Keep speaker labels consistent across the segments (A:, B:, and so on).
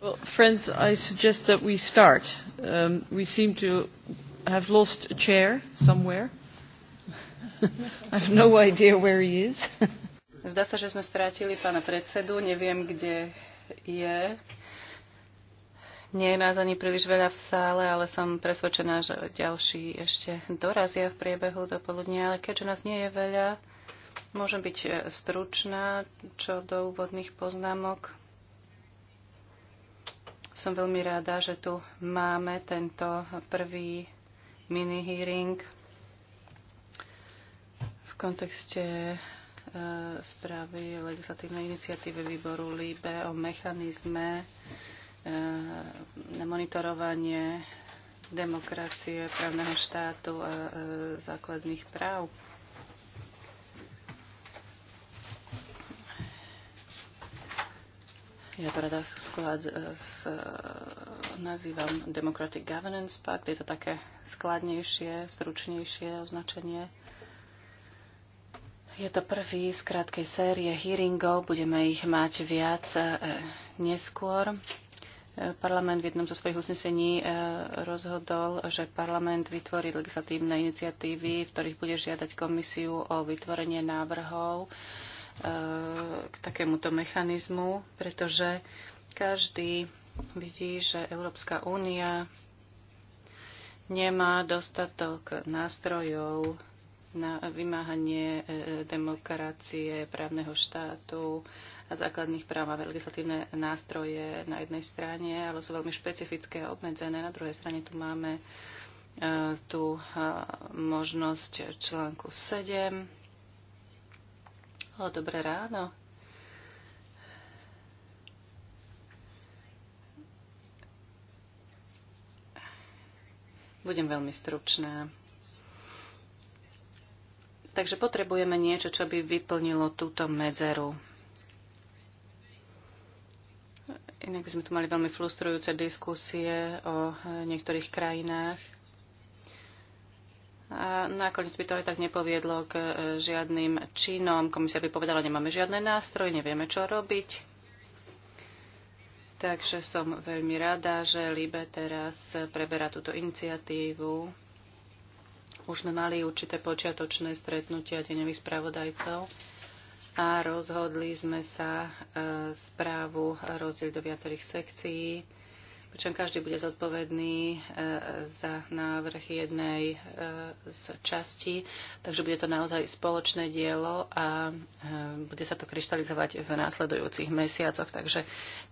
A: Well, friends, I suggest that we start. Um, we seem to have lost a chair somewhere. I have no idea where he is.
B: Zdá sa, že sme strátili pána predsedu, neviem, kde je. Nie je nás ani príliš veľa v sále, ale som presvedčená, že ďalší ešte dorazia v priebehu do poludnia, ale keďže nás nie je veľa, môžem byť e, stručná čo do úvodných poznámok. Som veľmi rada, že tu máme tento prvý mini-hearing v kontekste e, správy legislatívnej iniciatívy výboru LIBE o mechanizme e, na monitorovanie demokracie, právneho štátu a e, základných práv. Ja teda rada sklad, e, s, e, nazývam Democratic Governance Pact. Je to také skladnejšie, stručnejšie označenie. Je to prvý z krátkej série hearingov. Budeme ich mať viac e, neskôr. Parlament v jednom zo svojich usnesení rozhodol, že parlament vytvorí legislatívne iniciatívy, v ktorých bude žiadať komisiu o vytvorenie návrhov k takémuto mechanizmu, pretože každý vidí, že Európska únia nemá dostatok nástrojov na vymáhanie e, e, demokracie, právneho štátu a základných práv a legislatívne nástroje na jednej strane, ale sú veľmi špecifické a obmedzené. Na druhej strane tu máme e, tú možnosť článku 7 Halo, dobré ráno. Budem veľmi stručná. Takže potrebujeme niečo, čo by vyplnilo túto medzeru. Inak by sme tu mali veľmi frustrujúce diskusie o niektorých krajinách, a nakoniec by to aj tak nepoviedlo k e, žiadnym činom. Komisia by povedala, nemáme žiadne nástroje, nevieme, čo robiť. Takže som veľmi rada, že Libe teraz preberá túto iniciatívu. Už sme mali určité počiatočné stretnutia deňových spravodajcov a rozhodli sme sa e, správu rozdeliť do viacerých sekcií pričom každý bude zodpovedný e, za návrh jednej e, z časti, takže bude to naozaj spoločné dielo a e, bude sa to kryštalizovať v následujúcich mesiacoch, takže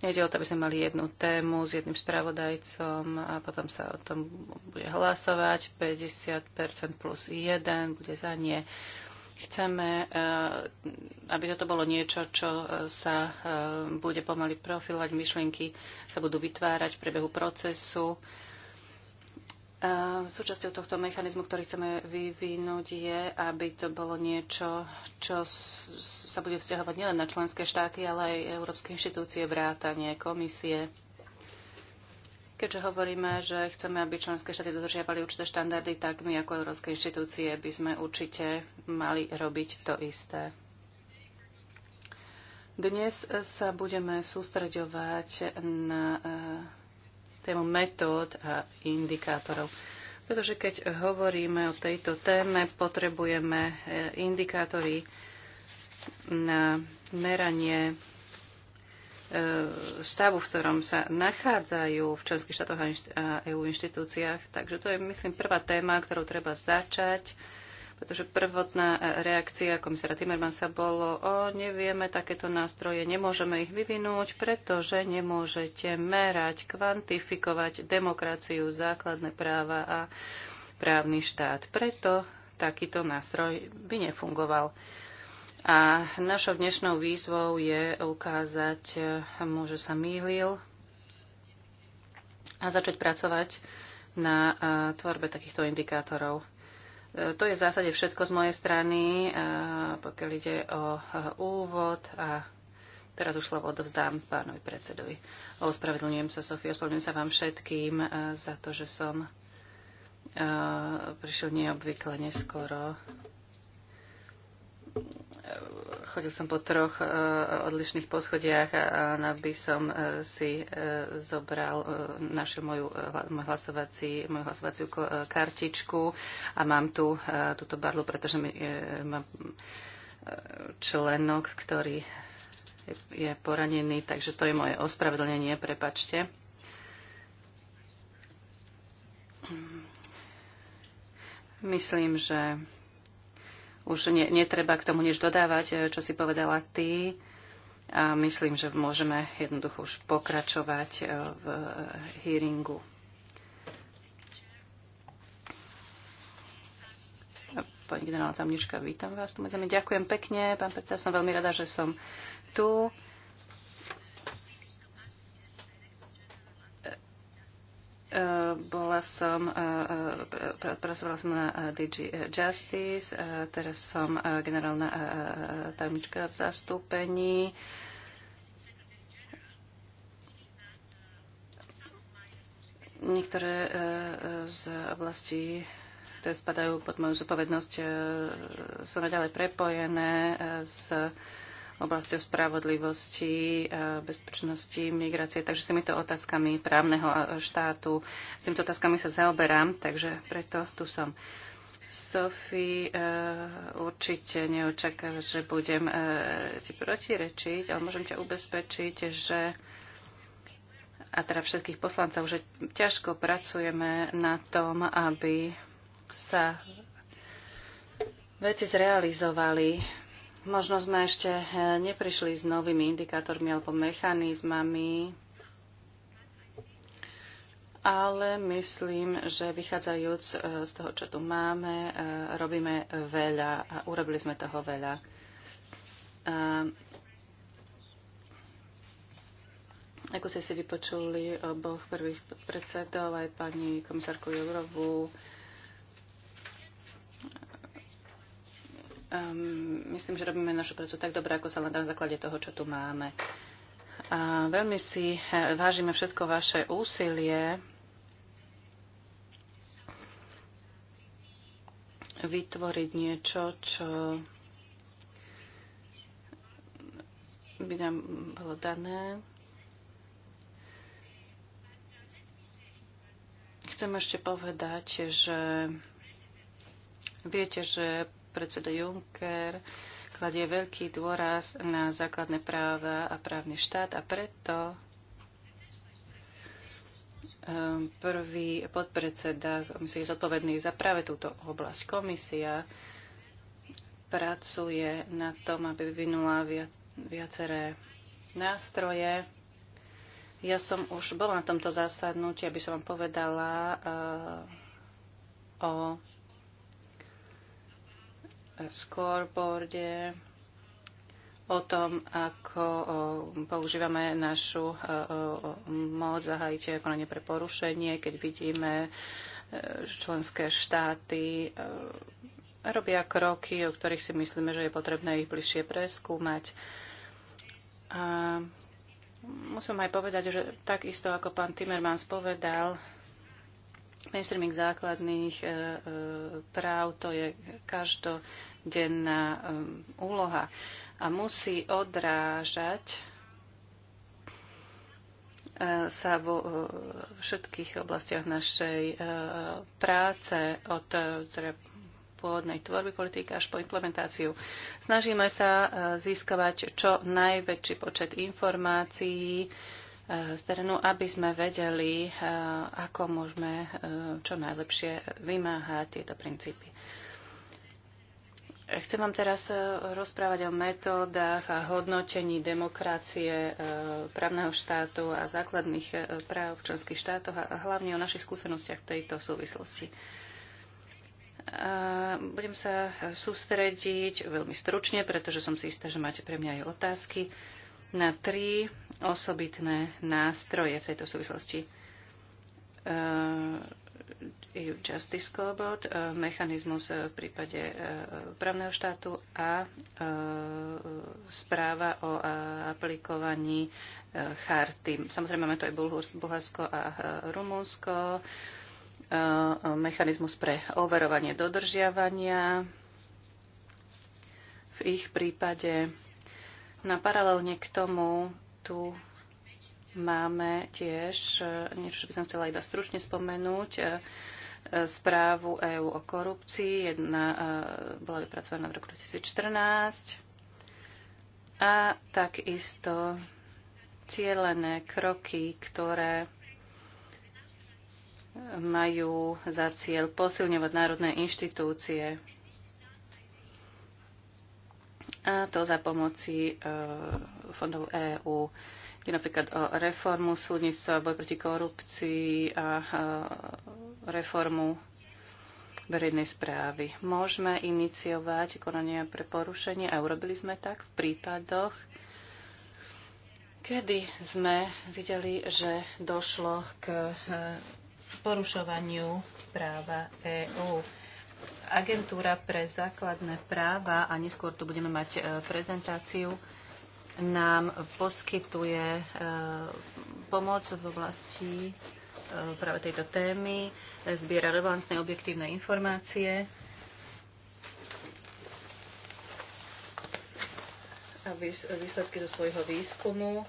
B: nejde o to, aby sme mali jednu tému s jedným spravodajcom a potom sa o tom bude hlasovať, 50% plus 1 bude za nie. Chceme, eh, aby toto bolo niečo, čo eh, sa eh, bude pomaly profilovať, myšlienky sa budú vytvárať v priebehu procesu. Súčasťou tohto mechanizmu, ktorý chceme vyvinúť, je, aby to bolo niečo, čo sa bude vzťahovať nielen na členské štáty, ale aj európske inštitúcie, vrátanie, komisie. Keďže hovoríme, že chceme, aby členské štáty dodržiavali určité štandardy, tak my ako európske inštitúcie by sme určite mali robiť to isté. Dnes sa budeme sústreďovať na eh, tému metód a indikátorov. Pretože keď hovoríme o tejto téme, potrebujeme eh, indikátory na meranie stavu, v ktorom sa nachádzajú v členských štátoch a EU inštitúciách. Takže to je, myslím, prvá téma, ktorou treba začať, pretože prvotná reakcia komisára Timmermansa bolo, o, nevieme takéto nástroje, nemôžeme ich vyvinúť, pretože nemôžete merať, kvantifikovať demokraciu, základné práva a právny štát. Preto takýto nástroj by nefungoval. A našou dnešnou výzvou je ukázať mu, že sa mýlil a začať pracovať na tvorbe takýchto indikátorov. E, to je v zásade všetko z mojej strany, e, pokiaľ ide o e, úvod a teraz už slovo odovzdám pánovi predsedovi. Ospravedlňujem sa, Sofia, ospravedlňujem sa vám všetkým za to, že som prišiel neobvykle neskoro chodil som po troch eh, odlišných poschodiach a by som eh, si eh, zobral našu moju, môj hlasovací, moju hlasovaciu kartičku a mám tu túto barlu, pretože mi, mám členok, ktorý je poranený, takže to je moje ospravedlnenie, prepačte. Myslím, že už ne, netreba k tomu nič dodávať, e, čo si povedala ty. A myslím, že môžeme jednoducho už pokračovať e, v hearingu. Pani generálna tamnička, vítam vás tu medzi Ďakujem pekne, pán predseda, som veľmi rada, že som tu. Eh, bola som, eh, eh, pracovala som na DG Justice, teraz som generálna tajomnička v zastúpení. Niektoré z oblastí, ktoré spadajú pod moju zodpovednosť, sú naďalej prepojené s oblasťou spravodlivosti, eh, bezpečnosti, migrácie. Takže s týmito otázkami právneho eh, štátu, s týmito otázkami sa zaoberám, takže preto tu som. Sofi, eh, určite neočakávam, že budem ti protirečiť, ale môžem ťa ubezpečiť, že a teda všetkých poslancov, že ťažko pracujeme na tom, aby sa veci zrealizovali Možno sme ešte eh, neprišli s novými indikátormi alebo mechanizmami, ale myslím, že vychádzajúc eh, z toho, čo tu máme, eh, robíme veľa a urobili sme toho veľa. ako ste si vypočuli oboch prvých predsedov, aj pani komisárku Jourovú, Um, myslím, že robíme našu prácu tak dobre, ako sa len na základe toho, čo tu máme. A veľmi si eh, vážime všetko vaše úsilie vytvoriť niečo, čo by nám bolo dané. Chcem ešte povedať, že viete, že predseda Juncker kladie veľký dôraz na základné práva a právny štát a preto ehm, prvý podpredseda komisie je zodpovedný za práve túto oblasť. Komisia pracuje na tom, aby vyvinula viaceré nástroje. Ja som už bola na tomto zásadnutí, aby som vám povedala ehm, o scoreboarde, o tom, ako eh, používame našu eh, eh, moc, zahájite konanie pre porušenie, keď vidíme členské štáty robia kroky, o ktorých si myslíme, že je potrebné ich bližšie preskúmať. A musím aj povedať, že takisto ako pán Timmermans povedal, mainstreaming základných práv, to je každo denná um, úloha a musí odrážať uh, sa vo uh, všetkých oblastiach našej uh, práce od uh, teda pôvodnej tvorby politiky až po implementáciu. Snažíme sa získavať čo najväčší počet informácií z terénu, aby sme vedeli, ako môžeme čo najlepšie vymáhať tieto princípy. Chcem vám teraz e, rozprávať o metódach a hodnotení demokracie, e, právneho štátu a základných e, práv v členských štátoch a hlavne o našich skúsenostiach v tejto súvislosti. A budem sa sústrediť veľmi stručne, pretože som si istá, že máte pre mňa aj otázky, na tri osobitné nástroje v tejto súvislosti EU Justice Scoreboard, e, mechanizmus e, v prípade e, právneho štátu a správa o aplikovaní charty. Samozrejme, máme tu aj Bulharsko a Rumunsko, mechanizmus pre overovanie dodržiavania v ich prípade. Na paralelne k tomu tu Máme tiež e, niečo, čo by som chcela iba stručne spomenúť e, e, správu EÚ o korupcii. Jedna bola vypracovaná v roku 2014. A takisto cielené kroky, ktoré majú za cieľ posilňovať národné inštitúcie. A to za pomoci fondov EÚ. Je napríklad o eh, reformu súdnictva, boj proti korupcii a eh, reformu verejnej správy. Môžeme iniciovať konania pre porušenie a urobili sme tak v prípadoch, kedy sme videli, že došlo k eh, porušovaniu práva EÚ. Agentúra pre základné práva a neskôr tu budeme mať prezentáciu nám poskytuje e, pomoc v oblasti e, práve tejto témy, e, zbiera relevantné objektívne informácie, a výsledky zo svojho výskumu,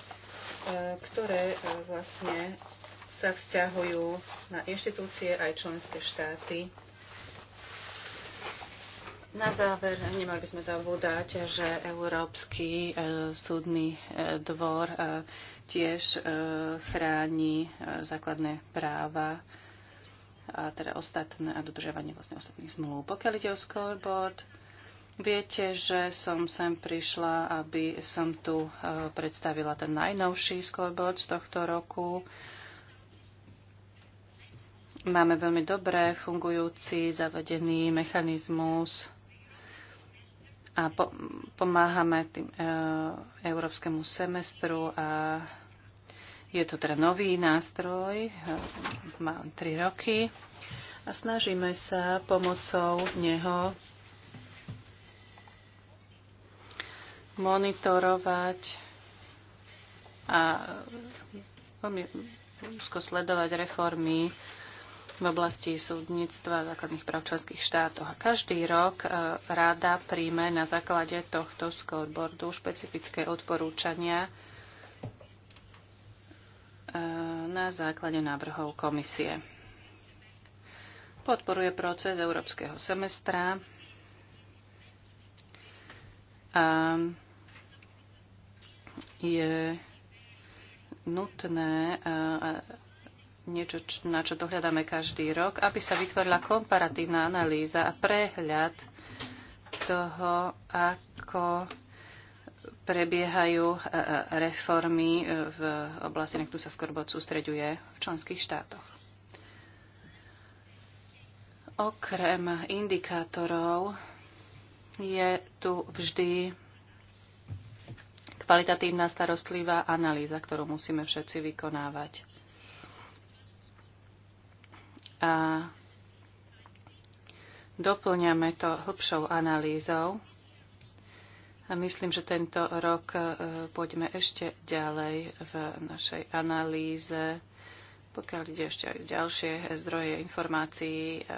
B: ktoré vlastne sa vzťahujú na inštitúcie aj členské štáty na záver, nemali by sme zabúdať, že Európsky e, súdny e, dvor e, tiež chráni základné práva a teda ostatné a dodržiavanie vlastne ostatných zmluv. Pokiaľ ide o scoreboard, viete, že som sem prišla, aby som tu predstavila ten najnovší scoreboard z tohto roku. Máme veľmi dobré fungujúci zavedený mechanizmus a po, pomáhame tým e, európskemu semestru a je to teda nový nástroj, e, mám tri roky a snažíme sa pomocou neho monitorovať a veľmi úzko sledovať reformy v oblasti súdnictva základných práv členských štátoch. A každý rok e, rada príjme na základe tohto scoreboardu špecifické odporúčania e, na základe návrhov komisie. Podporuje proces európskeho semestra a je nutné e, niečo, na čo dohľadáme každý rok, aby sa vytvorila komparatívna analýza a prehľad toho, ako prebiehajú e, e, reformy e, v oblasti, na ktorú sa skôr bod sústreďuje v členských štátoch. Okrem indikátorov je tu vždy kvalitatívna starostlivá analýza, ktorú musíme všetci vykonávať a doplňame to hĺbšou analýzou. A myslím, že tento rok e, poďme ešte ďalej v našej analýze, pokiaľ ide ešte aj ďalšie zdroje informácií. E,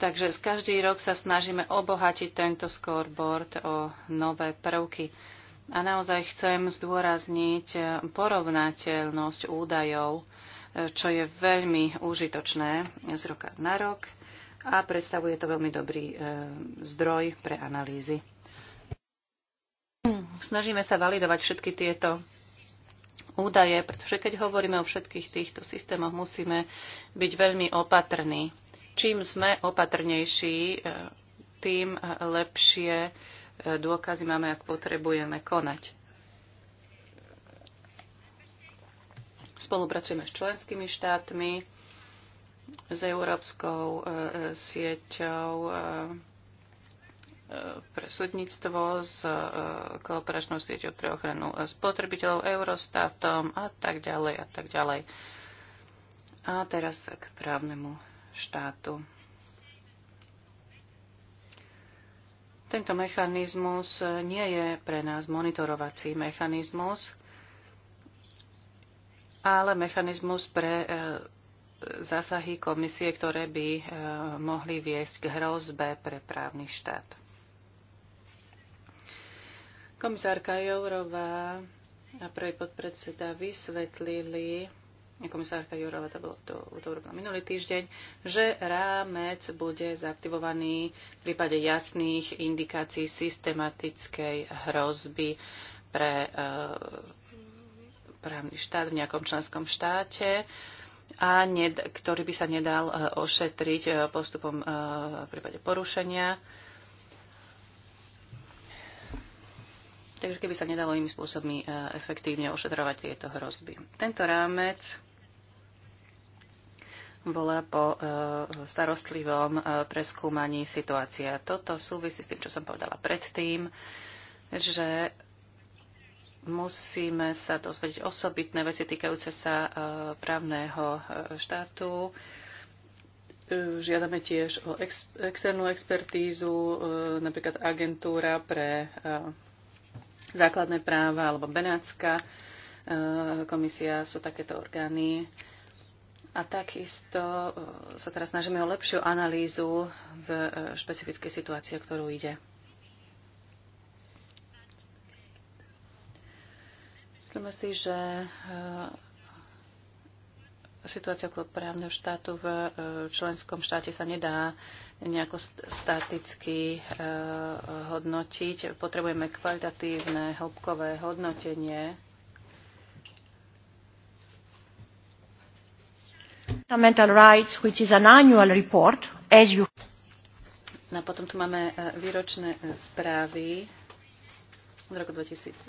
B: Takže z každý rok sa snažíme obohatiť tento scoreboard o nové prvky. A naozaj chcem zdôrazniť e, porovnateľnosť údajov, čo je veľmi užitočné z roka na rok a predstavuje to veľmi dobrý e, zdroj pre analýzy. Snažíme sa validovať všetky tieto údaje, pretože keď hovoríme o všetkých týchto systémoch, musíme byť veľmi opatrní. Čím sme opatrnejší, e, tým lepšie e, dôkazy máme, ak potrebujeme konať. Spolupracujeme s členskými štátmi, s Európskou e, e, sieťou e, pre súdnictvo, s kooperačnou sieťou pre ochranu spotrebiteľov, Eurostatom a tak ďalej a tak ďalej. A teraz k právnemu štátu. Tento mechanizmus nie je pre nás monitorovací mechanizmus, ale mechanizmus pre e, zásahy komisie, ktoré by e, mohli viesť k hrozbe pre právny štát. Komisárka Jourová a prvý podpredseda vysvetlili, komisárka Jourová to, bolo, to, to urobila minulý týždeň, že rámec bude zaaktivovaný v prípade jasných indikácií systematickej hrozby pre e, právny štát v nejakom členskom štáte a ned, ktorý by sa nedal e, ošetriť e, postupom e, v prípade porušenia. Takže keby sa nedalo inými spôsobmi efektívne ošetrovať tieto hrozby. Tento rámec bola po starostlivom preskúmaní situácia. Toto súvisí s tým, čo som povedala predtým, že Musíme sa dozvedieť osobitné veci týkajúce sa e, právneho e, štátu. E, žiadame tiež o ex- externú expertízu, napríklad agentúra pre základné práva alebo Benátska komisia sú takéto orgány. A takisto sa teraz snažíme o lepšiu analýzu v špecifickej situácii, o ktorú ide. Myslíme si, že e, situácia okolo právneho štátu v e, členskom štáte sa nedá nejako staticky e, hodnotiť. Potrebujeme kvalitatívne, hĺbkové hodnotenie.
C: Fundamental Rights, which is an annual report, as you...
B: No a potom tu máme výročné správy z roku 2010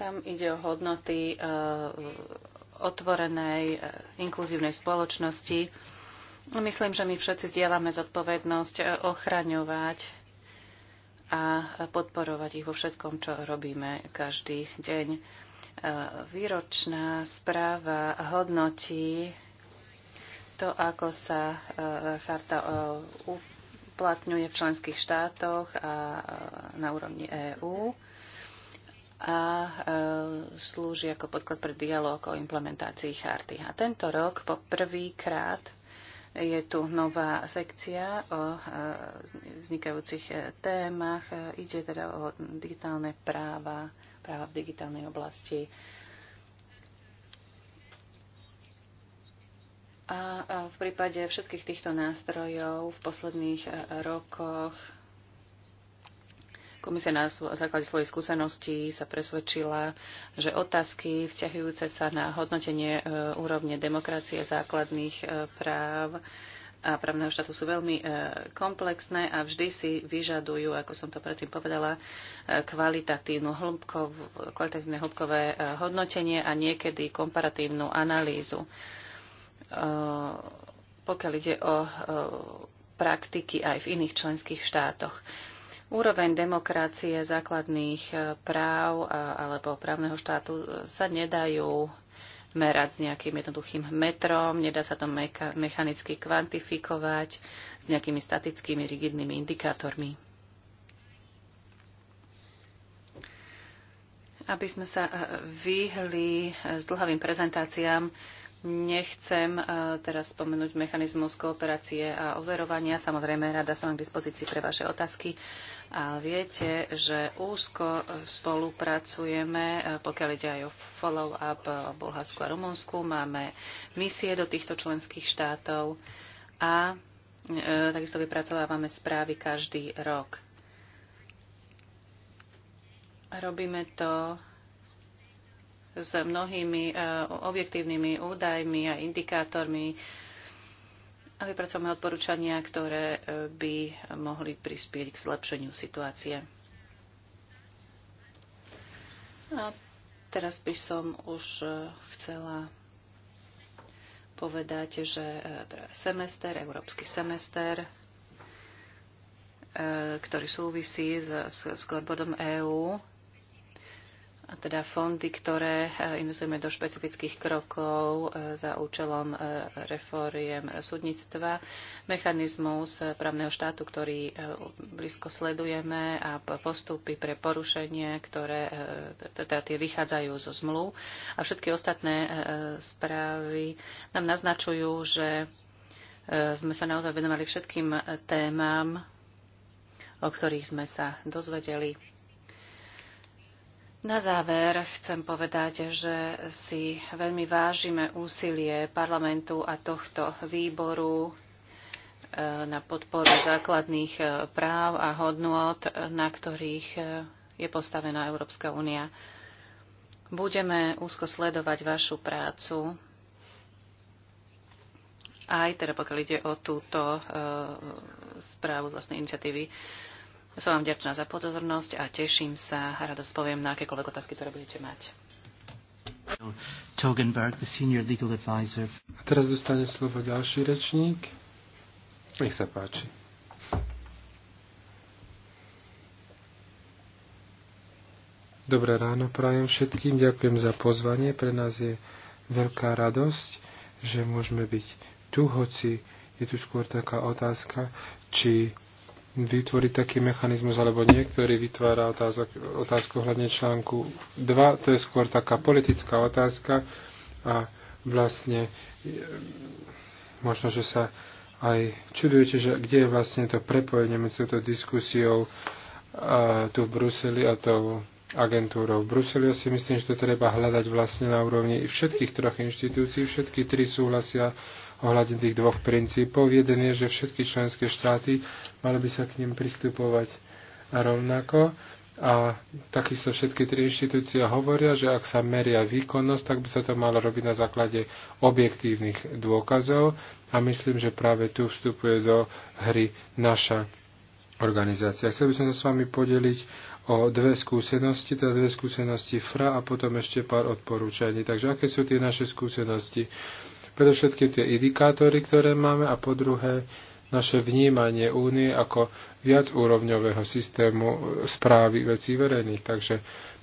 B: tam ide o hodnoty eh, otvorenej, eh, inkluzívnej spoločnosti. Myslím, že my všetci zdieľame zodpovednosť eh, ochraňovať a podporovať ich vo všetkom, čo robíme každý deň. Výročná správa hodnotí to, ako sa charta uplatňuje v členských štátoch a na úrovni EÚ a e, slúži ako podklad pre dialog o implementácii charty. A tento rok po prvýkrát je tu nová sekcia o e, vznikajúcich e, témach. Ide teda o digitálne práva, práva v digitálnej oblasti. A v prípade všetkých týchto nástrojov v posledných rokoch Komisia na základe svojej skúseností sa presvedčila, že otázky vzťahujúce sa na hodnotenie e, úrovne demokracie základných e, práv a právneho štátu sú veľmi e, komplexné a vždy si vyžadujú, ako som to predtým povedala, kvalitatívne hĺbkov, hĺbkové hodnotenie a niekedy komparatívnu analýzu. Pokiaľ ide o praktiky aj v iných členských štátoch. Úroveň demokracie, základných e, práv alebo právneho štátu e, sa nedajú merať s nejakým jednoduchým metrom, nedá sa to mechanicky kvantifikovať s nejakými statickými, rigidnými indikátormi. Aby sme sa e, vyhli s dlhavým prezentáciám, Nechcem eh, teraz spomenúť mechanizmus kooperácie a overovania. Samozrejme, rada som k dispozícii pre vaše otázky. A viete, že úzko spolupracujeme, eh, pokiaľ ide aj o follow-up eh, o Bulharsku a Rumunsku. Máme misie do týchto členských štátov a takisto vypracovávame správy každý rok. Robíme to s mnohými e, objektívnymi údajmi a indikátormi a vypracujeme odporúčania, ktoré e, by mohli prispieť k zlepšeniu situácie. A teraz by som už e, chcela povedať, že teda semester, európsky semester, ktorý súvisí s, s, s bodom EÚ, a teda fondy, ktoré e, investujeme do špecifických krokov e, za účelom e, reforiem súdnictva, mechanizmus právneho štátu, ktorý blízko sledujeme a postupy pre porušenie, ktoré teda tie vychádzajú zo zmluv a všetky ostatné správy nám naznačujú, že sme sa naozaj venovali všetkým témam, o ktorých sme sa dozvedeli na záver chcem povedať, že si veľmi vážime úsilie parlamentu a tohto výboru e, na podporu základných e, práv a hodnôt, na ktorých e, je postavená Európska únia. Budeme úzko sledovať vašu prácu, aj teda pokiaľ ide o túto správu z vlastnej iniciatívy. Ja som vám vďačná za pozornosť a teším sa a radosť poviem na akékoľvek otázky, ktoré budete mať.
D: A
E: teraz dostane slovo ďalší rečník. Nech sa páči. Dobré ráno prajem všetkým, ďakujem za pozvanie. Pre nás je veľká radosť, že môžeme byť tu, hoci je tu skôr taká otázka, či vytvoriť taký mechanizmus, alebo niektorý vytvára otázok, otázku hľadne článku 2. To je skôr taká politická otázka a vlastne e, možno, že sa aj čudujete, že kde je vlastne to prepojenie medzi touto diskusiou a, tu v Bruseli a tou agentúrou. V Bruseli ja si myslím, že to treba hľadať vlastne na úrovni všetkých troch inštitúcií. Všetky tri súhlasia ohľadne tých dvoch princípov. Jeden je, že všetky členské štáty mali by sa k ním pristupovať rovnako. A takisto všetky tri inštitúcie hovoria, že ak sa meria výkonnosť, tak by sa to malo robiť na základe objektívnych dôkazov a myslím, že práve tu vstupuje do hry naša organizácia. Chcel by som sa s vami podeliť o dve skúsenosti, teda dve skúsenosti FRA a potom ešte pár odporúčaní. Takže aké sú tie naše skúsenosti? Predovšetky tie indikátory, ktoré máme a po druhé naše vnímanie únie ako viacúrovňového systému e, správy vecí verejných. Takže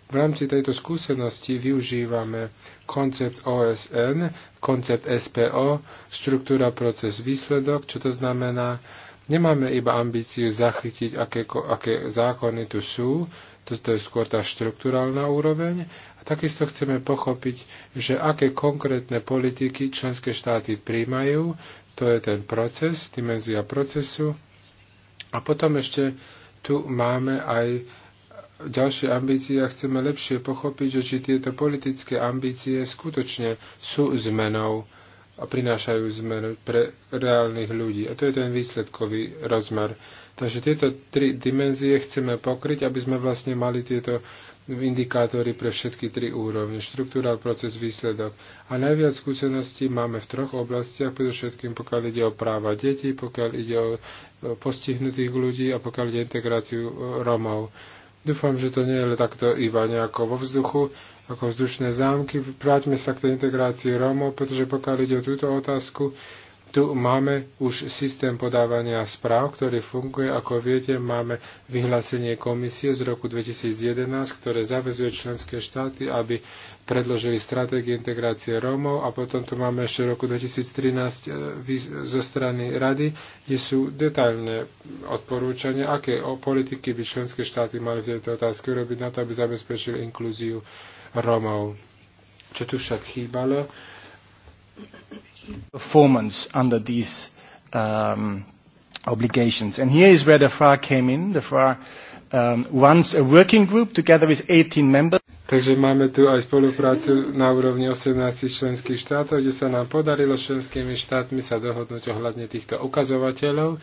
E: v rámci tejto skúsenosti využívame koncept OSN, koncept SPO, štruktúra, proces, výsledok, čo to znamená, nemáme iba ambíciu zachytiť, aké, aké zákony tu sú, to, to je skôr tá štruktúrálna úroveň, Takisto chceme pochopiť, že aké konkrétne politiky členské štáty príjmajú, to je ten proces, dimenzia procesu. A potom ešte tu máme aj ďalšie ambície a chceme lepšie pochopiť, že či tieto politické ambície skutočne sú zmenou a prinášajú zmenu pre reálnych ľudí. A to je ten výsledkový rozmer. Takže tieto tri dimenzie chceme pokryť, aby sme vlastne mali tieto indikátory pre všetky tri úrovne, štruktúra, proces, výsledok. A najviac skúseností máme v troch oblastiach, predovšetkým pokiaľ ide o práva detí, pokiaľ ide o postihnutých ľudí a pokiaľ ide o integráciu e, Romov. Dúfam, že to nie je takto iba nejako vo vzduchu, ako vzdušné zámky. Vráťme sa k tej integrácii Romov, pretože pokiaľ ide o túto otázku, tu máme už systém podávania správ, ktorý funguje. Ako viete, máme vyhlásenie komisie z roku 2011, ktoré zavezuje členské štáty, aby predložili stratégie integrácie Rómov a potom tu máme ešte roku 2013 e, zo strany Rady, kde sú detailné odporúčania, aké politiky by členské štáty mali v tejto otázke robiť na to, aby zabezpečili inklúziu Rómov. Čo tu však chýbalo, performance under these um, obligations. And here is where the FRA came in. The FRA um, runs a working group together with 18 members. Takže máme tu aj spoluprácu na úrovni 18 členských štátov, kde sa nám podarilo s členskými štátmi sa dohodnúť ohľadne týchto ukazovateľov.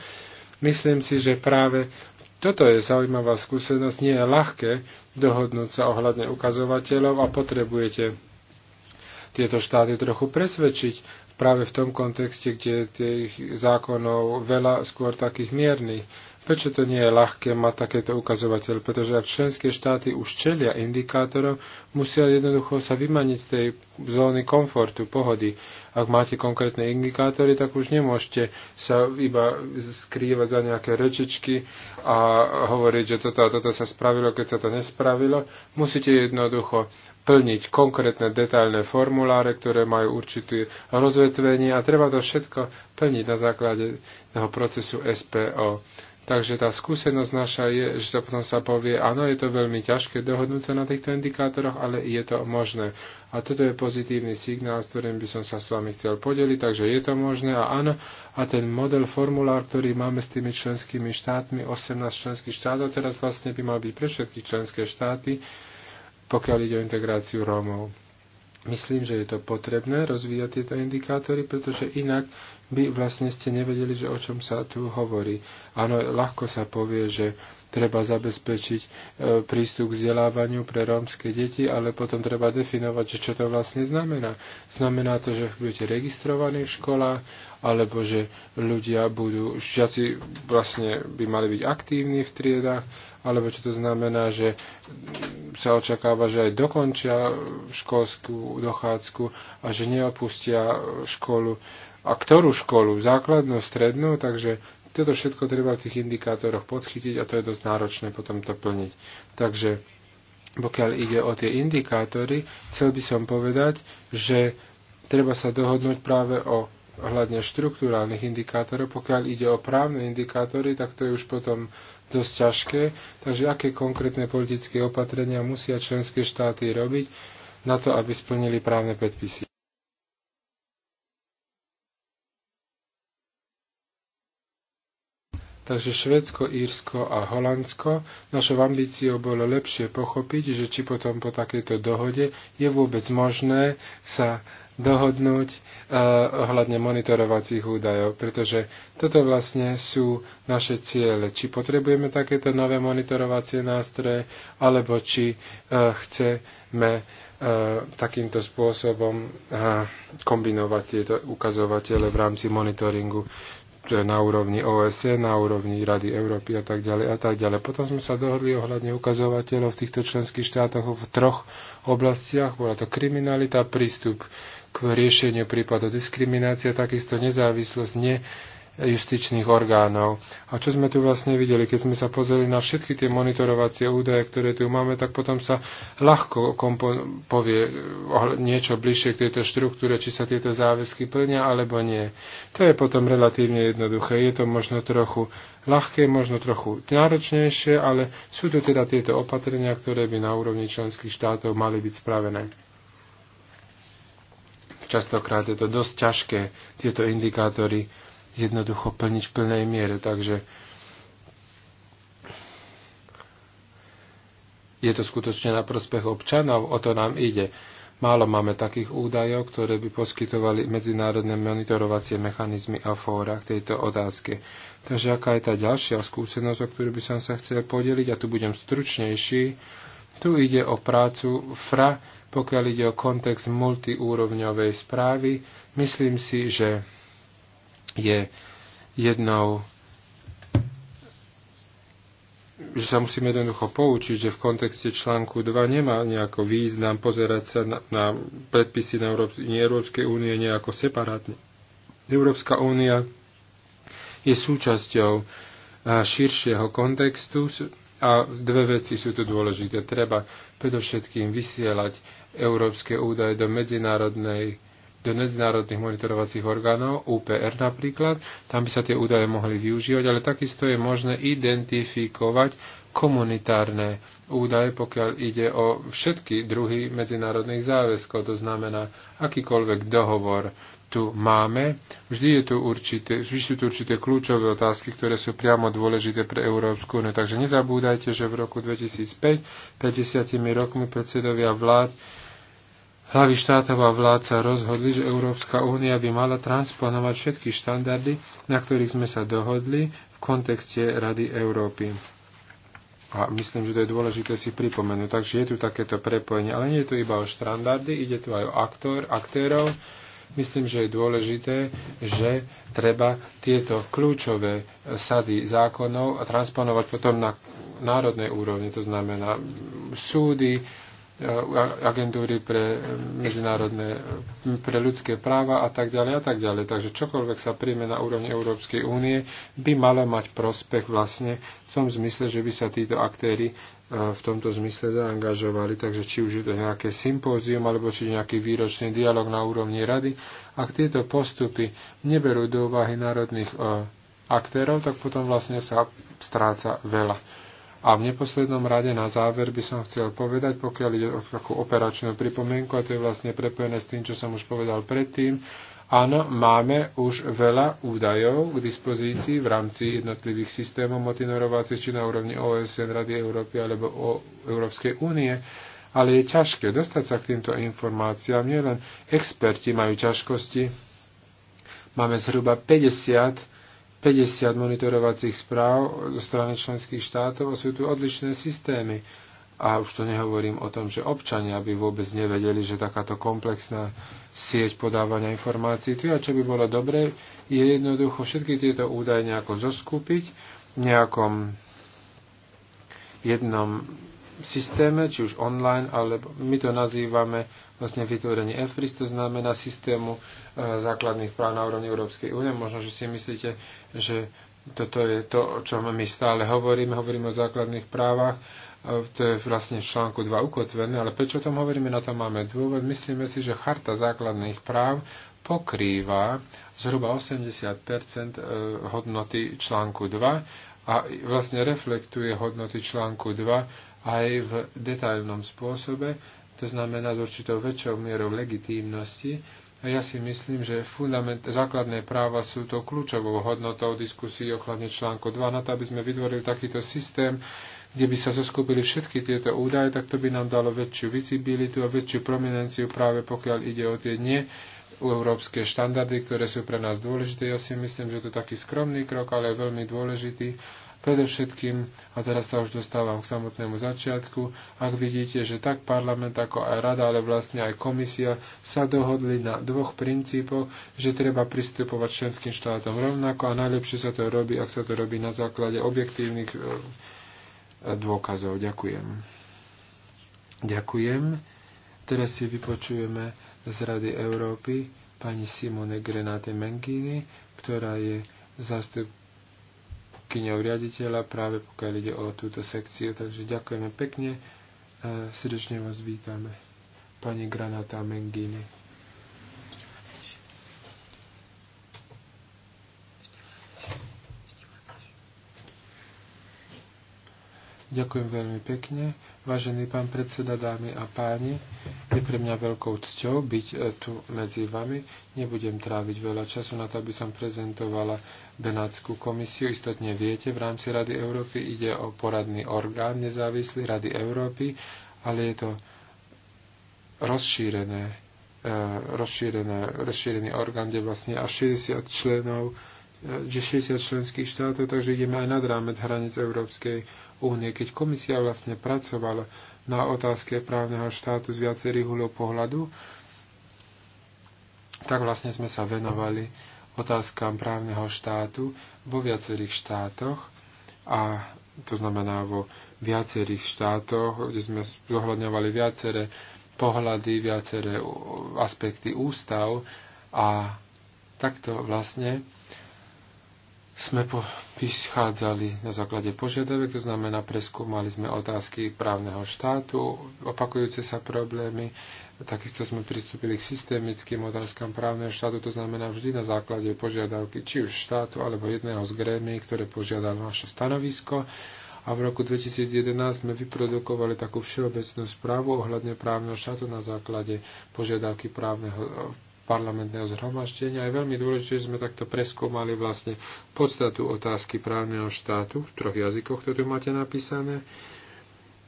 E: Myslím si, že práve toto je zaujímavá skúsenosť. Nie je ľahké dohodnúť sa ohľadne ukazovateľov a potrebujete tieto štáty trochu presvedčiť, práve v tom kontexte, kde je tých zákonov veľa, skôr takých miernych. Prečo to nie je ľahké mať takéto ukazovateľ? Pretože ak členské štáty už čelia indikátorom, musia jednoducho sa vymaniť z tej zóny komfortu, pohody. Ak máte konkrétne indikátory, tak už nemôžete sa iba skrývať za nejaké rečičky a hovoriť, že toto a toto sa spravilo, keď sa to nespravilo. Musíte jednoducho plniť konkrétne detailné formuláre, ktoré majú určité rozvetvenie a treba to všetko plniť na základe toho procesu SPO. Takže tá skúsenosť naša je, že sa potom sa povie, áno, je to veľmi ťažké dohodnúť sa na týchto indikátoroch, ale je to možné. A toto je pozitívny signál, s ktorým by som sa s vami chcel podeliť, takže je to možné a áno. A ten model formulár, ktorý máme s tými členskými štátmi, 18 členských štátov, teraz vlastne by mal byť pre všetky členské štáty, pokiaľ ide o integráciu Rómov. Myslím, že je to potrebné rozvíjať tieto indikátory, pretože inak by vlastne ste nevedeli, že o čom sa tu hovorí. Áno, ľahko sa povie, že treba zabezpečiť e, prístup k vzdelávaniu pre rómske deti, ale potom treba definovať, že čo to vlastne znamená. Znamená to, že budete registrovaní v školách, alebo že ľudia budú, žiaci vlastne by mali byť aktívni v triedách, alebo čo to znamená, že sa očakáva, že aj dokončia školskú dochádzku a že neopustia školu a ktorú školu? Základnú, strednú? Takže toto všetko treba v tých indikátoroch podchytiť a to je dosť náročné potom to plniť. Takže pokiaľ ide o tie indikátory, chcel by som povedať, že treba sa dohodnúť práve o hľadne štruktúrálnych indikátorov. Pokiaľ ide o právne indikátory, tak to je už potom dosť ťažké. Takže aké konkrétne politické opatrenia musia členské štáty robiť na to, aby splnili právne predpisy? Takže Švedsko, Írsko a Holandsko. Našou ambíciou bolo lepšie pochopiť, že či potom po takejto dohode je vôbec možné sa dohodnúť uh, ohľadne monitorovacích údajov, pretože toto vlastne sú naše ciele. Či potrebujeme takéto nové monitorovacie nástroje, alebo či uh, chceme uh, takýmto spôsobom uh, kombinovať tieto ukazovatele v rámci monitoringu na úrovni OSE, na úrovni Rady Európy a tak ďalej a tak ďalej. Potom sme sa dohodli ohľadne ukazovateľov v týchto členských štátoch v troch oblastiach. Bola to kriminalita, prístup k riešeniu prípadov diskriminácia, takisto nezávislosť, ne, justičných orgánov. A čo sme tu vlastne videli, keď sme sa pozreli na všetky tie monitorovacie údaje, ktoré tu máme, tak potom sa ľahko povie niečo bližšie k tejto štruktúre, či sa tieto záväzky plnia alebo nie. To je potom relatívne jednoduché. Je to možno trochu ľahké, možno trochu náročnejšie, ale sú tu teda tieto opatrenia, ktoré by na úrovni členských štátov mali byť spravené častokrát je to dosť ťažké tieto indikátory jednoducho plniť v plnej miere. Takže je to skutočne na prospech občanov, o to nám ide. Málo máme takých údajov, ktoré by poskytovali medzinárodné monitorovacie mechanizmy a fóra k tejto otázke. Takže aká je tá ďalšia skúsenosť, o ktorú by som sa chcel podeliť, a tu budem stručnejší, tu ide o prácu FRA, pokiaľ ide o kontext multiúrovňovej správy. Myslím si, že je jednou že sa musíme jednoducho poučiť, že v kontexte článku 2 nemá nejako význam pozerať sa na, na predpisy na Európs- Európskej únie nejako separátne. Európska únia je súčasťou eh, širšieho kontextu a dve veci sú tu dôležité. Treba predovšetkým vysielať európske údaje do medzinárodnej do medzinárodných monitorovacích orgánov, UPR napríklad, tam by sa tie údaje mohli využívať, ale takisto je možné identifikovať komunitárne údaje, pokiaľ ide o všetky druhy medzinárodných záväzkov, to znamená akýkoľvek dohovor tu máme, vždy, je tu určité, vždy sú tu určité kľúčové otázky, ktoré sú priamo dôležité pre Európsku úniu. Takže nezabúdajte, že v roku 2005, 50 rokmi predsedovia vlád Hlavy štátov a vlád sa rozhodli, že Európska únia by mala transponovať všetky štandardy, na ktorých sme sa dohodli v kontexte Rady Európy. A myslím, že to je dôležité si pripomenúť. Takže je tu takéto prepojenie. Ale nie je tu iba o štandardy, ide tu aj o aktor, aktérov. Myslím, že je dôležité, že treba tieto kľúčové sady zákonov transponovať potom na národnej úrovni. To znamená súdy, agentúry pre e, medzinárodné, e, pre ľudské práva a tak ďalej a tak ďalej. Takže čokoľvek sa príjme na úrovni Európskej únie, by malo mať prospech vlastne v tom zmysle, že by sa títo aktéry e, v tomto zmysle zaangažovali. Takže či už je to nejaké sympózium alebo či nejaký výročný dialog na úrovni rady, ak tieto postupy neberú do úvahy národných aktérov, tak potom vlastne sa stráca veľa a v neposlednom rade na záver by som chcel povedať, pokiaľ ide o takú operačnú pripomienku, a to je vlastne prepojené s tým, čo som už povedal predtým, Áno, máme už veľa údajov k dispozícii v rámci jednotlivých systémov motinorovacie, či na úrovni OSN, Rady Európy alebo o Európskej únie, ale je ťažké dostať sa k týmto informáciám. Nielen experti majú ťažkosti. Máme zhruba 50 50 monitorovacích správ zo strany členských štátov a sú tu odlišné systémy. A už to nehovorím o tom, že občania by vôbec nevedeli, že takáto komplexná sieť podávania informácií tu a čo by bolo dobré, je jednoducho všetky tieto údaje nejako zoskúpiť v nejakom jednom systéme, či už online, alebo my to nazývame vlastne vytvorenie EFRIS, to znamená systému e, základných práv na úrovni Európskej únie. Možno, že si myslíte, že toto je to, o čom my stále hovoríme, hovoríme o základných právach, e, to je vlastne v článku 2 ukotvené, ale prečo o tom hovoríme, na no to máme dôvod. Myslíme si, že charta základných práv pokrýva zhruba 80 e, hodnoty článku 2 a vlastne reflektuje hodnoty článku 2 aj v detailnom spôsobe, to znamená s určitou väčšou mierou legitímnosti. A ja si myslím, že fundament, základné práva sú to kľúčovou hodnotou diskusí okladne článku 2 na to, aby sme vytvorili takýto systém, kde by sa zoskupili všetky tieto údaje, tak to by nám dalo väčšiu visibilitu a väčšiu prominenciu práve pokiaľ ide o tie nie európske štandardy, ktoré sú pre nás dôležité. Ja si myslím, že to je taký skromný krok, ale veľmi dôležitý Predovšetkým, a teraz sa už dostávam k samotnému začiatku, ak vidíte, že tak parlament ako aj rada, ale vlastne aj komisia sa dohodli na dvoch princípoch, že treba pristupovať členským štátom rovnako a najlepšie sa to robí, ak sa to robí na základe objektívnych e, dôkazov. Ďakujem. Ďakujem. Teraz si vypočujeme z Rady Európy pani Simone Grenate Mengini, ktorá je zastup zástupkyňou riaditeľa práve pokiaľ ide o túto sekciu. Takže ďakujeme pekne, srdečne vás vítame, pani Granata Mengini. Ďakujem veľmi pekne. Vážený pán predseda, dámy a páni, je pre mňa veľkou cťou byť e, tu medzi vami. Nebudem tráviť veľa času na to, aby som prezentovala Benátskú komisiu. Istotne viete, v rámci Rady Európy ide o poradný orgán nezávislý Rady Európy, ale je to rozšírené, e, rozšírené, rozšírený orgán, kde vlastne až 60 členov že 60 členských štátov, takže ideme aj nad rámec hranic Európskej únie. Keď komisia vlastne pracovala na otázke právneho štátu z viacerých uhlov pohľadu, tak vlastne sme sa venovali otázkam právneho štátu vo viacerých štátoch a to znamená vo viacerých štátoch, kde sme zohľadňovali viaceré pohľady, viaceré aspekty ústav a takto vlastne sme vychádzali na základe požiadavek, to znamená, preskúmali sme otázky právneho štátu, opakujúce sa problémy, takisto sme pristúpili k systémickým otázkam právneho štátu, to znamená vždy na základe požiadavky či už štátu alebo jedného z grémy, ktoré požiadalo naše stanovisko. A v roku 2011 sme vyprodukovali takú všeobecnú správu ohľadne právneho štátu na základe požiadavky právneho, parlamentného zhromaždenia. Je veľmi dôležité, že sme takto preskúmali vlastne podstatu otázky právneho štátu v troch jazykoch, ktoré tu máte napísané.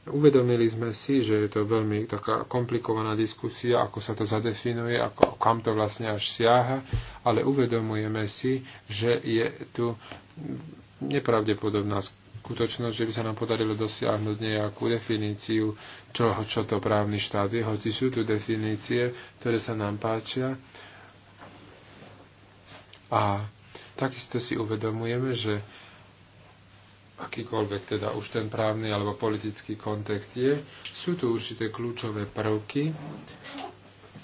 E: Uvedomili sme si, že je to veľmi taká komplikovaná diskusia, ako sa to zadefinuje, ako, kam to vlastne až siaha, ale uvedomujeme si, že je tu nepravdepodobná skutočnosť, že by sa nám podarilo dosiahnuť nejakú definíciu, čo, čo to právny štát je, hoci sú tu definície, ktoré sa nám páčia. A takisto si uvedomujeme, že akýkoľvek teda už ten právny alebo politický kontext je, sú tu určité kľúčové prvky,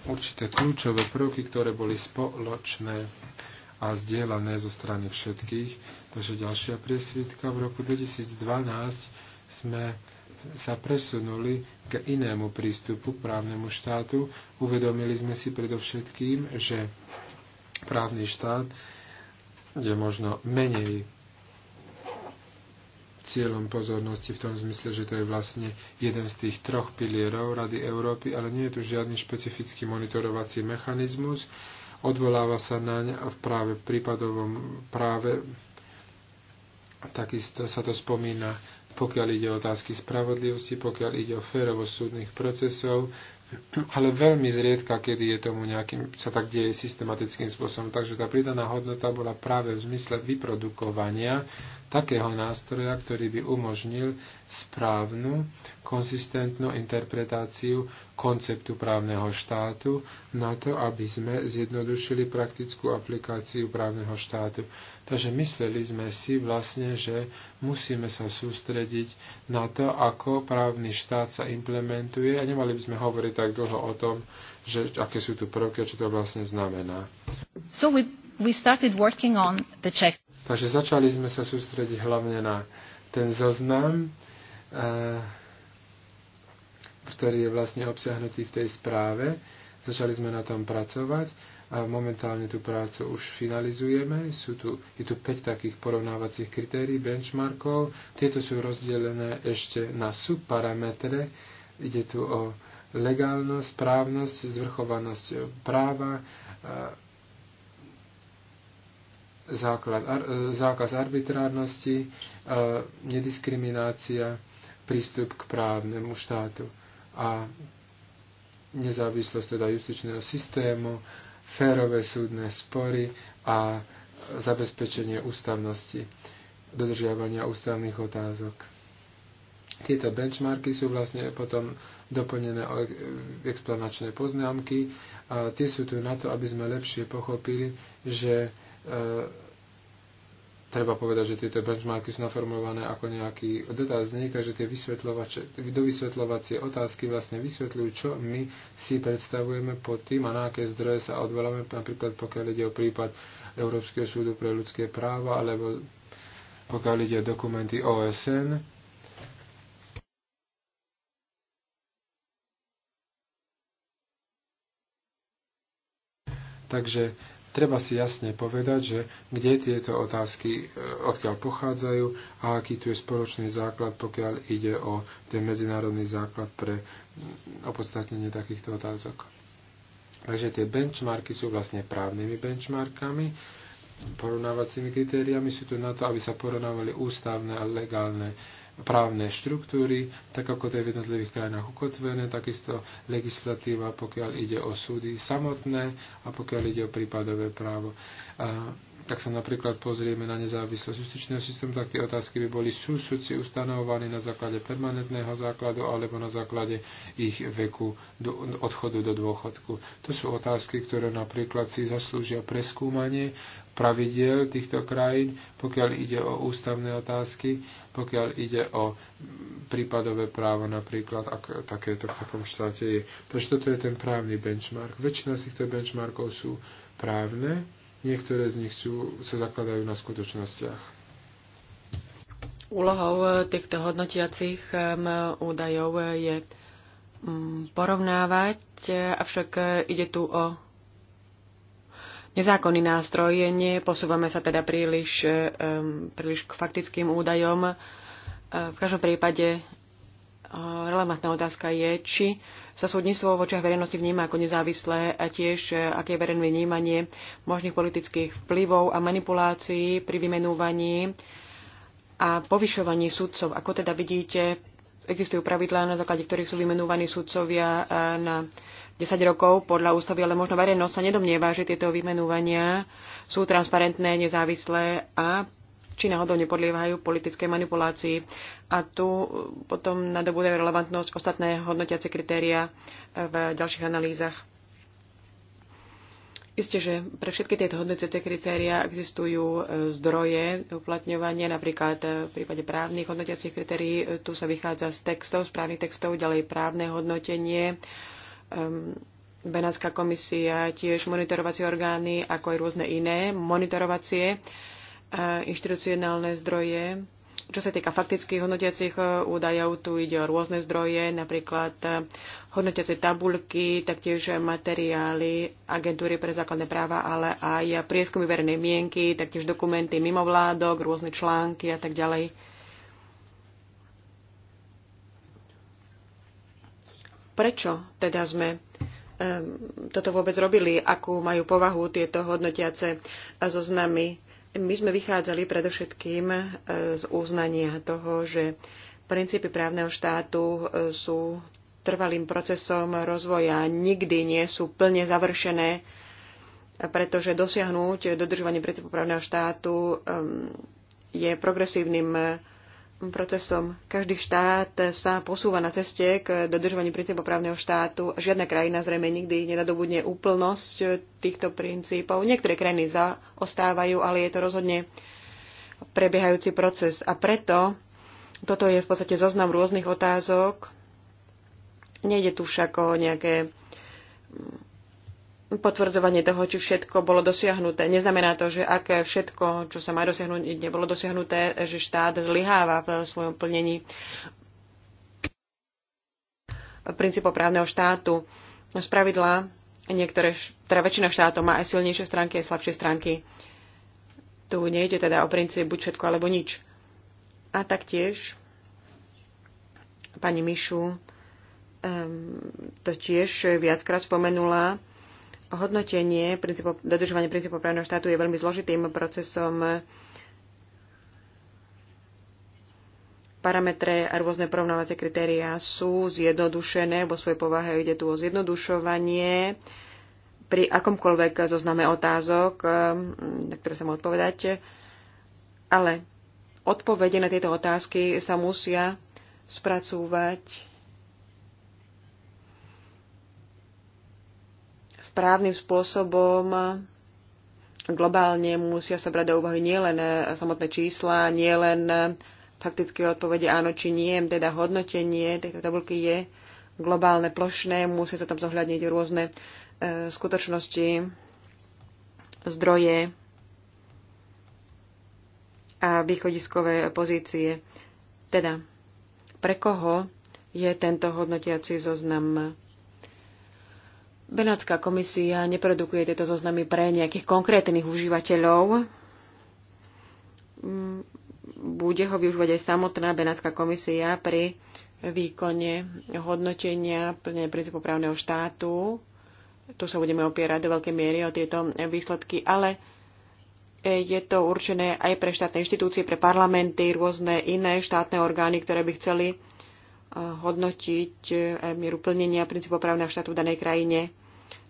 E: určité kľúčové prvky, ktoré boli spoločné a zdieľané zo strany všetkých Takže ďalšia priesvitka. V roku 2012 sme sa presunuli k inému prístupu k právnemu štátu. Uvedomili sme si predovšetkým, že právny štát je možno menej cieľom pozornosti v tom zmysle, že to je vlastne jeden z tých troch pilierov Rady Európy, ale nie je tu žiadny špecifický monitorovací mechanizmus. Odvoláva sa naň v práve prípadovom práve Takisto sa to spomína, pokiaľ ide o otázky spravodlivosti, pokiaľ ide o férovosť súdnych procesov, ale veľmi zriedka, kedy je tomu nejakým, sa tak deje systematickým spôsobom. Takže tá pridaná hodnota bola práve v zmysle vyprodukovania takého nástroja, ktorý by umožnil správnu, konsistentnú interpretáciu konceptu právneho štátu na to, aby sme zjednodušili praktickú aplikáciu právneho štátu. Takže mysleli sme si vlastne, že musíme sa sústrediť na to, ako právny štát sa implementuje a nemali by sme hovoriť tak dlho o tom, že aké sú tu prvky a čo to vlastne znamená.
C: So we, we started working on the check.
E: Takže začali sme sa sústrediť hlavne na ten zoznam. Uh, ktorý je vlastne obsiahnutý v tej správe. Začali sme na tom pracovať a momentálne tú prácu už finalizujeme. Sú tu, je tu 5 takých porovnávacích kritérií, benchmarkov. Tieto sú rozdelené ešte na subparametre. Ide tu o legálnosť, správnosť, zvrchovanosť práva, e, základ, e, zákaz arbitrárnosti, e, nediskriminácia, prístup k právnemu štátu a nezávislosť teda justičného systému, férové súdne spory a zabezpečenie ústavnosti, dodržiavania ústavných otázok. Tieto benchmarky sú vlastne potom doplnené o explanačné poznámky a tie sú tu na to, aby sme lepšie pochopili, že e, treba povedať, že tieto benchmarky sú naformulované ako nejaký dotazník, takže tie dovysvetľovacie otázky vlastne vysvetľujú, čo my si predstavujeme pod tým a na aké zdroje sa odvoláme, napríklad pokiaľ ide o prípad Európskeho súdu pre ľudské práva alebo pokiaľ ide o dokumenty OSN. Takže Treba si jasne povedať, že kde tieto otázky e, odkiaľ pochádzajú a aký tu je spoločný základ, pokiaľ ide o ten medzinárodný základ pre mm, opodstatnenie takýchto otázok. Takže tie benchmarky sú vlastne právnymi benchmarkami, porovnávacími kritériami sú tu na to, aby sa porovnávali ústavné a legálne právne štruktúry, tak ako to je v jednotlivých krajinách ukotvené, takisto legislatíva, pokiaľ ide o súdy samotné a pokiaľ ide o prípadové právo. Tak sa napríklad pozrieme na nezávislosť justičného systému, tak tie otázky by boli sú súci ustanovovaní na základe permanentného základu alebo na základe ich veku do, odchodu do dôchodku. To sú otázky, ktoré napríklad si zaslúžia preskúmanie pravidiel týchto krajín, pokiaľ ide o ústavné otázky, pokiaľ ide o prípadové právo napríklad, ak takéto v takom štáte je. Takže toto je ten právny benchmark. Väčšina z týchto benchmarkov sú právne, Niektoré z nich sú, sa zakladajú na skutočnostiach.
A: Úlohou eh, týchto hodnotiacich eh, údajov eh, je mm, porovnávať, avšak ide tu o nezákonný nástroj. Neposúvame sa teda príliš, príliš k faktickým údajom. V každom prípade Relevantná otázka je, či sa súdnictvo v očiach verejnosti vníma ako nezávislé a tiež e, aké je verejné vnímanie možných politických vplyvov a manipulácií pri vymenúvaní a povyšovaní sudcov. Ako teda vidíte, existujú pravidlá, na základe ktorých sú vymenúvaní sudcovia e, na 10 rokov podľa ústavy, ale možno verejnosť sa nedomnieva, že tieto vymenúvania sú transparentné, nezávislé a či náhodou nepodliehajú politickej manipulácii. A tu uh, potom nadobúdajú relevantnosť ostatné hodnotiace kritéria uh, v ďalších analýzach. Isté, že pre všetky tieto hodnotiace kritéria existujú uh, zdroje uplatňovania, napríklad v prípade právnych hodnotiacich kritérií, tu sa vychádza z textov, z právnych textov, ďalej právne hodnotenie, um, Benátska komisia, tiež monitorovacie orgány, ako aj rôzne iné monitorovacie inštitucionálne zdroje. Čo sa týka faktických hodnotiacich e, údajov, tu ide o rôzne zdroje, napríklad e, hodnotiace tabulky, taktiež materiály agentúry pre základné práva, ale aj prieskumy verejnej mienky, taktiež dokumenty mimovládok, rôzne články a tak ďalej. Prečo teda sme e, toto vôbec robili, akú majú povahu tieto hodnotiace zoznamy. So my sme vychádzali predovšetkým e, z uznania toho, že princípy právneho štátu e, sú trvalým procesom rozvoja, nikdy nie sú plne završené, pretože dosiahnuť dodržovanie princípu právneho štátu e, je progresívnym procesom. Každý štát sa posúva na ceste k dodržovaniu princípov právneho štátu. Žiadna krajina zrejme nikdy nenadobudne úplnosť týchto princípov. Niektoré krajiny zaostávajú, ale je to rozhodne prebiehajúci proces. A preto toto je v podstate zoznam rôznych otázok. Nejde tu však o nejaké potvrdzovanie toho, či všetko bolo dosiahnuté. Neznamená to, že ak všetko, čo sa má dosiahnuť, nebolo dosiahnuté, že štát zlyháva v svojom plnení princípov právneho štátu. Z pravidla niektoré, teda väčšina štátov má aj silnejšie stránky, aj slabšie stránky. Tu nejde teda o princíp buď všetko alebo nič. A taktiež pani Mišu um, to tiež viackrát spomenula, Hodnotenie princípov, princípov právneho štátu je veľmi zložitým procesom. Parametre a rôzne porovnávacie kritériá sú zjednodušené, vo svojej povahe ide tu o zjednodušovanie pri akomkoľvek zozname otázok, eh, na ktoré sa mu odpovedať. Ale odpovede na tieto otázky sa musia spracúvať správnym spôsobom globálne musia sa brať do úvahy nielen samotné čísla, nielen faktické odpovede áno či nie, teda hodnotenie tejto tabulky je globálne, plošné, musia sa tam zohľadniť rôzne e, skutočnosti, zdroje a východiskové pozície. Teda, pre koho je tento hodnotiaci zoznam Benátska komisia neprodukuje tieto zoznamy pre nejakých konkrétnych užívateľov. Bude ho využívať aj samotná Benátska komisia pri výkone hodnotenia plne princípu právneho štátu. Tu sa budeme opierať do veľkej miery o tieto výsledky, ale je to určené aj pre štátne inštitúcie, pre parlamenty, rôzne iné štátne orgány, ktoré by chceli hodnotiť e, mieru plnenia princípov právneho štátu v danej krajine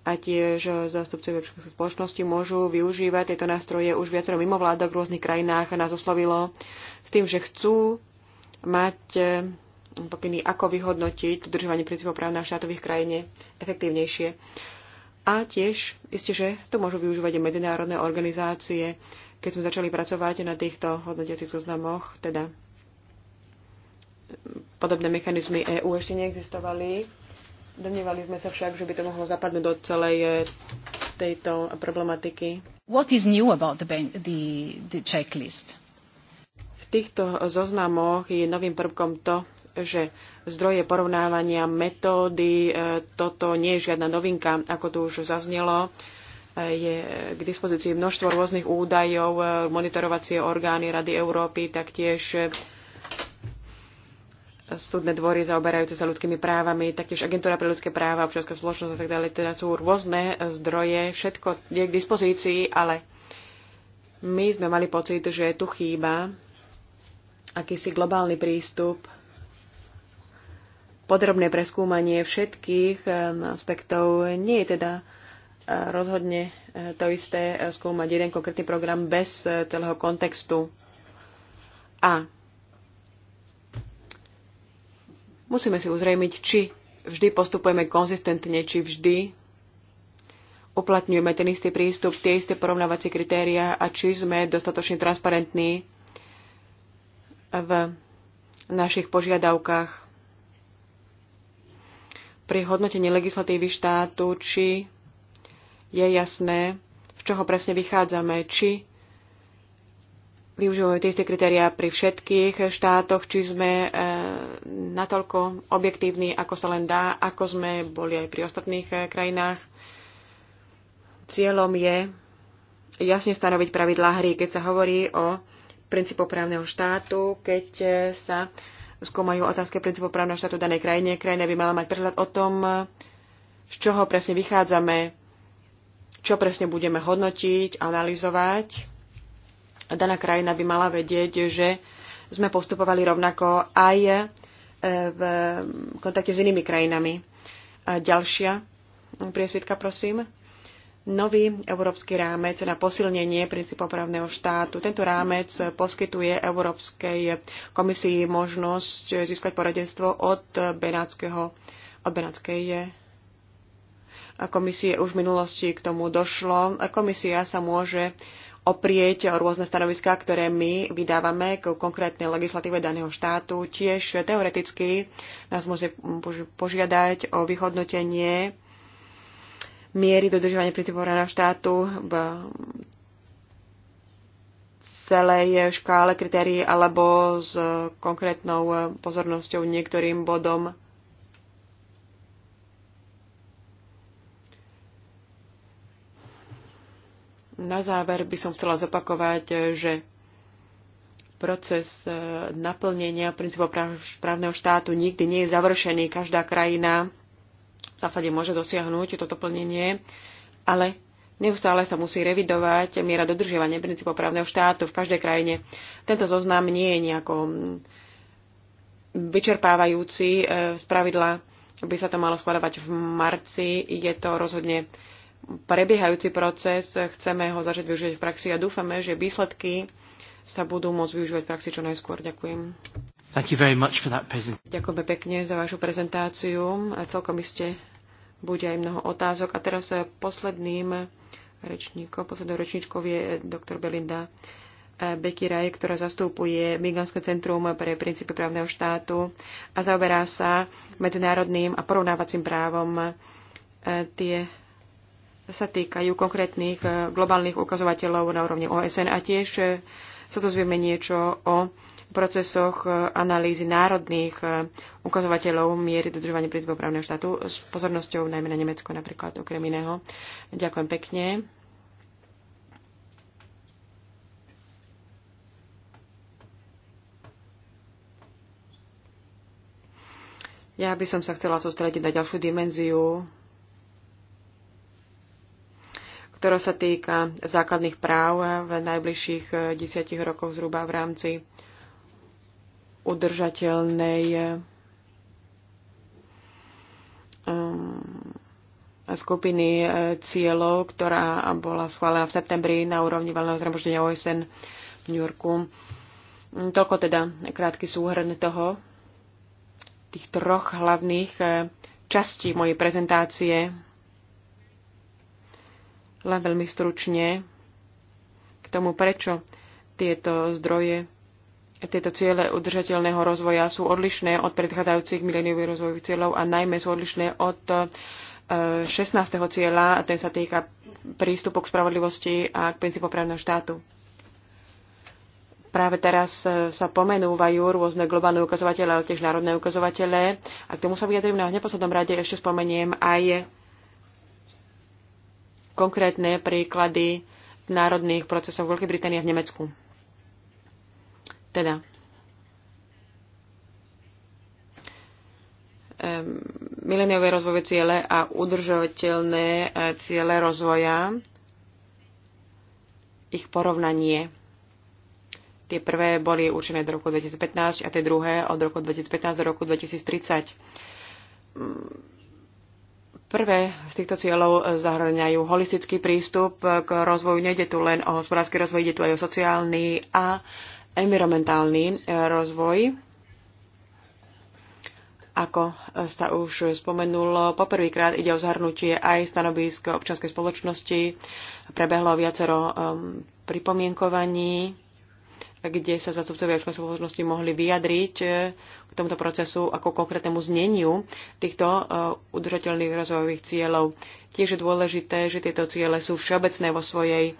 A: a tiež zástupcovia európskych spoločnosti môžu využívať tieto nástroje už viacero mimovládok v rôznych krajinách a nás oslovilo s tým, že chcú mať e, pokyny, ako vyhodnotiť dodržovanie princípov právneho štátu v ich krajine efektívnejšie. A tiež, isté, že to môžu využívať aj medzinárodné organizácie, keď sme začali pracovať na týchto hodnotiacich zoznamoch, teda podobné mechanizmy EÚ ešte neexistovali. Domnievali sme sa však, že by to mohlo zapadnúť do celej eh, tejto problematiky.
C: What is new about the, the, the checklist?
A: V týchto zoznamoch je novým prvkom to, že zdroje porovnávania, metódy, eh, toto nie je žiadna novinka, ako tu už zaznelo. Eh, je k dispozícii množstvo rôznych údajov, monitorovacie orgány Rady Európy, taktiež súdne dvory zaoberajúce sa ľudskými právami, taktiež agentúra pre ľudské práva, občianská spoločnosť a tak ďalej. Teda sú rôzne zdroje, všetko je k dispozícii, ale my sme mali pocit, že tu chýba akýsi globálny prístup, podrobné preskúmanie všetkých eh, aspektov. Nie je teda eh, rozhodne eh, to isté skúmať jeden konkrétny program bez celého kontextu. A Musíme si uzrejmiť, či vždy postupujeme konzistentne, či vždy uplatňujeme ten istý prístup, tie isté porovnávacie kritéria a či sme dostatočne transparentní v našich požiadavkách pri hodnotení legislatívy štátu, či je jasné, z čoho presne vychádzame, či využívajú tie isté kritériá pri všetkých štátoch, či sme e, natoľko objektívni, ako sa len dá, ako sme boli aj pri ostatných e, krajinách. Cieľom je jasne stanoviť pravidlá hry, keď sa hovorí o princípoch právneho štátu, keď e, sa skúmajú otázky princípov právneho štátu danej krajine. Krajina by mala mať prehľad o tom, e, z čoho presne vychádzame, čo presne budeme hodnotiť, analyzovať daná krajina by mala vedieť, že sme postupovali rovnako aj e, v kontakte s inými krajinami. A ďalšia priesvitka, prosím. Nový európsky rámec na posilnenie princípov právneho štátu. Tento rámec poskytuje Európskej komisii možnosť získať poradenstvo od Benátskeho od Benátskej komisie už v minulosti k tomu došlo. Komisia sa môže oprieť o rôzne stanoviská, ktoré my vydávame k konkrétnej legislatíve daného štátu. Tiež teoreticky nás môže požiadať o vyhodnotenie miery dodržovania princípov daného štátu v celej škále kritérií alebo s konkrétnou pozornosťou niektorým bodom Na záver by som chcela zopakovať, že proces e, naplnenia princípov právneho štátu nikdy nie je završený. Každá krajina v zásade môže dosiahnuť toto plnenie, ale neustále sa musí revidovať miera dodržiavania princípov právneho štátu v každej krajine. Tento zoznam nie je nejako vyčerpávajúci. E, z pravidla by sa to malo skladovať v marci. Je to rozhodne prebiehajúci proces, chceme ho začať využívať v praxi a dúfame, že výsledky sa budú môcť využívať v praxi čo najskôr. Ďakujem.
D: Thank you very much for that
A: Ďakujem pekne za vašu prezentáciu. A celkom iste bude aj mnoho otázok. A teraz eh, posledným rečníkom, poslednou rečníčkou je doktor Belinda eh, Becky Raj, ktorá zastupuje Miganské centrum pre princípy právneho štátu a zaoberá sa medzinárodným a porovnávacím právom eh, tie sa týkajú konkrétnych e, globálnych ukazovateľov na úrovni OSN a tiež e, sa dozvieme niečo o procesoch e, analýzy národných ukazovateľov miery dodržovania princípov právneho štátu s pozornosťou najmä na Nemecko napríklad okrem iného. Ďakujem pekne. Ja by som sa chcela sústrediť na ďalšiu dimenziu ktorá sa týka základných práv v najbližších eh, desiatich rokoch zhruba v rámci udržateľnej ehm, skupiny eh, cieľov, ktorá bola schválená v septembri na úrovni valného zhromaždenia OSN v New Yorku. Mm, toľko teda krátky súhrn toho, tých troch hlavných eh, častí mojej prezentácie len veľmi stručne k tomu, prečo tieto zdroje, tieto ciele udržateľného rozvoja sú odlišné od predchádzajúcich mileniových rozvojových cieľov a najmä sú odlišné od 16. E, cieľa, a ten sa týka prístupu k spravodlivosti a k princípu právneho štátu. Práve teraz e, sa pomenúvajú rôzne globálne ukazovatele, ale tiež národné ukazovatele. A k tomu sa vyjadrím na neposlednom rade, ešte spomeniem aj konkrétne príklady v národných procesoch v Veľkej Británii a v Nemecku. Teda, mileniové rozvojové ciele a udržateľné eh, ciele rozvoja, ich porovnanie. Tie prvé boli určené do roku 2015 a tie druhé od roku 2015 do roku 2030. Prvé z týchto cieľov zahrňajú holistický prístup k rozvoju. Nejde tu len o hospodársky rozvoj, ide tu aj o sociálny a environmentálny rozvoj. Ako sa už spomenulo, poprvýkrát ide o zahrnutie aj stanovisk občianskej spoločnosti. Prebehlo viacero um, pripomienkovaní kde sa zastupcovia občianskej spoločnosti mohli vyjadriť e, k tomuto procesu ako konkrétnemu zneniu týchto e, udržateľných rozvojových cieľov. Tiež je dôležité, že tieto ciele sú všeobecné vo svojej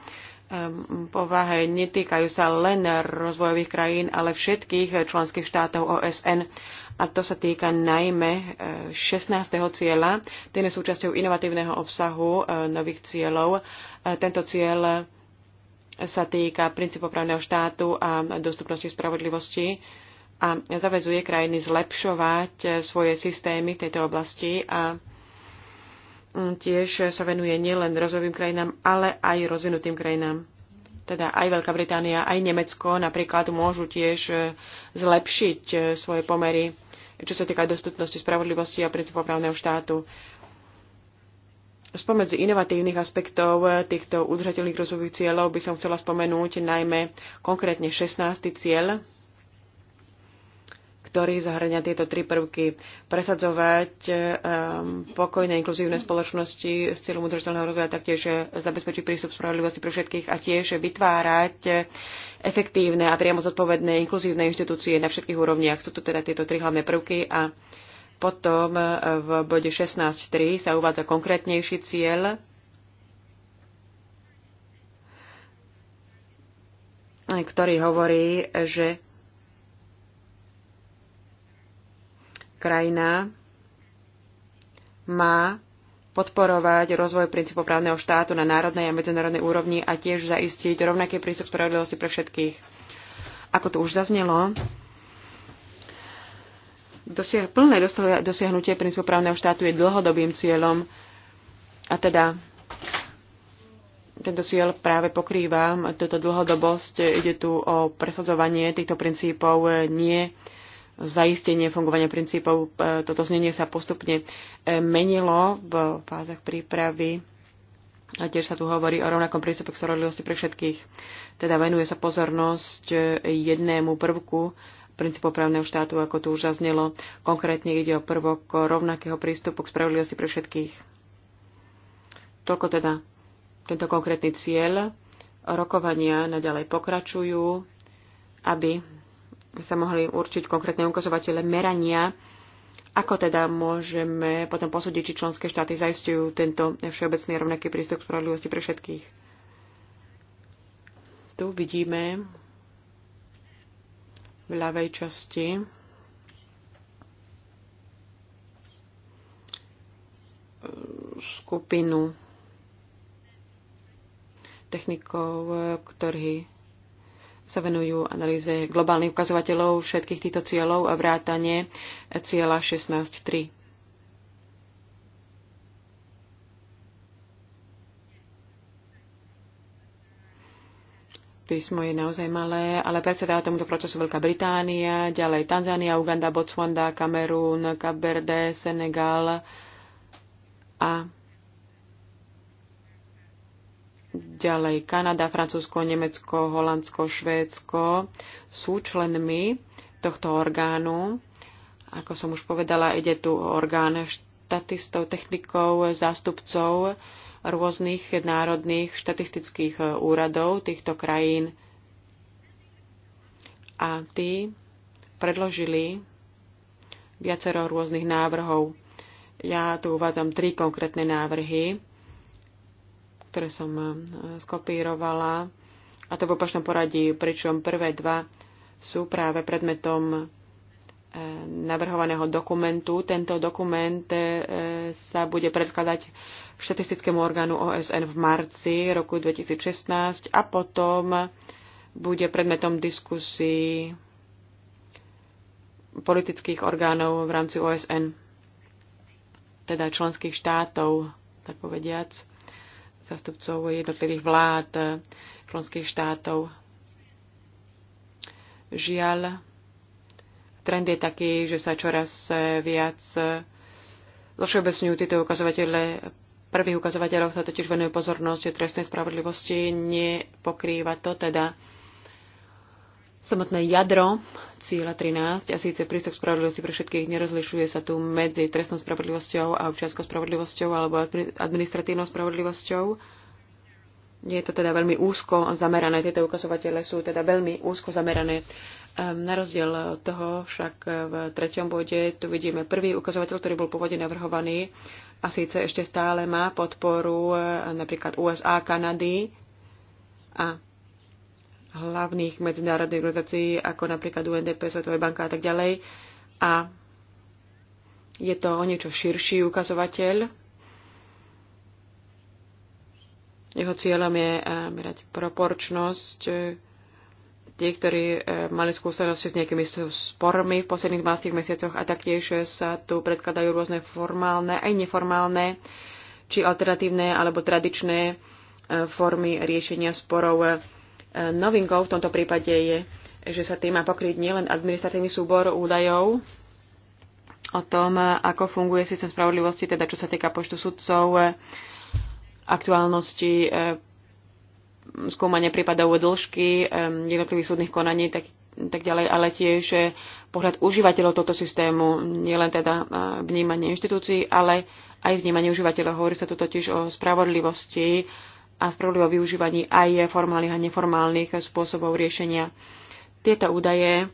A: povahe, netýkajú sa len rozvojových krajín, ale všetkých členských štátov OSN. A to sa týka najmä 16. E, cieľa. Ten je súčasťou inovatívneho obsahu nových cieľov. Tento cieľ sa týka princípov právneho štátu a dostupnosti spravodlivosti a zavezuje krajiny zlepšovať svoje systémy v tejto oblasti a mm, tiež sa venuje nielen rozvojovým krajinám, ale aj rozvinutým krajinám. Teda aj Veľká Británia, aj Nemecko napríklad môžu tiež e, zlepšiť e, svoje pomery, čo sa týka dostupnosti spravodlivosti a princípov právneho štátu. Spomedzi inovatívnych aspektov eh, týchto udržateľných rozvojových cieľov by som chcela spomenúť najmä konkrétne 16. cieľ, ktorý zahrania tieto tri prvky. Presadzovať um, pokojné inkluzívne spoločnosti s cieľom udržateľného rozvoja, taktiež eh, zabezpečiť prístup spravodlivosti pre všetkých a tiež vytvárať efektívne a priamo zodpovedné inkluzívne inštitúcie na všetkých úrovniach. Sú to teda tieto tri hlavné prvky a uh, potom e, v bode 16.3 sa uvádza konkrétnejší cieľ ktorý hovorí, že krajina má podporovať rozvoj princípov právneho štátu na národnej a medzinárodnej úrovni a tiež zaistiť rovnaký prístup spravodlivosti pre všetkých. Ako to už zaznelo, Dosiah, plné dosiahnutie princípu právneho štátu je dlhodobým cieľom a teda tento cieľ práve pokrýva túto dlhodobosť. Ide tu o presadzovanie týchto princípov, nie zaistenie fungovania princípov. Toto znenie sa postupne eh, menilo v fázach prípravy a tiež sa tu hovorí o rovnakom prístupe k starodlivosti pre všetkých. Teda venuje sa pozornosť eh, jednému prvku princípov právneho štátu, ako tu už zaznelo. Konkrétne ide o prvok rovnakého prístupu k spravodlivosti pre všetkých. Toľko teda tento konkrétny cieľ. Rokovania naďalej pokračujú, aby sa mohli určiť konkrétne ukazovatele merania, ako teda môžeme potom posúdiť, či členské štáty zaistujú tento všeobecný rovnaký prístup k spravodlivosti pre všetkých. Tu vidíme v ľavej časti skupinu technikov, ktorí sa venujú analýze globálnych ukazovateľov všetkých týchto cieľov a vrátane cieľa 16.3. písmo je naozaj malé, ale predsedá tomuto procesu Veľká Británia, ďalej Tanzánia, Uganda, Botswanda, Kamerún, Kaberde, Senegal a ďalej Kanada, Francúzsko, Nemecko, Holandsko, Švédsko sú členmi tohto orgánu. Ako som už povedala, ide tu orgán štatistov, technikov, zástupcov rôznych národných štatistických e, úradov týchto krajín a tí predložili viacero rôznych návrhov. Ja tu uvádzam tri konkrétne návrhy, ktoré som e, skopírovala, a to v opačnom poradí, pričom prvé dva sú práve predmetom navrhovaného dokumentu. Tento dokument e, sa bude predkladať štatistickému orgánu OSN v marci roku 2016 a potom bude predmetom diskusí politických orgánov v rámci OSN, teda členských štátov, tak povediac, zastupcov jednotlivých vlád členských štátov. Žiaľ, Trend je taký, že sa čoraz viac zošeobecňujú tieto ukazovatele. Prvých ukazovateľov sa totiž venujú pozornosť trestnej spravodlivosti, nepokrýva to teda samotné jadro cieľa 13 a síce prístup spravodlivosti pre všetkých nerozlišuje sa tu medzi trestnou spravodlivosťou a občianskou spravodlivosťou alebo administratívnou spravodlivosťou. Je to teda veľmi úzko zamerané, tieto ukazovatele sú teda veľmi úzko zamerané Ehm, na rozdiel toho však eh, v treťom bode tu vidíme prvý ukazovateľ, ktorý bol pôvodne navrhovaný a síce ešte stále má podporu eh, napríklad USA, Kanady a hlavných medzinárodných organizácií ako napríklad UNDP, Svetová banka a tak ďalej. A je to o niečo širší ukazovateľ. Jeho cieľom je eh, merať proporčnosť tí, ktorí e, mali skúsenosti s nejakými spormi v posledných 12 mesiacoch a taktiež sa tu predkladajú rôzne formálne aj neformálne či alternatívne alebo tradičné e, formy riešenia sporov. E, novinkou v tomto prípade je, že sa tým má pokryť nielen administratívny súbor údajov o tom, ako funguje systém spravodlivosti, teda čo sa týka počtu sudcov, aktuálnosti skúmanie prípadov dĺžky jednotlivých súdnych konaní, tak, tak ďalej, ale tiež eh, pohľad užívateľov tohto systému, nielen teda eh, vnímanie inštitúcií, ale aj vnímanie užívateľov. Hovorí sa tu totiž o spravodlivosti a spravodlivo využívaní aj formálnych a neformálnych spôsobov riešenia. Tieto údaje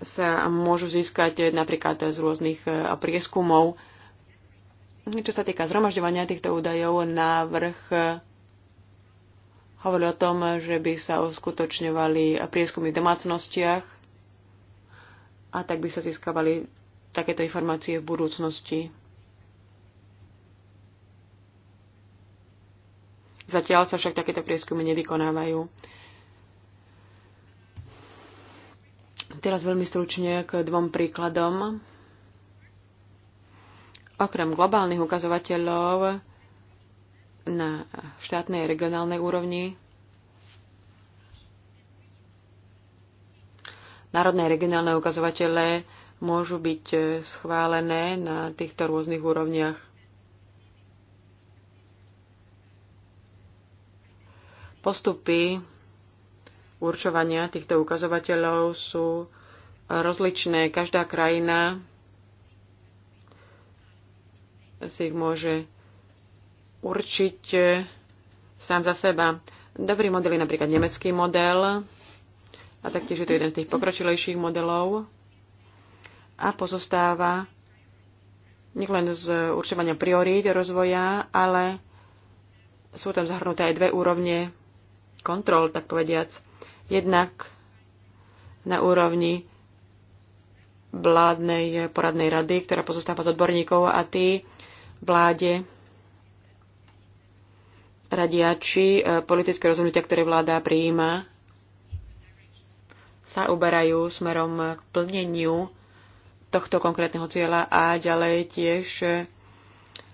A: sa môžu získať napríklad z rôznych eh, prieskumov. Čo sa týka zhromažďovania týchto údajov, návrh hovorí o tom, že by sa uskutočňovali prieskumy v domácnostiach a tak by sa získavali takéto informácie v budúcnosti. Zatiaľ sa však takéto prieskumy nevykonávajú. Teraz veľmi stručne k dvom príkladom. Okrem globálnych ukazovateľov, na štátnej a regionálnej úrovni, národné a regionálne ukazovatele môžu byť e, schválené na týchto rôznych úrovniach. Postupy určovania týchto ukazovateľov sú rozličné. Každá krajina si ich môže určiť sám za seba. Dobrý model je napríklad nemecký model a taktiež je to jeden z tých pokročilejších modelov a pozostáva nielen z určovania priorít rozvoja, ale sú tam zahrnuté aj dve úrovne kontrol, tak povediac. Jednak na úrovni vládnej poradnej rady, ktorá pozostáva z odborníkov a tí vláde radia, či e, politické rozhodnutia, ktoré vláda prijíma, sa uberajú smerom k plneniu tohto konkrétneho cieľa a ďalej tiež e,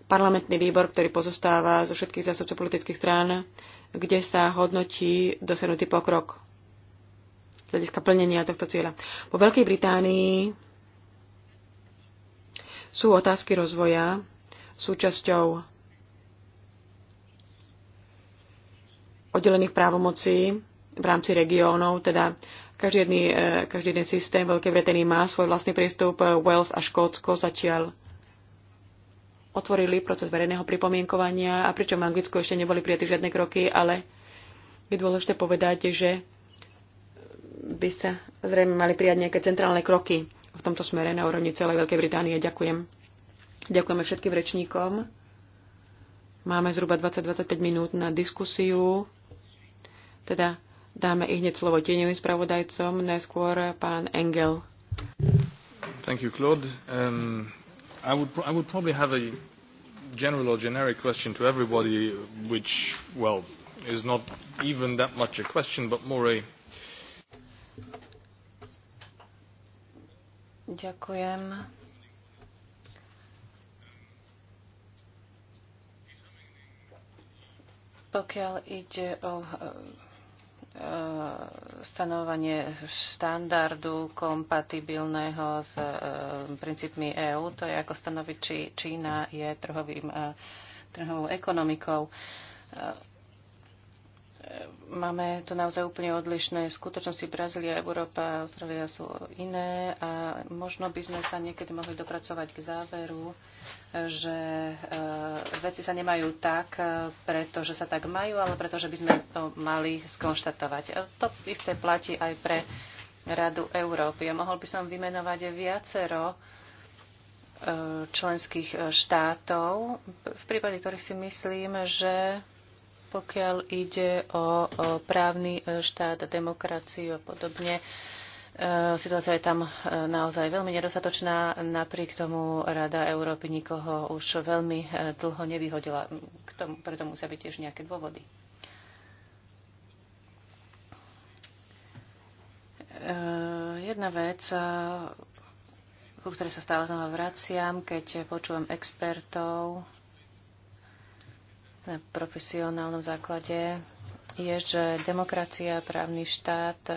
A: parlamentný výbor, ktorý pozostáva zo všetkých zástupcov politických strán, kde sa hodnotí dosiahnutý pokrok z hľadiska plnenia tohto cieľa. Po Veľkej Británii sú otázky rozvoja súčasťou oddelených právomocí v rámci regiónov, teda každý, jedný, e, každý jeden systém Veľkej Británii má svoj vlastný prístup. E, Wales a Škótsko zatiaľ otvorili proces verejného pripomienkovania a pričom v Anglicku ešte neboli prijaté žiadne kroky, ale je dôležité povedať, že by sa zrejme mali prijať nejaké centrálne kroky v tomto smere na úrovni celej Veľkej Británie. Ďakujem. Ďakujeme všetkým rečníkom. Máme zhruba 20-25 minút na diskusiu. Teda dáme i hneď slovo tieňovým spravodajcom, neskôr pán Engel.
B: Thank you, Claude. Um, I, would, I would probably have a general or generic question to everybody, which, well,
A: is not even that much a question, but more a...
B: Ďakujem. Pokiaľ ide o E, stanovanie štandardu kompatibilného s e, princípmi EÚ. To je ako stanoviť, či Čína je trhovým, e, trhovou ekonomikou máme tu naozaj úplne odlišné skutočnosti. Brazília, Európa, Austrália sú iné a možno by sme sa niekedy mohli dopracovať k záveru, že e, veci sa nemajú tak, e, pretože sa tak majú, ale pretože by sme to mali skonštatovať. E, to isté platí aj pre Radu Európy. A mohol by som vymenovať viacero členských štátov, v prípade ktorých si myslím, že pokiaľ ide o, právny e, štát, demokraciu a podobne. E, situácia je tam e, naozaj veľmi nedostatočná. Napriek tomu Rada Európy nikoho už veľmi dlho nevyhodila. K tomu, preto musia byť tiež nejaké dôvody. Jedna vec, ku ktorej sa stále znova vraciam, keď počúvam expertov, na profesionálnom základe je, že demokracia, právny štát e,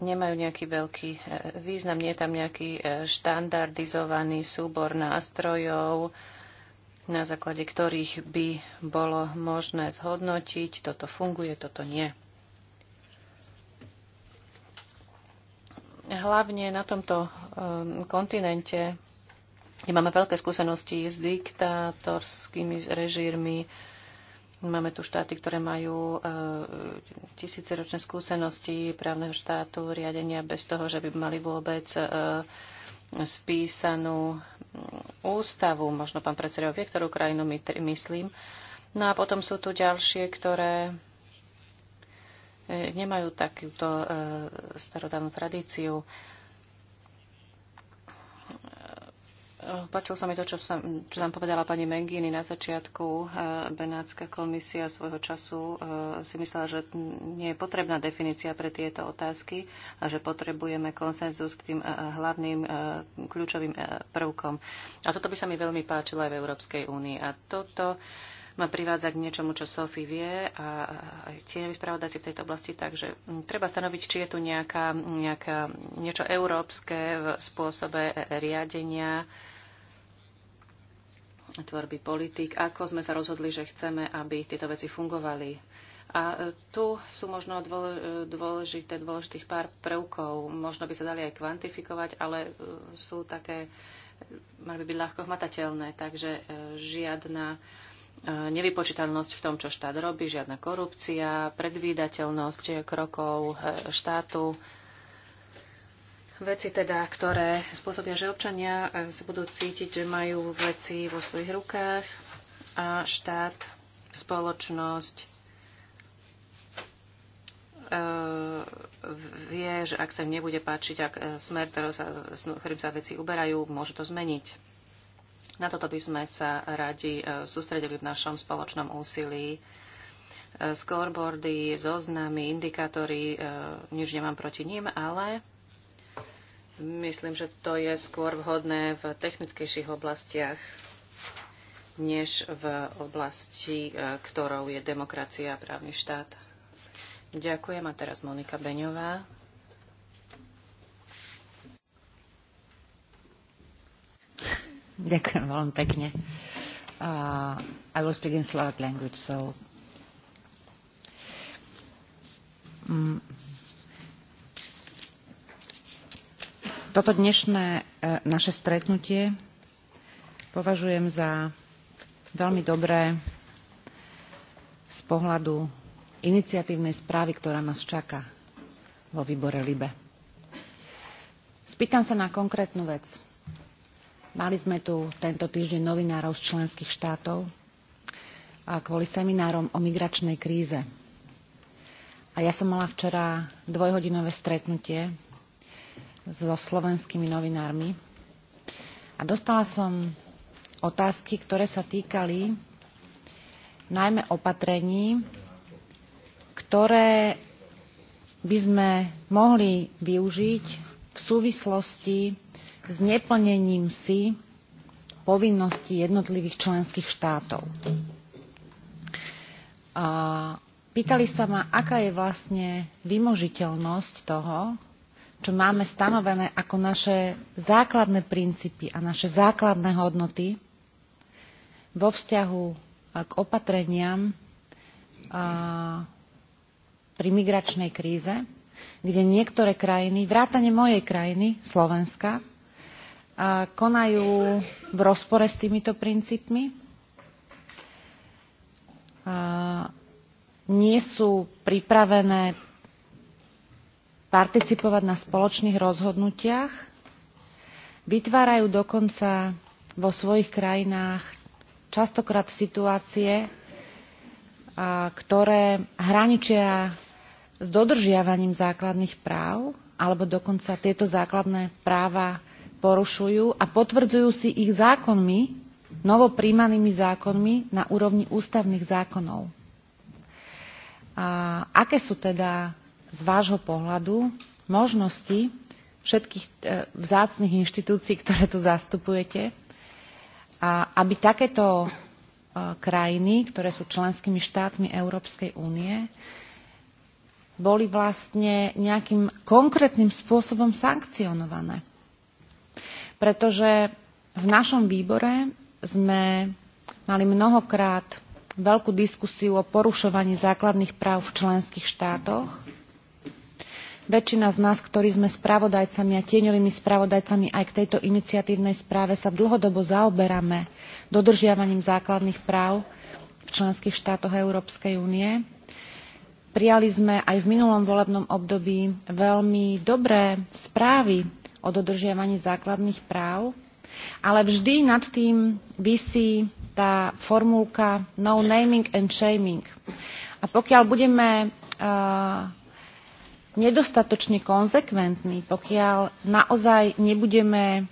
B: nemajú nejaký veľký e, význam. Nie je tam nejaký e, štandardizovaný súbor nástrojov, na základe ktorých by bolo možné zhodnotiť, toto funguje, toto nie. Hlavne na tomto kontinente Máme veľké skúsenosti s diktátorskými režírmi. Máme tu štáty, ktoré majú e, eh, tisíceročné skúsenosti právneho štátu, riadenia bez toho, že by mali vôbec e, spísanú mm, ústavu. Možno pán predseda vie, ktorú krajinu my myslím. No a potom sú tu ďalšie, ktoré eh, nemajú takúto starodávnu tradíciu. Páčilo sa mi to, čo, sa, čo nám povedala pani Mengini na začiatku. E, Benátska komisia svojho času e, si myslela, že nie je potrebná definícia pre tieto otázky a že potrebujeme konsenzus k tým e, hlavným kľúčovým prvkom. A toto by sa mi veľmi páčilo aj v Európskej únii. A toto ma privádza k niečomu, čo Sofi vie a aj tieňoví spravodajci v tejto oblasti, takže treba stanoviť, či je tu nejaká, nejaká, niečo európske v spôsobe riadenia tvorby politik, ako sme sa rozhodli, že chceme, aby tieto veci fungovali. A e, tu sú možno e, dôležité, dôležitých pár prvkov. Možno by sa dali aj kvantifikovať, ale e, sú také, mali by byť ľahko hmatateľné, takže žiadna nevypočítanosť v tom, čo štát robí, žiadna korupcia, predvídateľnosť krokov štátu, veci teda, ktoré spôsobia, že občania eh, sa budú cítiť, že majú veci vo svojich rukách a štát, spoločnosť eh, vie, že ak sa im nebude páčiť, ak eh, smer, sa, ktorým sa veci uberajú, môže to zmeniť. Na toto by sme sa radi sústredili v našom spoločnom úsilí. Scoreboardy, zoznamy, indikátory, nič nemám proti ním, ale Myslím, že to je skôr vhodné v technickejších oblastiach než v oblasti, e, ktorou je demokracia a právny štát. Ďakujem a teraz Monika Beňová.
C: Ďakujem veľmi pekne. Uh, I will speak in Slovak language, so... Mm Toto dnešné e, naše stretnutie považujem za veľmi dobré z pohľadu iniciatívnej správy, ktorá nás čaká vo výbore LIBE. Spýtam sa na konkrétnu vec. Mali sme tu tento týždeň novinárov z členských štátov a kvôli seminárom o migračnej kríze. A ja som mala včera dvojhodinové stretnutie so slovenskými novinármi a dostala som otázky, ktoré sa týkali najmä opatrení, ktoré by sme mohli využiť v súvislosti s neplnením si povinností jednotlivých členských štátov. pýtali sa ma, aká je vlastne vymožiteľnosť toho, čo máme stanovené ako naše základné princípy a naše základné hodnoty vo vzťahu k opatreniam pri migračnej kríze, kde niektoré krajiny, vrátane mojej krajiny, Slovenska, konajú v rozpore s týmito princípmi, nie sú pripravené participovať na spoločných rozhodnutiach, vytvárajú dokonca vo svojich krajinách častokrát situácie, ktoré hraničia s dodržiavaním základných práv, alebo dokonca tieto základné práva porušujú a potvrdzujú si ich zákonmi, novopríjmanými zákonmi na úrovni ústavných zákonov. A aké sú teda z vášho pohľadu možnosti všetkých e, vzácnych inštitúcií, ktoré tu zastupujete, aby takéto e, krajiny, ktoré sú členskými štátmi Európskej únie, boli vlastne nejakým konkrétnym spôsobom sankcionované. Pretože v našom výbore sme mali mnohokrát veľkú diskusiu o porušovaní základných práv v členských štátoch Väčšina z nás, ktorí sme spravodajcami a tieňovými spravodajcami aj k tejto iniciatívnej správe, sa dlhodobo zaoberáme dodržiavaním základných práv v členských štátoch Európskej únie. Prijali sme aj v minulom volebnom období veľmi dobré správy o dodržiavaní základných práv, ale vždy nad tým vysí tá formulka no naming and shaming. A pokiaľ budeme uh, nedostatočne konzekventní, pokiaľ naozaj nebudeme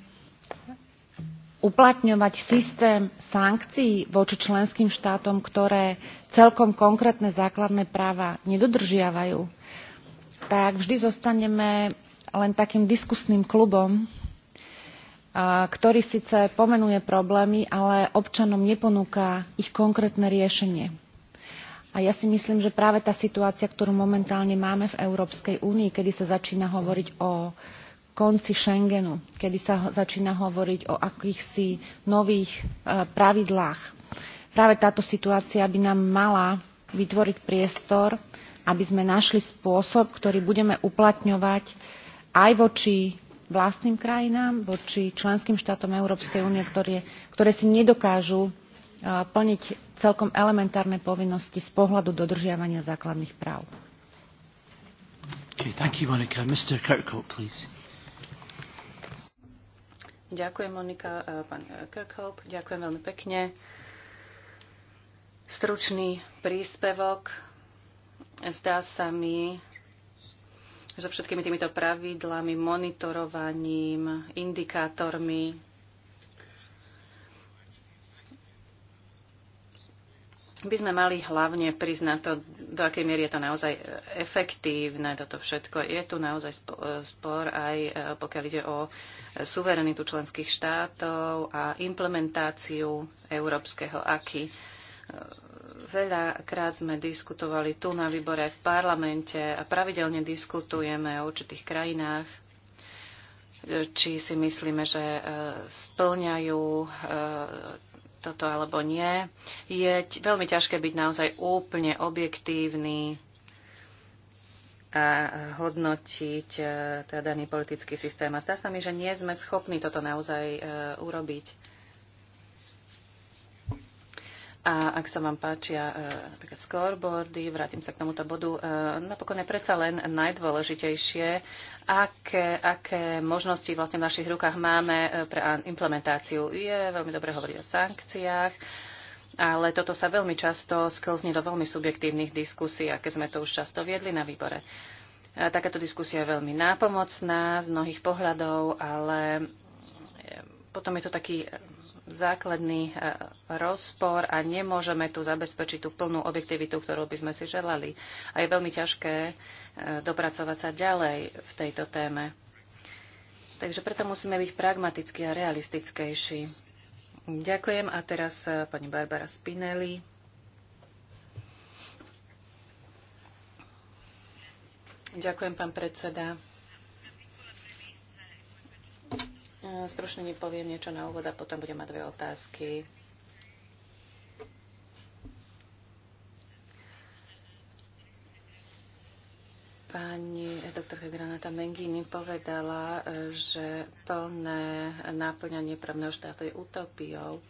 C: uplatňovať systém sankcií voči členským štátom, ktoré celkom konkrétne základné práva nedodržiavajú, tak vždy zostaneme len takým diskusným klubom, ktorý síce pomenuje problémy, ale občanom neponúka ich konkrétne riešenie. A ja si myslím, že práve tá situácia, ktorú momentálne máme v Európskej únii, kedy sa začína hovoriť o konci Schengenu, kedy sa začína hovoriť o akýchsi nových e, pravidlách. Práve táto situácia by nám mala vytvoriť priestor, aby sme našli spôsob, ktorý budeme uplatňovať aj voči vlastným krajinám, voči členským štátom Európskej únie, ktoré, si nedokážu plniť celkom elementárne povinnosti z pohľadu dodržiavania základných práv.
D: Okay, thank you, Monica. Mr. Kirkhope, please.
B: Ďakujem, Monika, pán Kirkhope. Ďakujem veľmi pekne. Stručný príspevok. Zdá sa mi, so všetkými týmito pravidlami, monitorovaním, indikátormi, by sme mali hlavne priznať to, do akej miery je to naozaj efektívne, toto všetko. Je tu naozaj spor aj e, pokiaľ ide o suverenitu členských štátov a implementáciu európskeho aky. E, veľakrát sme diskutovali tu na výbore aj v parlamente a pravidelne diskutujeme o určitých krajinách, e, či si myslíme, že splňajú toto alebo nie. Je veľmi ťažké byť naozaj úplne objektívny a hodnotiť e, teda daný politický systém. A zdá sa mi, že nie sme schopní toto naozaj e, urobiť. A ak sa vám páčia e, napríklad scoreboardy, vrátim sa k tomuto bodu, e, napokon je predsa len najdôležitejšie, aké, aké možnosti vlastne v našich rukách máme e, pre implementáciu. Je veľmi dobre hovoriť o sankciách, ale toto sa veľmi často sklzne do veľmi subjektívnych diskusí, aké sme to už často viedli na výbore. Takáto diskusia je veľmi nápomocná z mnohých pohľadov, ale potom je to taký základný e, rozpor a nemôžeme tu zabezpečiť tú plnú objektivitu, ktorú by sme si želali. A je veľmi ťažké e, dopracovať sa ďalej v tejto téme. Takže preto musíme byť pragmatickí a realistickejší. Ďakujem a teraz e, pani Barbara Spinelli. Ďakujem, pán predseda. Eh, Stručne nepoviem niečo na úvod a potom budem mať dve otázky. Pani doktorka Granata Mengini povedala, eh, že plné náplňanie právneho štátu je utopiou.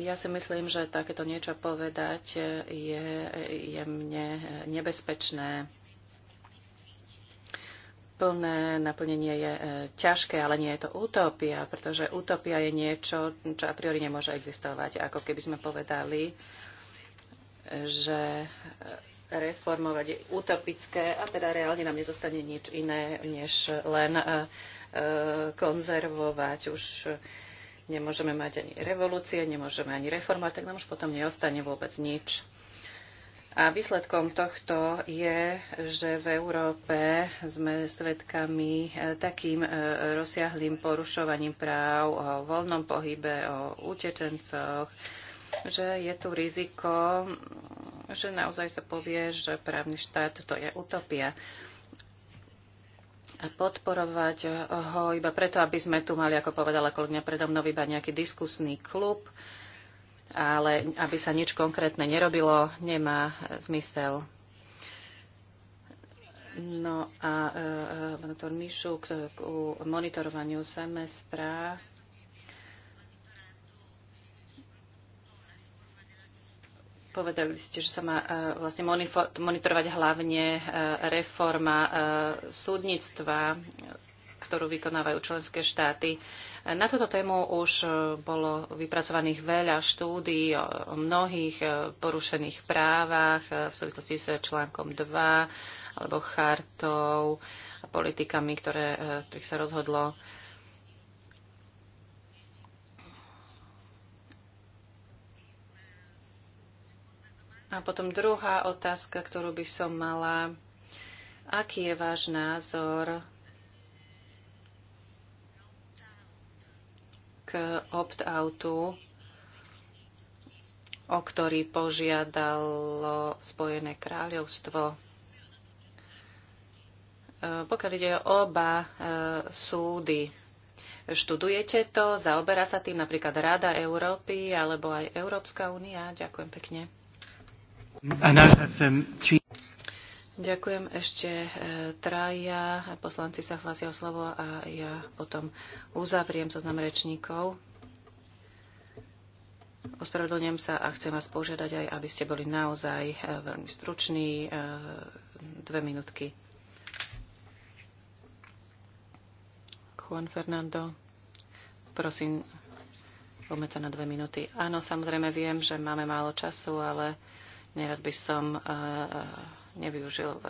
B: Ja si myslím, že takéto niečo povedať eh, je, je mne nebezpečné plné naplnenie je e, ťažké, ale nie je to utopia, pretože utopia je niečo, čo a priori nemôže existovať. Ako keby sme povedali, že e, reformovať je utopické a teda reálne nám nezostane nič iné, než len e, konzervovať. Už nemôžeme mať ani revolúcie, nemôžeme ani reformovať, tak nám už potom neostane vôbec nič. A výsledkom tohto je, že v Európe sme svedkami e, takým e, rozsiahlým porušovaním práv o voľnom pohybe, o utečencoch, že je tu riziko, že naozaj sa povie, že právny štát to je utopia. A podporovať ho iba preto, aby sme tu mali, ako povedala kolegňa predo mnou, iba nejaký diskusný klub, ale aby sa nič konkrétne nerobilo, nemá zmysel. No a e, e, monitor doktor Mišu k, k monitorovaniu semestra Povedali ste, že sa má e, vlastne monitorovať hlavne reforma súdnictva, ktorú vykonávajú členské štáty. Na túto tému už e, bolo vypracovaných veľa štúdí o mnohých e, porušených právach e, v súvislosti s článkom 2 alebo chartou a politikami, ktoré, ktorých sa rozhodlo A potom druhá otázka, ktorú by som mala. Aký je váš názor opt-outu, o ktorý požiadalo Spojené kráľovstvo. E, pokiaľ ide o oba e, súdy, študujete to, zaoberá sa tým napríklad Rada Európy alebo aj Európska únia. Ďakujem pekne.
D: Um,
B: Ďakujem ešte e, traja. Poslanci sa hlasia o slovo a ja potom uzavriem zoznam rečníkov. Ospravedlňujem sa a chcem vás požiadať aj, aby ste boli naozaj e, veľmi struční. E, dve minútky. Juan Fernando, prosím, poďme sa na dve minúty. Áno, samozrejme viem, že máme málo času, ale nerad by som uh, nevyužil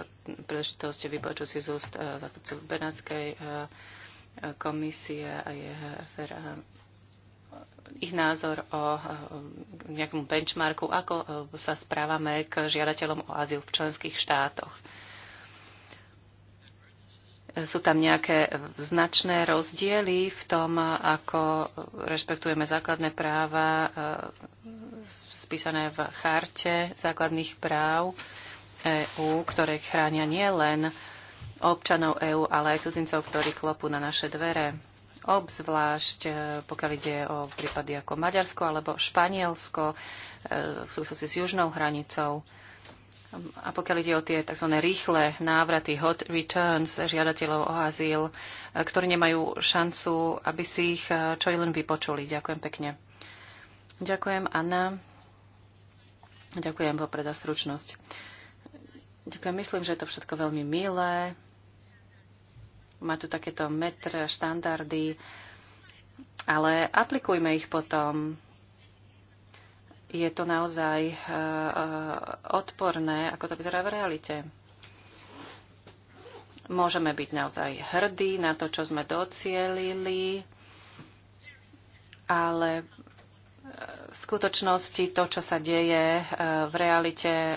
B: príležitosť vypočuť si z úst eh, zastupcov Benátskej eh, komisie a EHFR eh, ich názor o nejakom benchmarku, ako sa správame k žiadateľom o azyl v členských štátoch. Sú tam nejaké značné rozdiely v tom, ako rešpektujeme základné práva spísané v charte základných práv. EÚ, ktoré chránia nie len občanov EÚ, ale aj cudzincov, ktorí klopú na naše dvere. Obzvlášť e, pokiaľ ide o prípady ako Maďarsko alebo Španielsko e, v súvislosti s južnou hranicou. A pokiaľ ide o tie tzv. rýchle návraty, hot returns žiadateľov o azyl, e, ktorí nemajú šancu, aby si ich čo i len vypočuli. Ďakujem pekne. Ďakujem, Anna. Ďakujem vopred za stručnosť. Ďakujem, myslím, že je to všetko veľmi milé. Má tu takéto metr, štandardy, ale aplikujme ich potom. Je to naozaj eh, eh, odporné, ako to vyzerá v realite. Môžeme byť naozaj hrdí na to, čo sme docielili, ale v skutočnosti to, čo sa deje e, v realite, e,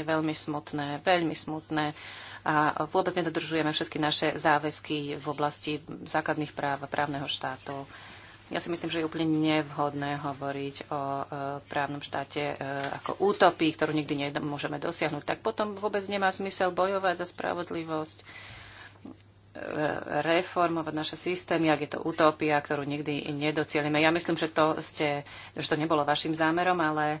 B: je veľmi smutné, veľmi smutné a vôbec nedodržujeme všetky naše záväzky v oblasti základných práv a právneho štátu. Ja si myslím, že je úplne nevhodné hovoriť o e, právnom štáte ako útopii, ktorú nikdy nemôžeme dosiahnuť. Tak potom vôbec nemá smysel bojovať za spravodlivosť reformovať naše systémy, ak je to utopia, ktorú nikdy nedocielime. Ja myslím, že to, ste, že to nebolo vašim zámerom, ale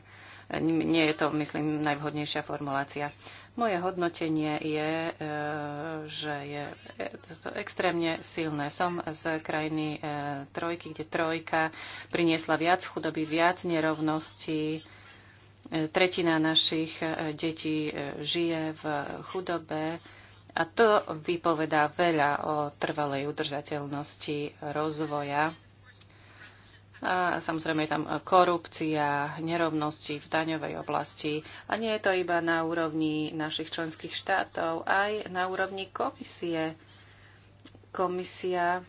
B: nie je to, myslím, najvhodnejšia formulácia. Moje hodnotenie je, e, že je e, to extrémne silné. Som z krajiny e, trojky, kde trojka priniesla viac chudoby, viac nerovností. Tretina našich detí žije v chudobe a to vypovedá veľa o trvalej udržateľnosti rozvoja. A samozrejme je tam korupcia, nerovnosti v daňovej oblasti. A nie je to iba na úrovni našich členských štátov, aj na úrovni komisie. Komisia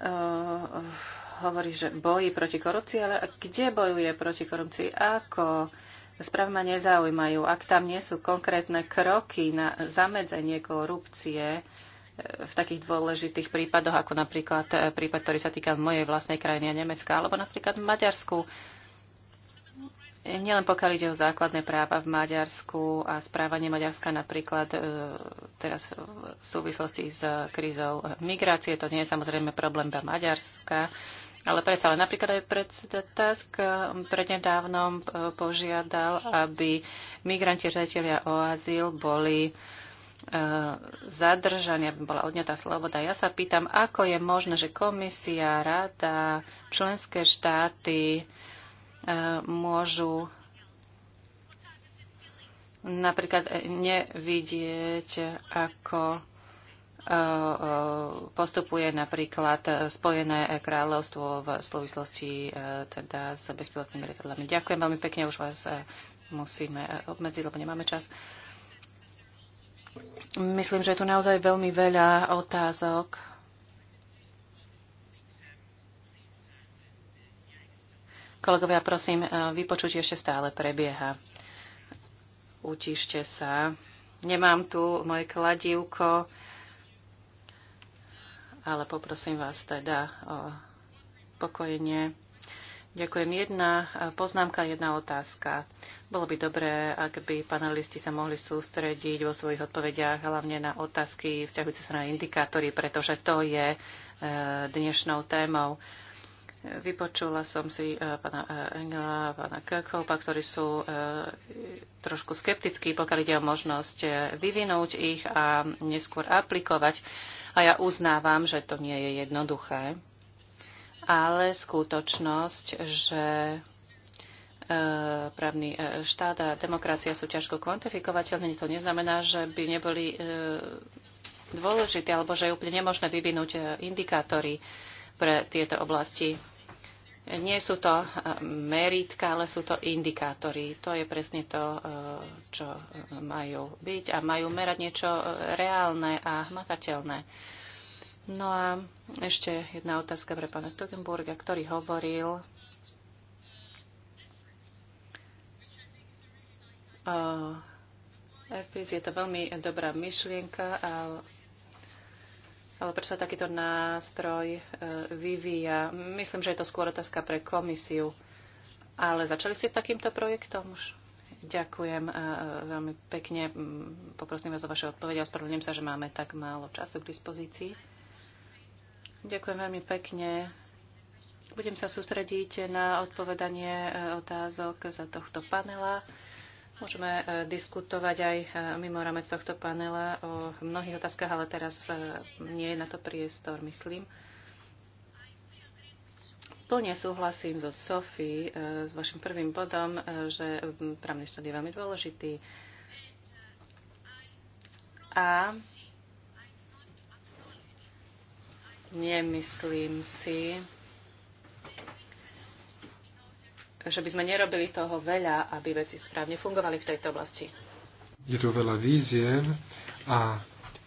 B: uh, hovorí, že bojí proti korupcii, ale kde bojuje proti korupcii? Ako? Správy ma nezaujímajú. Ak tam nie sú konkrétne kroky na zamedzenie korupcie e, v takých dôležitých prípadoch, ako napríklad e, prípad, ktorý sa týka mojej vlastnej krajiny a Nemecka, alebo napríklad v Maďarsku, Nielen pokiaľ ide o základné práva v Maďarsku a správanie Maďarska napríklad e, teraz v súvislosti s krízou migrácie, to nie je samozrejme problém do Maďarska, ale predsa, ale napríklad aj predseda Tusk um, prednedávnom uh, požiadal, aby migranti žiadatelia o azyl boli uh, zadržaní, aby bola odňatá sloboda. Ja sa pýtam, ako je možné, že komisia, rada, členské štáty uh, môžu napríklad eh, nevidieť, ako Eh, eh, postupuje napríklad Spojené kráľovstvo v súvislosti eh, teda s bezpilotnými lietadlami. Ďakujem veľmi pekne, už vás musíme obmedziť, lebo nemáme čas. Myslím, že je tu naozaj veľmi veľa otázok. Kolegovia, prosím, vypočuť ešte stále prebieha. Utište sa. Nemám tu moje kladívko ale poprosím vás teda o pokojenie. Ďakujem. Jedna poznámka, jedna otázka. Bolo by dobré, ak by panelisti sa mohli sústrediť vo svojich odpovediach hlavne na otázky vzťahujúce sa na indikátory, pretože to je e, dnešnou témou. Vypočula som si e, pána e, Engela, pána Kirchhoffa, ktorí sú trošku skeptickí, pokiaľ ide o možnosť vyvinúť ich a neskôr aplikovať. A ja uznávam, že to nie je jednoduché, ale skutočnosť, že e, právny e, štát a demokracia sú ťažko kvantifikovateľné. To neznamená, že by neboli e, dôležité alebo že je úplne nemožné vyvinúť indikátory pre tieto oblasti. Nie sú to eh, meritka, ale sú to indikátory. To je presne to, eh, čo eh, majú byť a majú merať niečo reálne a hmatateľné. No a ešte jedna otázka pre pána Tugenburga, ktorý hovoril o, je to veľmi dobrá myšlienka, ale prečo sa takýto nástroj e, vyvíja? Myslím, že je to skôr otázka pre komisiu. Ale začali ste s takýmto projektom už? Ďakujem e, e, veľmi pekne. Poprosím vás o vaše odpovede. Ospravedlňujem sa, že máme tak málo času k dispozícii. Ďakujem veľmi pekne. Budem sa sústrediť na odpovedanie otázok za tohto panela. Môžeme e, diskutovať aj e, mimo rámec tohto panela o mnohých otázkach, ale teraz e, nie je na to priestor, myslím. Plne súhlasím so Sofí, s vašim prvým bodom, že právny štát je veľmi dôležitý. A nemyslím si, Takže by sme nerobili toho veľa, aby veci správne fungovali v tejto oblasti.
E: Je tu veľa vízie a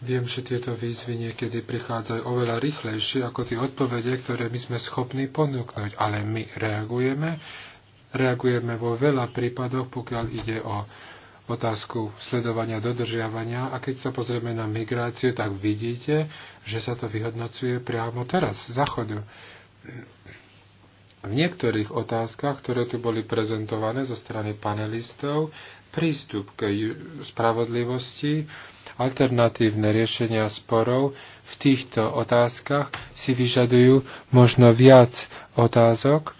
E: viem, že tieto výzvy niekedy prichádzajú oveľa rýchlejšie ako tie odpovede, ktoré my sme schopní ponúknuť. Ale my reagujeme, reagujeme vo veľa prípadoch, pokiaľ ide o otázku sledovania dodržiavania a keď sa pozrieme na migráciu, tak vidíte, že sa to vyhodnocuje priamo teraz, záchodu v niektorých otázkach, ktoré tu boli prezentované zo strany panelistov, prístup k spravodlivosti, alternatívne riešenia sporov v týchto otázkach si vyžadujú možno viac otázok,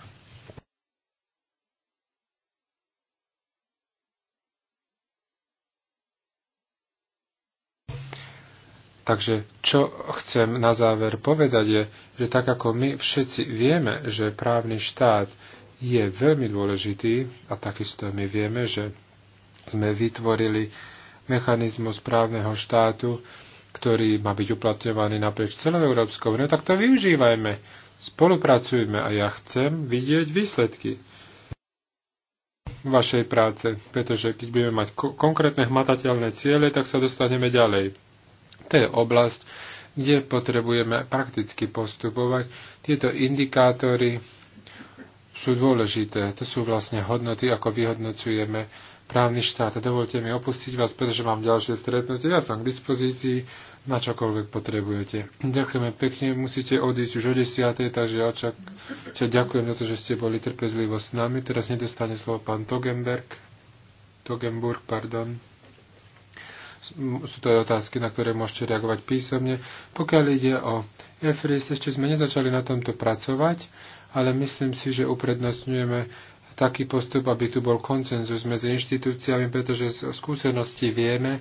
E: Takže čo chcem na záver povedať je, že tak ako my všetci vieme, že právny štát je veľmi dôležitý a takisto my vieme, že sme vytvorili mechanizmus právneho štátu, ktorý má byť uplatňovaný naprieč celou Európskou úniou, tak to využívajme, spolupracujme a ja chcem vidieť výsledky vašej práce, pretože keď budeme mať konkrétne hmatateľné ciele, tak sa dostaneme ďalej. To je oblasť, kde potrebujeme prakticky postupovať. Tieto indikátory sú dôležité. To sú vlastne hodnoty, ako vyhodnocujeme právny štát. A dovolte mi opustiť vás, pretože mám ďalšie stretnutie. Ja som k dispozícii na čokoľvek potrebujete. Ďakujeme pekne, musíte odísť už o 10. Takže ja čak, čak ďakujem za to, že ste boli trpezlivo s nami. Teraz nedostane slovo pán Togenberg. Togenburg, pardon sú to aj otázky, na ktoré môžete reagovať písomne. Pokiaľ ide o EFRIS, ešte sme nezačali na tomto pracovať, ale myslím si, že uprednostňujeme taký postup, aby tu bol koncenzus medzi inštitúciami, pretože z skúsenosti vieme,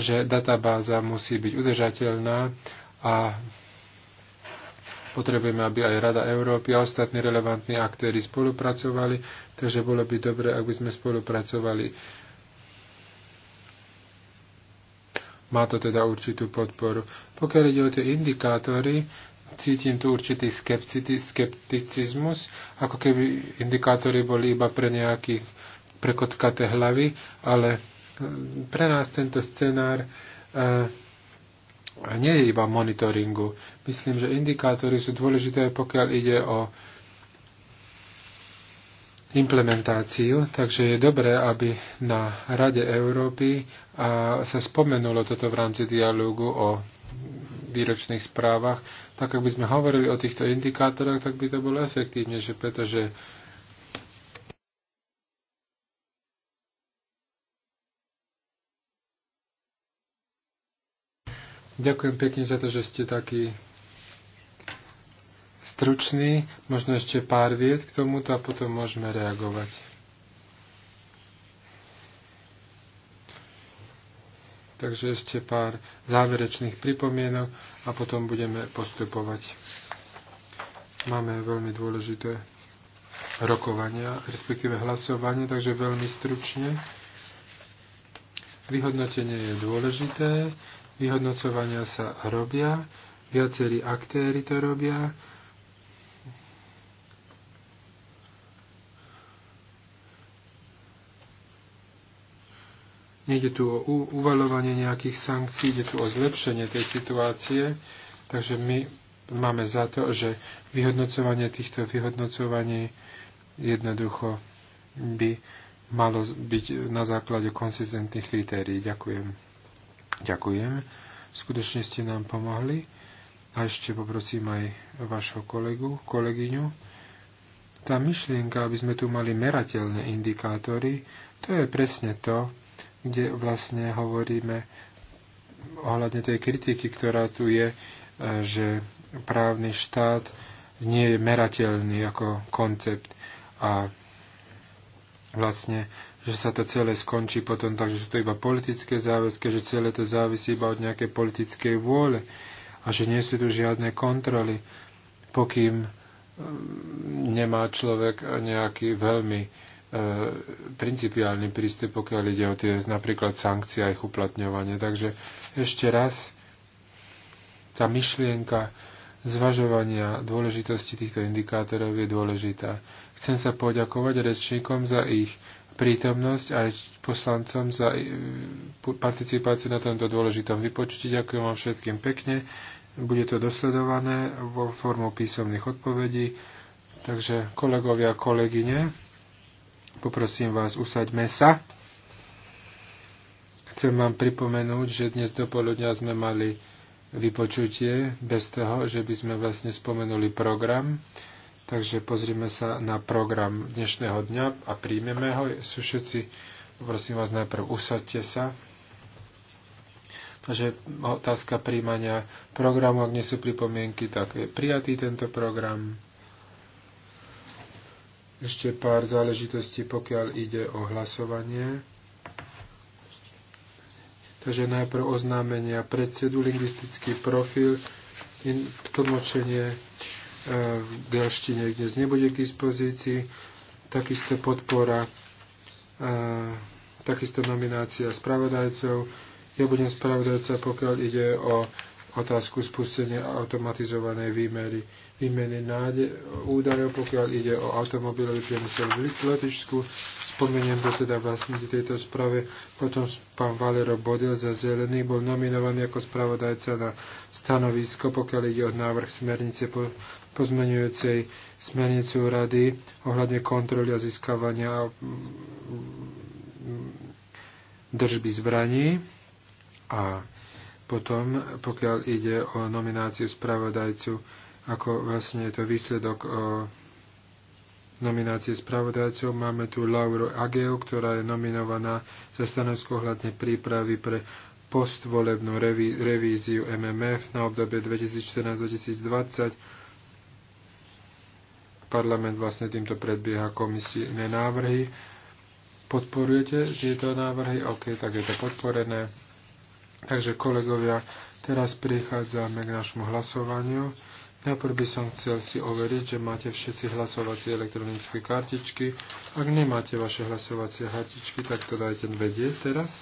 E: že databáza musí byť udržateľná a potrebujeme, aby aj Rada Európy a ostatní relevantní aktéry spolupracovali, takže bolo by dobre, ak by sme spolupracovali Má to teda určitú podporu. Pokiaľ ide o tie indikátory, cítim tu určitý skepticizmus, ako keby indikátory boli iba pre nejakých prekotkaté hlavy, ale eh, pre nás tento scenár eh, nie je iba monitoringu. Myslím, že indikátory sú dôležité, pokiaľ ide o implementáciu, takže je dobré, aby na Rade Európy a sa spomenulo toto v rámci dialógu o výročných správach. Tak ak by sme hovorili o týchto indikátoroch, tak by to bolo efektívnejšie, pretože Ďakujem pekne za to, že ste taký stručný, možno ešte pár viet k tomuto a potom môžeme reagovať. Takže ešte pár záverečných pripomienok a potom budeme postupovať. Máme veľmi dôležité rokovania, respektíve hlasovanie, takže veľmi stručne. Vyhodnotenie je dôležité, vyhodnocovania sa robia, viacerí aktéry to robia, Nejde tu o uvalovanie nejakých sankcií, ide tu o zlepšenie tej situácie, takže my máme za to, že vyhodnocovanie týchto vyhodnocovaní jednoducho by malo byť na základe konsistentných kritérií. Ďakujem. Ďakujem. Skutočne ste nám pomohli. A ešte poprosím aj vašho kolegu, kolegyňu. Tá myšlienka, aby sme tu mali merateľné indikátory, to je presne to, kde vlastne hovoríme ohľadne tej kritiky, ktorá tu je, e, že právny štát nie je merateľný ako koncept a vlastne, že sa to celé skončí potom tak, že sú to iba politické záväzky, že celé to závisí iba od nejakej politickej vôle a že nie sú tu žiadne kontroly, pokým e, nemá človek nejaký veľmi E, principiálny prístup, pokiaľ ide o tie napríklad sankcie a ich uplatňovanie. Takže ešte raz tá myšlienka zvažovania dôležitosti týchto indikátorov je dôležitá. Chcem sa poďakovať rečníkom za ich prítomnosť aj poslancom za participáciu na tomto dôležitom vypočutí. Ďakujem vám všetkým pekne. Bude to dosledované vo formu písomných odpovedí. Takže kolegovia a kolegyne, Poprosím vás, usaďme sa. Chcem vám pripomenúť, že dnes do poludňa sme mali vypočutie bez toho, že by sme vlastne spomenuli program. Takže pozrime sa na program dnešného dňa a príjmeme ho. Sú všetci, poprosím vás najprv, usaďte sa. Takže otázka príjmania programu, ak nie sú pripomienky, tak je prijatý tento program. Ešte pár záležitostí, pokiaľ ide o hlasovanie. Takže najprv oznámenia predsedu, lingvistický profil, in, tlmočenie e, v galštine dnes nebude k dispozícii, takisto podpora, e, takisto nominácia spravodajcov. Ja budem spravodajca, pokiaľ ide o otázku spustenia automatizovanej výmery, výmeny náde, údajov, pokiaľ ide o automobilový priemysel v Lotyšsku. Spomeniem to teda vlastne tejto sprave. Potom pán Valero Bodil za zelený bol nominovaný ako spravodajca na stanovisko, pokiaľ ide o návrh smernice po, pozmenujúcej smernicu rady ohľadne kontroly a získavania mm, mm, držby zbraní. A potom, pokiaľ ide o nomináciu spravodajcu, ako vlastne je to výsledok o nominácie spravodajcov, máme tu Lauro Ageo, ktorá je nominovaná za stanovisko ohľadne prípravy pre postvolebnú reví- revíziu MMF na obdobie 2014-2020 parlament vlastne týmto predbieha komisijné návrhy. Podporujete tieto návrhy? OK, tak je to podporené. Takže kolegovia, teraz prichádzame k našemu hlasovaniu. Najprv by som chcel si overiť, že máte všetci hlasovacie elektronické kartičky. Ak nemáte vaše hlasovacie kartičky, tak to dajte vedieť teraz.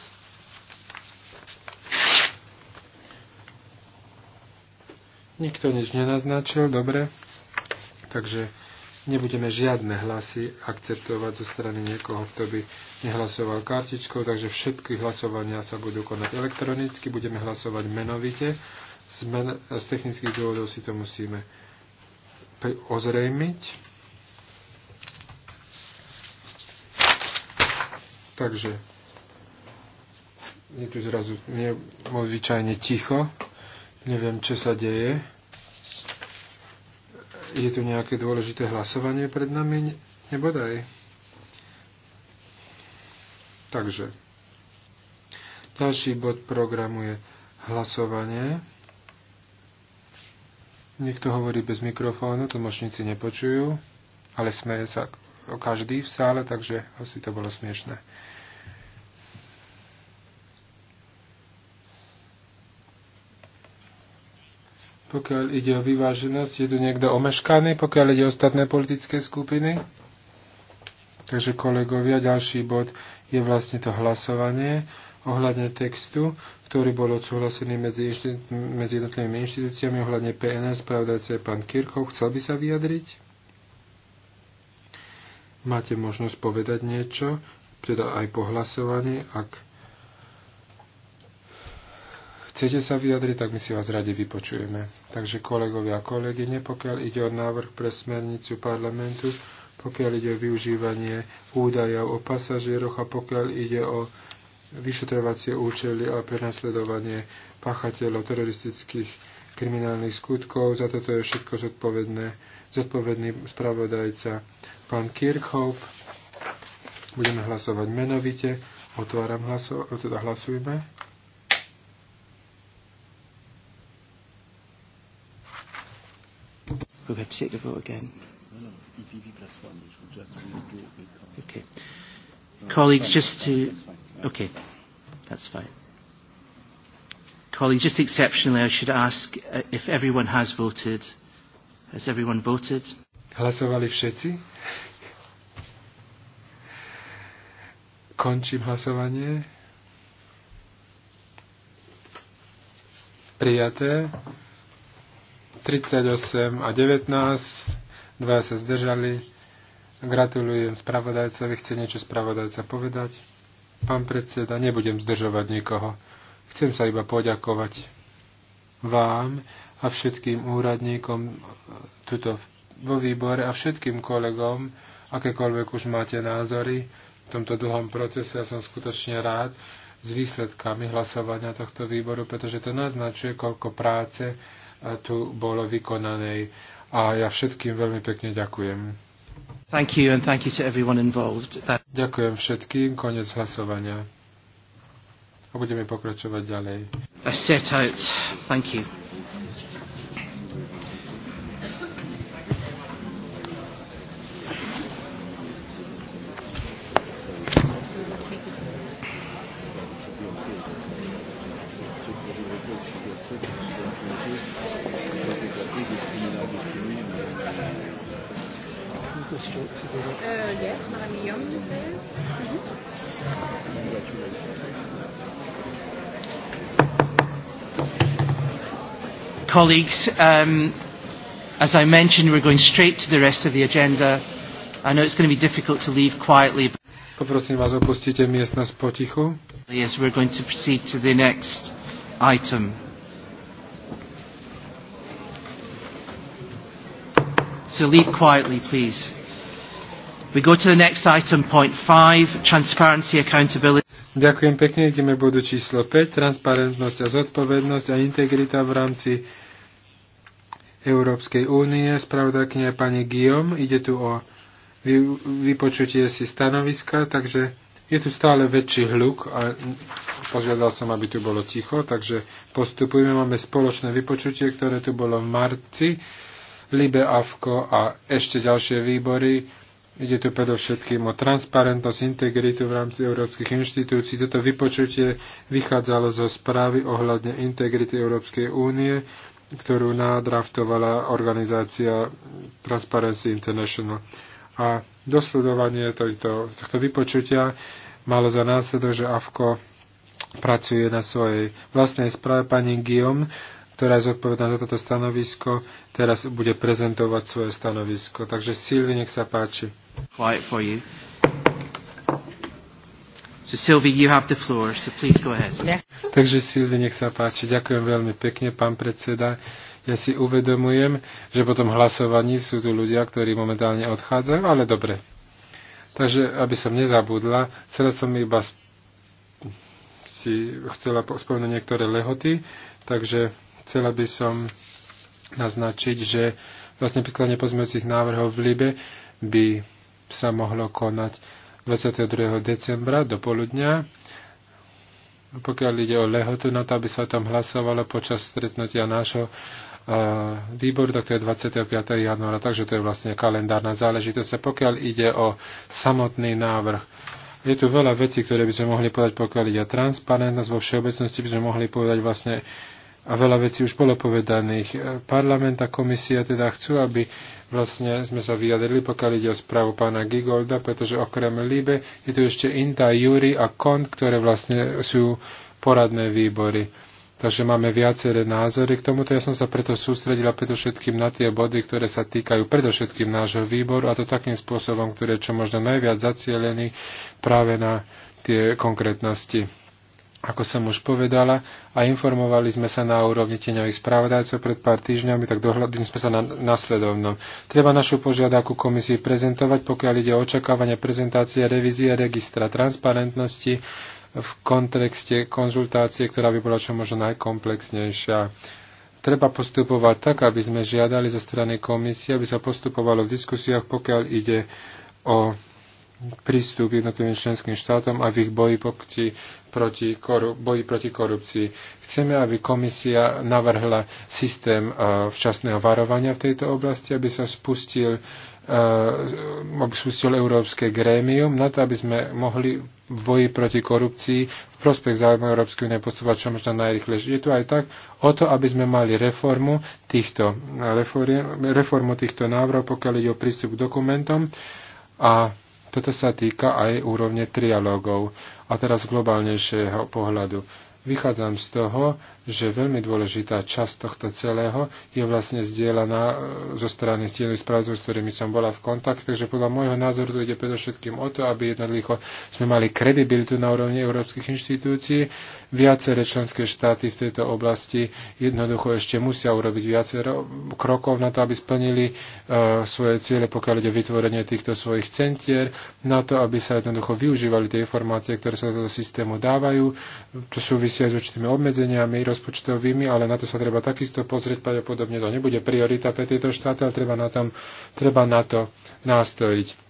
E: Nikto nič nenaznačil, dobre. Takže nebudeme žiadne hlasy akceptovať zo strany niekoho, kto by nehlasoval kartičkou, takže všetky hlasovania sa budú konať elektronicky, budeme hlasovať menovite. Z, men- z technických dôvodov si to musíme ozrejmiť. Takže je tu zrazu zvyčajne ticho. Neviem, čo sa deje. Je tu nejaké dôležité hlasovanie pred nami? Nebodaj. Takže. Ďalší bod programu je hlasovanie. Niekto hovorí bez mikrofónu, tlmočníci nepočujú, ale smeje sa každý v sále, takže asi to bolo smiešné. Pokiaľ ide o vyváženosť, je tu niekto omeškaný, pokiaľ ide o ostatné politické skupiny. Takže kolegovia, ďalší bod je vlastne to hlasovanie ohľadne textu, ktorý bol odsúhlasený medzi, medzi jednotlivými inštitúciami ohľadne PNS, pravdajce pán Kirchhoff. Chcel by sa vyjadriť? Máte možnosť povedať niečo, teda aj po hlasovaní, ak chcete sa vyjadriť, tak my si vás radi vypočujeme. Takže kolegovia a kolegyne, pokiaľ ide o návrh pre smernicu parlamentu, pokiaľ ide o využívanie údajov o pasažieroch a pokiaľ ide o vyšetrovacie účely a prenasledovanie pachateľov teroristických kriminálnych skutkov. Za toto je všetko zodpovedné, zodpovedný spravodajca pán Kirchhoff. Budeme hlasovať menovite. Otváram hlasovanie, teda hlasujme.
D: to take the vote again? Okay. Colleagues, just to... Okay, that's fine. Colleagues, just exceptionally, I should ask uh, if everyone has voted. Has everyone voted?
E: Hlasovali všetci? Končím hlasovanie. Prijaté. 38 a 19. Dvaja sa zdržali. Gratulujem spravodajcovi. Chce niečo spravodajca povedať? Pán predseda, nebudem zdržovať nikoho. Chcem sa iba poďakovať vám a všetkým úradníkom e, tuto vo výbore a všetkým kolegom, akékoľvek už máte názory. V tomto dlhom procese ja som skutočne rád s výsledkami hlasovania tohto výboru, pretože to naznačuje, koľko práce tu bolo vykonané. A ja všetkým veľmi pekne ďakujem. Thank you and thank you to everyone involved. That... Ďakujem všetkým, koniec hlasovania. A budeme pokračovať ďalej. I set out. Thank you.
D: colleagues, um, as I mentioned, we're going straight to the rest of the agenda. I know it's going to be difficult to leave quietly. Poprosím vás, opustite miestnosť potichu. Yes, we're going to proceed to the next item. So leave quietly, please. We go to the next
E: item, point five, transparency, accountability. Ďakujem pekne, ideme bodu číslo 5, transparentnosť a zodpovednosť a integrita v rámci Európskej únie. Spravodajkynia pani Guillaume. Ide tu o vypočutie si stanoviska, takže je tu stále väčší hluk a požiadal som, aby tu bolo ticho, takže postupujeme. Máme spoločné vypočutie, ktoré tu bolo v marci. Libe, Avko a ešte ďalšie výbory. Ide tu predovšetkým o transparentnosť, integritu v rámci európskych inštitúcií. Toto vypočutie vychádzalo zo správy ohľadne integrity Európskej únie ktorú nadraftovala organizácia Transparency International. A dosledovanie tohto, tohto vypočutia malo za následok, že AFKO pracuje na svojej vlastnej správe. Pani Guillaume, ktorá je zodpovedná za toto stanovisko, teraz bude prezentovať svoje stanovisko. Takže Silvi, nech sa páči. For you. So Sylvie, you have the floor, so please go ahead. Takže Sylvie, nech sa páči. Ďakujem veľmi pekne, pán predseda. Ja si uvedomujem, že potom hlasovaní sú tu ľudia, ktorí momentálne odchádzajú, ale dobre. Takže, aby som nezabudla, chcela som iba si chcela spomenúť niektoré lehoty, takže chcela by som naznačiť, že vlastne príkladne pozmeňujúcich návrhov v Libe by sa mohlo konať 22. decembra do poludňa. Pokiaľ ide o lehotu, na to, aby sa tam hlasovalo počas stretnutia nášho e, výboru, tak to je 25. januára, takže to je vlastne kalendárna záležitosť. A pokiaľ ide o samotný návrh, je tu veľa vecí, ktoré by sme mohli povedať, pokiaľ ide o transparentnosť, vo všeobecnosti by sme mohli povedať vlastne, a veľa vecí už bolo povedaných. E, Parlament a komisia teda chcú, aby vlastne sme sa vyjadrili, pokiaľ ide o správu pána Gigolda, pretože okrem Líbe je tu ešte Inta, Júri a Kont, ktoré vlastne sú poradné výbory. Takže máme viaceré názory k tomuto. Ja som sa preto sústredila predovšetkým na tie body, ktoré sa týkajú predovšetkým nášho výboru a to takým spôsobom, ktoré je čo možno najviac zacielený práve na tie konkrétnosti ako som už povedala, a informovali sme sa na úrovni tieňových spravodajcov pred pár týždňami, tak dohľadili sme sa na nasledovnom. Treba našu požiadavku komisii prezentovať, pokiaľ ide o očakávanie prezentácie revízie registra transparentnosti v kontexte konzultácie, ktorá by bola čo možno najkomplexnejšia. Treba postupovať tak, aby sme žiadali zo strany komisie, aby sa postupovalo v diskusiách, pokiaľ ide o prístup jednotlivým členským štátom a v ich boji proti proti boji proti korupcii. Chceme, aby komisia navrhla systém e, včasného varovania v tejto oblasti, aby sa spustil e, aby spustil Európske grémium na to, aby sme mohli v boji proti korupcii v prospech záujmu Európskej únie postupovať čo možno najrychlejšie. Je tu aj tak o to, aby sme mali reformu týchto, e, reformu týchto návrhov, pokiaľ ide o prístup k dokumentom a toto sa týka aj úrovne trialógov. A teraz globálnejšieho pohľadu. Vychádzam z toho, že veľmi dôležitá časť tohto celého je vlastne zdieľaná e, zo strany stieľných správcov, s ktorými som bola v kontakte. Takže podľa môjho názoru to ide predovšetkým o to, aby jednoducho sme mali kredibilitu na úrovni európskych inštitúcií. Viaceré členské štáty v tejto oblasti jednoducho ešte musia urobiť viacero krokov na to, aby splnili uh, svoje ciele, pokiaľ ide vytvorenie týchto svojich centier, na to, aby sa jednoducho využívali tie informácie, ktoré sa do toho systému dávajú. To súvisia s určitými obmedzeniami rozpočtovými, ale na to sa treba takisto pozrieť, pravdepodobne to nebude priorita pre tieto štáty, ale treba na, tom, treba na to nástojiť.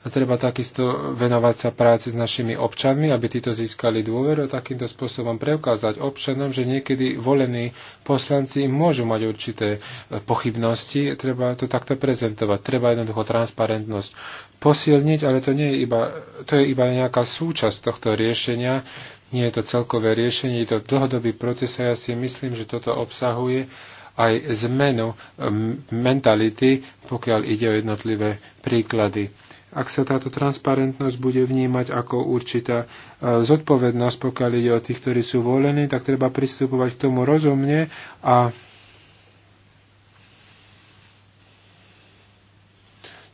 E: A treba takisto venovať sa práci s našimi občanmi, aby títo získali dôveru a takýmto spôsobom preukázať občanom, že niekedy volení poslanci môžu mať určité e, pochybnosti. Treba to takto prezentovať. Treba jednoducho transparentnosť posilniť, ale to, nie je, iba, to je iba nejaká súčasť tohto riešenia. Nie je to celkové riešenie, je to dlhodobý proces a ja si myslím, že toto obsahuje aj zmenu mentality, pokiaľ ide o jednotlivé príklady ak sa táto transparentnosť bude vnímať ako určitá e, zodpovednosť, pokiaľ ide o tých, ktorí sú volení, tak treba pristupovať k tomu rozumne a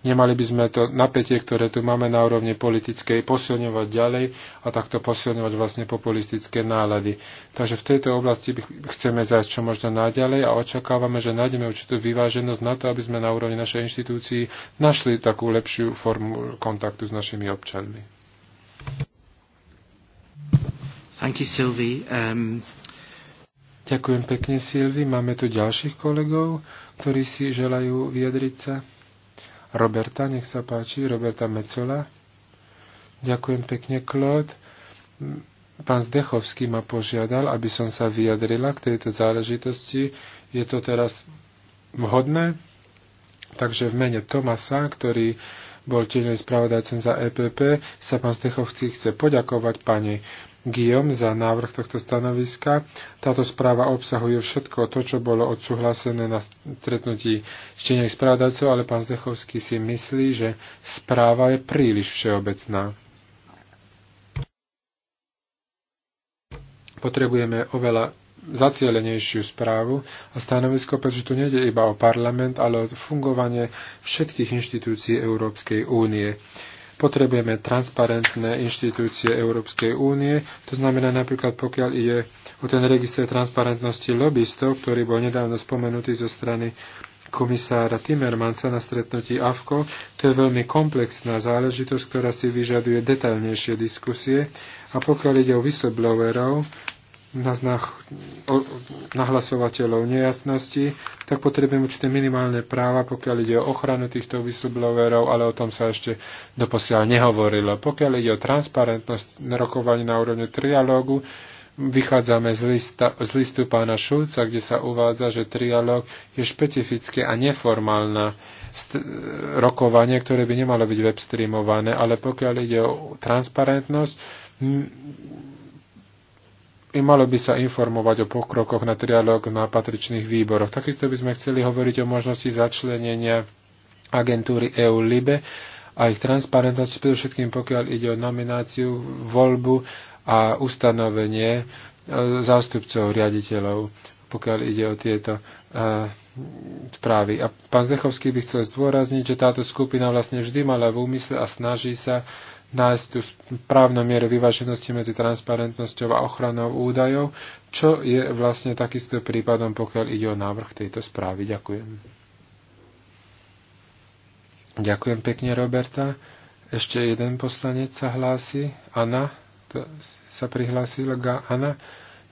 E: Nemali by sme to napätie, ktoré tu máme na úrovni politickej, posilňovať ďalej a takto posilňovať vlastne populistické nálady. Takže v tejto oblasti chceme zájsť čo možno naďalej a očakávame, že nájdeme určitú vyváženosť na to, aby sme na úrovni našej inštitúcii našli takú lepšiu formu kontaktu s našimi občanmi. Thank you, Sylvie. Um... Ďakujem pekne, Silvi. Máme tu ďalších kolegov, ktorí si želajú vyjadriť sa. Roberta, nech sa páči, Roberta Mecola. Ďakujem pekne, Klod. Pán Zdechovský ma požiadal, aby som sa vyjadrila k tejto záležitosti. Je to teraz vhodné? Takže v mene Tomasa, ktorý bol tiež spravodajcom za EPP, sa pán Zdechovský chce poďakovať pani Guillaume za návrh tohto stanoviska. Táto správa obsahuje všetko to, čo bolo odsúhlasené na stretnutí štených správdacov, ale pán Zdechovský si myslí, že správa je príliš všeobecná. Potrebujeme oveľa zacielenejšiu správu a stanovisko, pretože tu nejde iba o parlament, ale o fungovanie všetkých inštitúcií Európskej únie. Potrebujeme transparentné inštitúcie Európskej únie, to znamená napríklad pokiaľ ide o ten register transparentnosti lobbystov, ktorý bol nedávno spomenutý zo strany komisára Timmermansa na stretnutí AFKO. To je veľmi komplexná záležitosť, ktorá si vyžaduje detailnejšie diskusie. A pokiaľ ide o whistleblowerov, nahlasovateľov nejasnosti, tak potrebujeme určité minimálne práva, pokiaľ ide o ochranu týchto whistleblowerov, ale o tom sa ešte doposiaľ nehovorilo. Pokiaľ ide o transparentnosť rokovaní na úrovni trialógu, vychádzame z, lista, z listu pána Šulca, kde sa uvádza, že trialóg je špecifické a neformálne rokovanie, ktoré by nemalo byť webstreamované, ale pokiaľ ide o transparentnosť, i malo by sa informovať o pokrokoch na trialog na patričných výboroch. Takisto by sme chceli hovoriť o možnosti začlenenia agentúry EU-LIBE a ich transparentnosť, predovšetkým pokiaľ ide o nomináciu, voľbu a ustanovenie e, zástupcov riaditeľov, pokiaľ ide o tieto e, správy. A pán Zdechovský by chcel zdôrazniť, že táto skupina vlastne vždy mala v úmysle a snaží sa nájsť tú správnu mieru vyváženosti medzi transparentnosťou a ochranou údajov, čo je vlastne takisto prípadom, pokiaľ ide o návrh tejto správy. Ďakujem. Ďakujem pekne, Roberta. Ešte jeden poslanec sa hlási. Anna to sa prihlásila. Anna,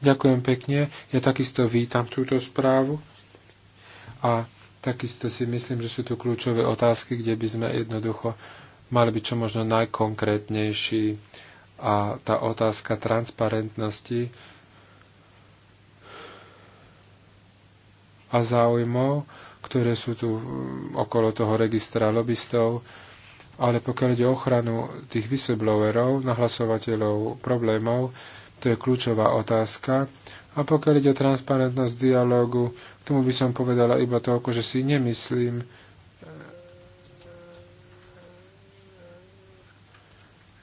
E: ďakujem pekne. Ja takisto vítam túto správu. A takisto si myslím, že sú tu kľúčové otázky, kde by sme jednoducho uh, mali byť čo možno najkonkrétnejší a tá otázka transparentnosti a záujmov, ktoré sú tu hm, okolo toho registra lobbystov, ale pokiaľ ide o ochranu tých whistleblowerov, nahlasovateľov problémov, to je kľúčová otázka. A pokiaľ ide o transparentnosť dialógu, k tomu by som povedala iba toľko, že si nemyslím,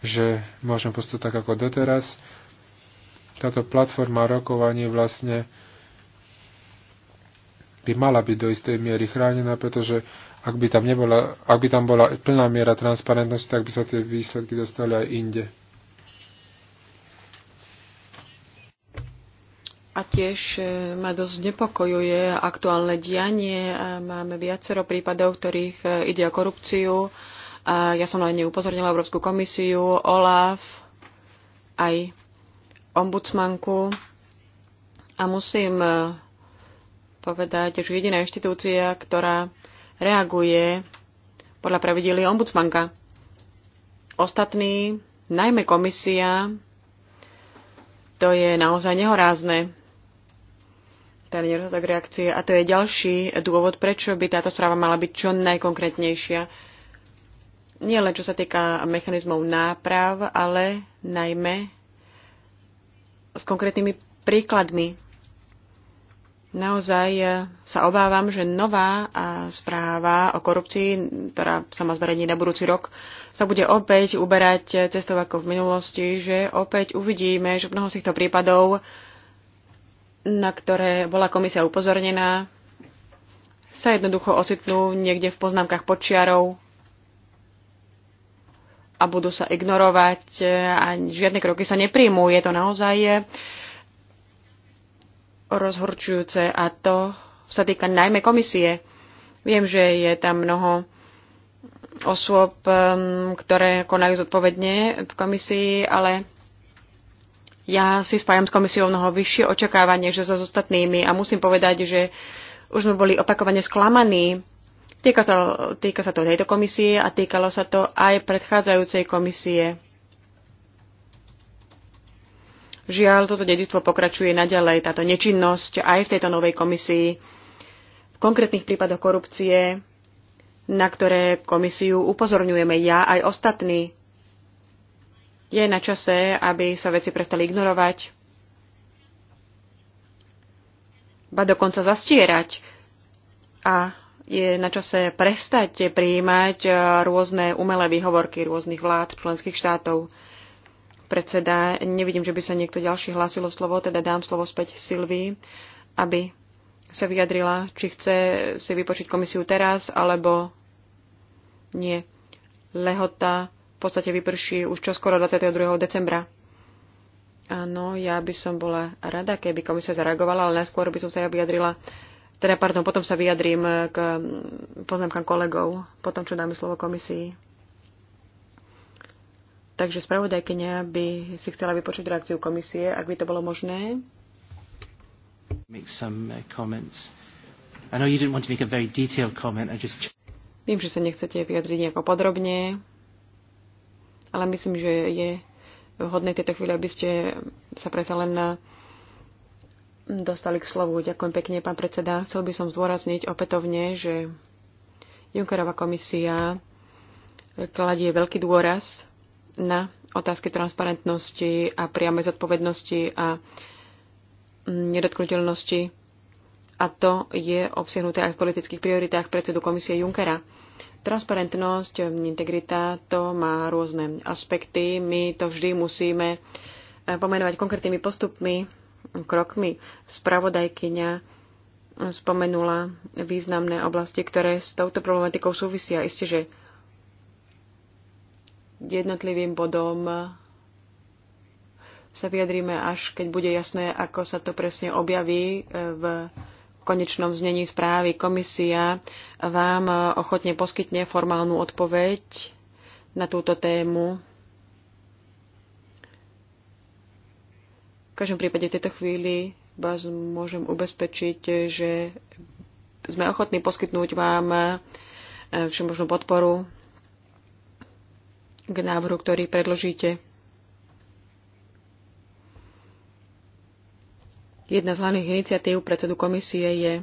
E: že môžem postupovať tak ako doteraz. Táto platforma rokovanie vlastne by mala byť do istej miery chránená, pretože ak by tam, nebola, ak by tam bola plná miera transparentnosti, tak by sa tie výsledky dostali aj inde.
A: A tiež e, ma dosť nepokojuje aktuálne dianie. E, máme viacero prípadov, v ktorých e, ide o korupciu a ja som len upozornila Európsku komisiu, OLAF, aj ombudsmanku. A musím e, povedať, že jediná inštitúcia, ktorá reaguje podľa pravidel je ombudsmanka. Ostatní, najmä komisia, to je naozaj nehorázne. Ten nedostatok reakcie. A to je ďalší dôvod, prečo by táto správa mala byť čo najkonkrétnejšia nie len čo sa týka mechanizmov náprav, ale najmä s konkrétnymi príkladmi. Naozaj e, sa obávam, že nová správa o korupcii, ktorá sa má zverejniť na budúci rok, sa bude opäť uberať cestou ako v minulosti, že opäť uvidíme, že mnoho z týchto prípadov, na ktoré bola komisia upozornená, sa jednoducho ocitnú niekde v poznámkach počiarov a budú sa ignorovať e, a žiadne kroky sa nepríjmú. Je to naozaj e, rozhorčujúce a to sa týka najmä komisie. Viem, že je tam mnoho osôb, e, ktoré konajú zodpovedne v komisii, ale ja si spájam s komisiou mnoho vyššie očakávanie, že so ostatnými a musím povedať, že už sme boli opakovane sklamaní Týka sa, týka sa to tejto komisie a týkalo sa to aj predchádzajúcej komisie. Žiaľ, toto dedictvo pokračuje naďalej, táto nečinnosť aj v tejto novej komisii. V konkrétnych prípadoch korupcie, na ktoré komisiu upozorňujeme ja aj ostatní, je na čase, aby sa veci prestali ignorovať, ba dokonca zastierať a je na čase prestať prijímať e, rôzne umelé výhovorky rôznych vlád členských štátov. Predseda, nevidím, že by sa niekto ďalší hlásilo slovo, teda dám slovo späť Silvii, aby sa vyjadrila, či chce si vypočiť komisiu teraz, alebo nie. Lehota v podstate vyprší už čoskoro 22. decembra. Áno, ja by som bola rada, keby komisia zareagovala, ale najskôr by som sa ja vyjadrila teda, pardon, potom sa vyjadrím k poznámkam kolegov, potom čo dáme slovo komisii. Takže spravodajkynia by si chcela vypočuť reakciu komisie, ak by to bolo možné.
D: Make some uh, comments. I know you didn't want to make a very detailed comment. I just...
A: Viem, že sa nechcete vyjadriť nejako podrobne, ale myslím, že je vhodné tejto chvíli, aby ste sa predsa len na dostali k slovu. Ďakujem pekne, pán predseda. Chcel by som zdôrazniť opätovne, že Junckerová komisia kladie veľký dôraz na otázky transparentnosti a priamej zodpovednosti a nedotknutelnosti. A to je obsiahnuté aj v politických prioritách predsedu komisie Junckera. Transparentnosť, integrita, to má rôzne aspekty. My to vždy musíme pomenovať konkrétnymi postupmi, krokmi. Spravodajkyňa spomenula významné oblasti, ktoré s touto problematikou súvisia. Isté, že jednotlivým bodom sa vyjadríme až keď bude jasné, ako sa to presne objaví e, v konečnom znení správy. Komisia vám ochotne poskytne formálnu odpoveď na túto tému V každom prípade v tejto chvíli vás môžem ubezpečiť, že sme ochotní poskytnúť vám eh, všemožnú podporu k návrhu, ktorý predložíte. Jedna z hlavných iniciatív predsedu komisie je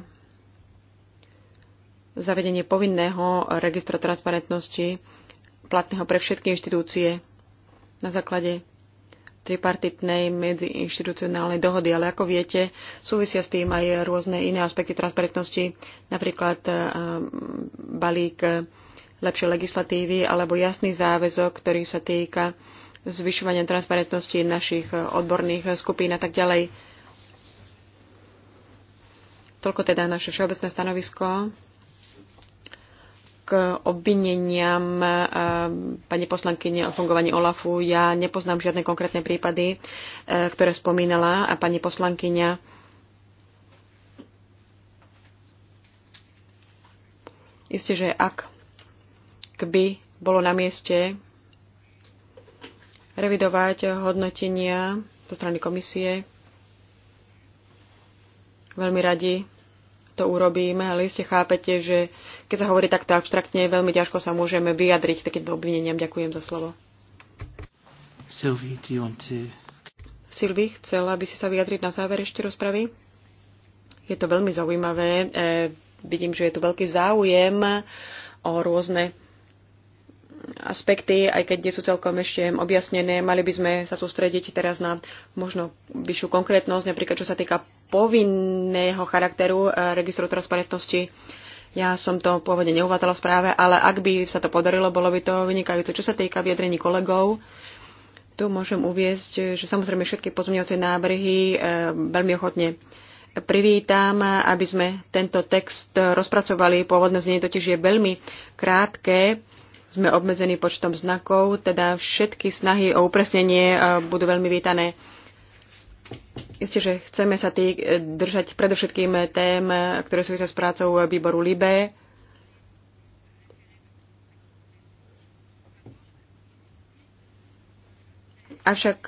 A: zavedenie povinného registra transparentnosti platného pre všetky inštitúcie na základe tripartitnej medziinštitucionálnej dohody, ale ako viete, súvisia s tým aj rôzne iné aspekty transparentnosti, napríklad e, balík lepšej legislatívy alebo jasný záväzok, ktorý sa týka zvyšovania transparentnosti našich odborných skupín a tak ďalej. Toľko teda naše všeobecné stanovisko k obvineniam e, pani poslankyne o fungovaní OLAFu. Ja nepoznám žiadne konkrétne prípady, e, ktoré spomínala a pani poslankyňa. Isté, že ak by bolo na mieste revidovať hodnotenia zo strany komisie, veľmi radi to urobíme, ale iste chápete, že keď sa hovorí takto abstraktne, veľmi ťažko sa môžeme vyjadriť takýmto obvineniam. Ďakujem za slovo.
D: Sylvie, do you want to...
A: Sylvie, chcela by si sa vyjadriť na záver ešte rozpravy? Je to veľmi zaujímavé. E, vidím, že je tu veľký záujem o rôzne aspekty, aj keď nie sú celkom ešte objasnené. Mali by sme sa sústrediť teraz na možno vyššiu konkrétnosť, napríklad čo sa týka povinného charakteru e, registru transparentnosti. Ja som to pôvodne neuvádzala v správe, ale ak by sa to podarilo, bolo by to vynikajúce. Čo sa týka vyjadrení kolegov, tu môžem uviezť, že samozrejme všetky pozmeňovacie návrhy e, veľmi ochotne privítam, aby sme tento text rozpracovali. Pôvodné znenie totiž je veľmi krátke, sme obmedzení počtom znakov, teda všetky snahy o upresnenie e, budú veľmi vítané. Isté, že chceme sa tý, e, držať predovšetkým e, tém, e, ktoré súvisia s prácou výboru LIBE. Avšak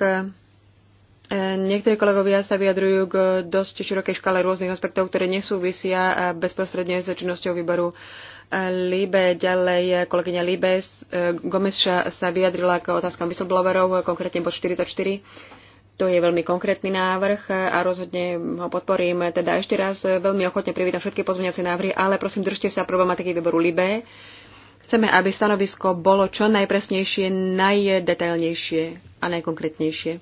A: niektorí kolegovia sa vyjadrujú k dosť širokej škále rôznych aspektov, ktoré nesúvisia bezprostredne s činnosťou výboru Libe, ďalej kolegyňa Libe Gomesša sa vyjadrila k otázkam whistleblowerov, konkrétne bod 44 to je veľmi konkrétny návrh a rozhodne ho podporím. Teda ešte raz veľmi ochotne privítam všetky pozmeňovacie návrhy, ale prosím, držte sa problematiky výboru LIBE. Chceme, aby stanovisko bolo čo najpresnejšie, najdetailnejšie a najkonkrétnejšie. E,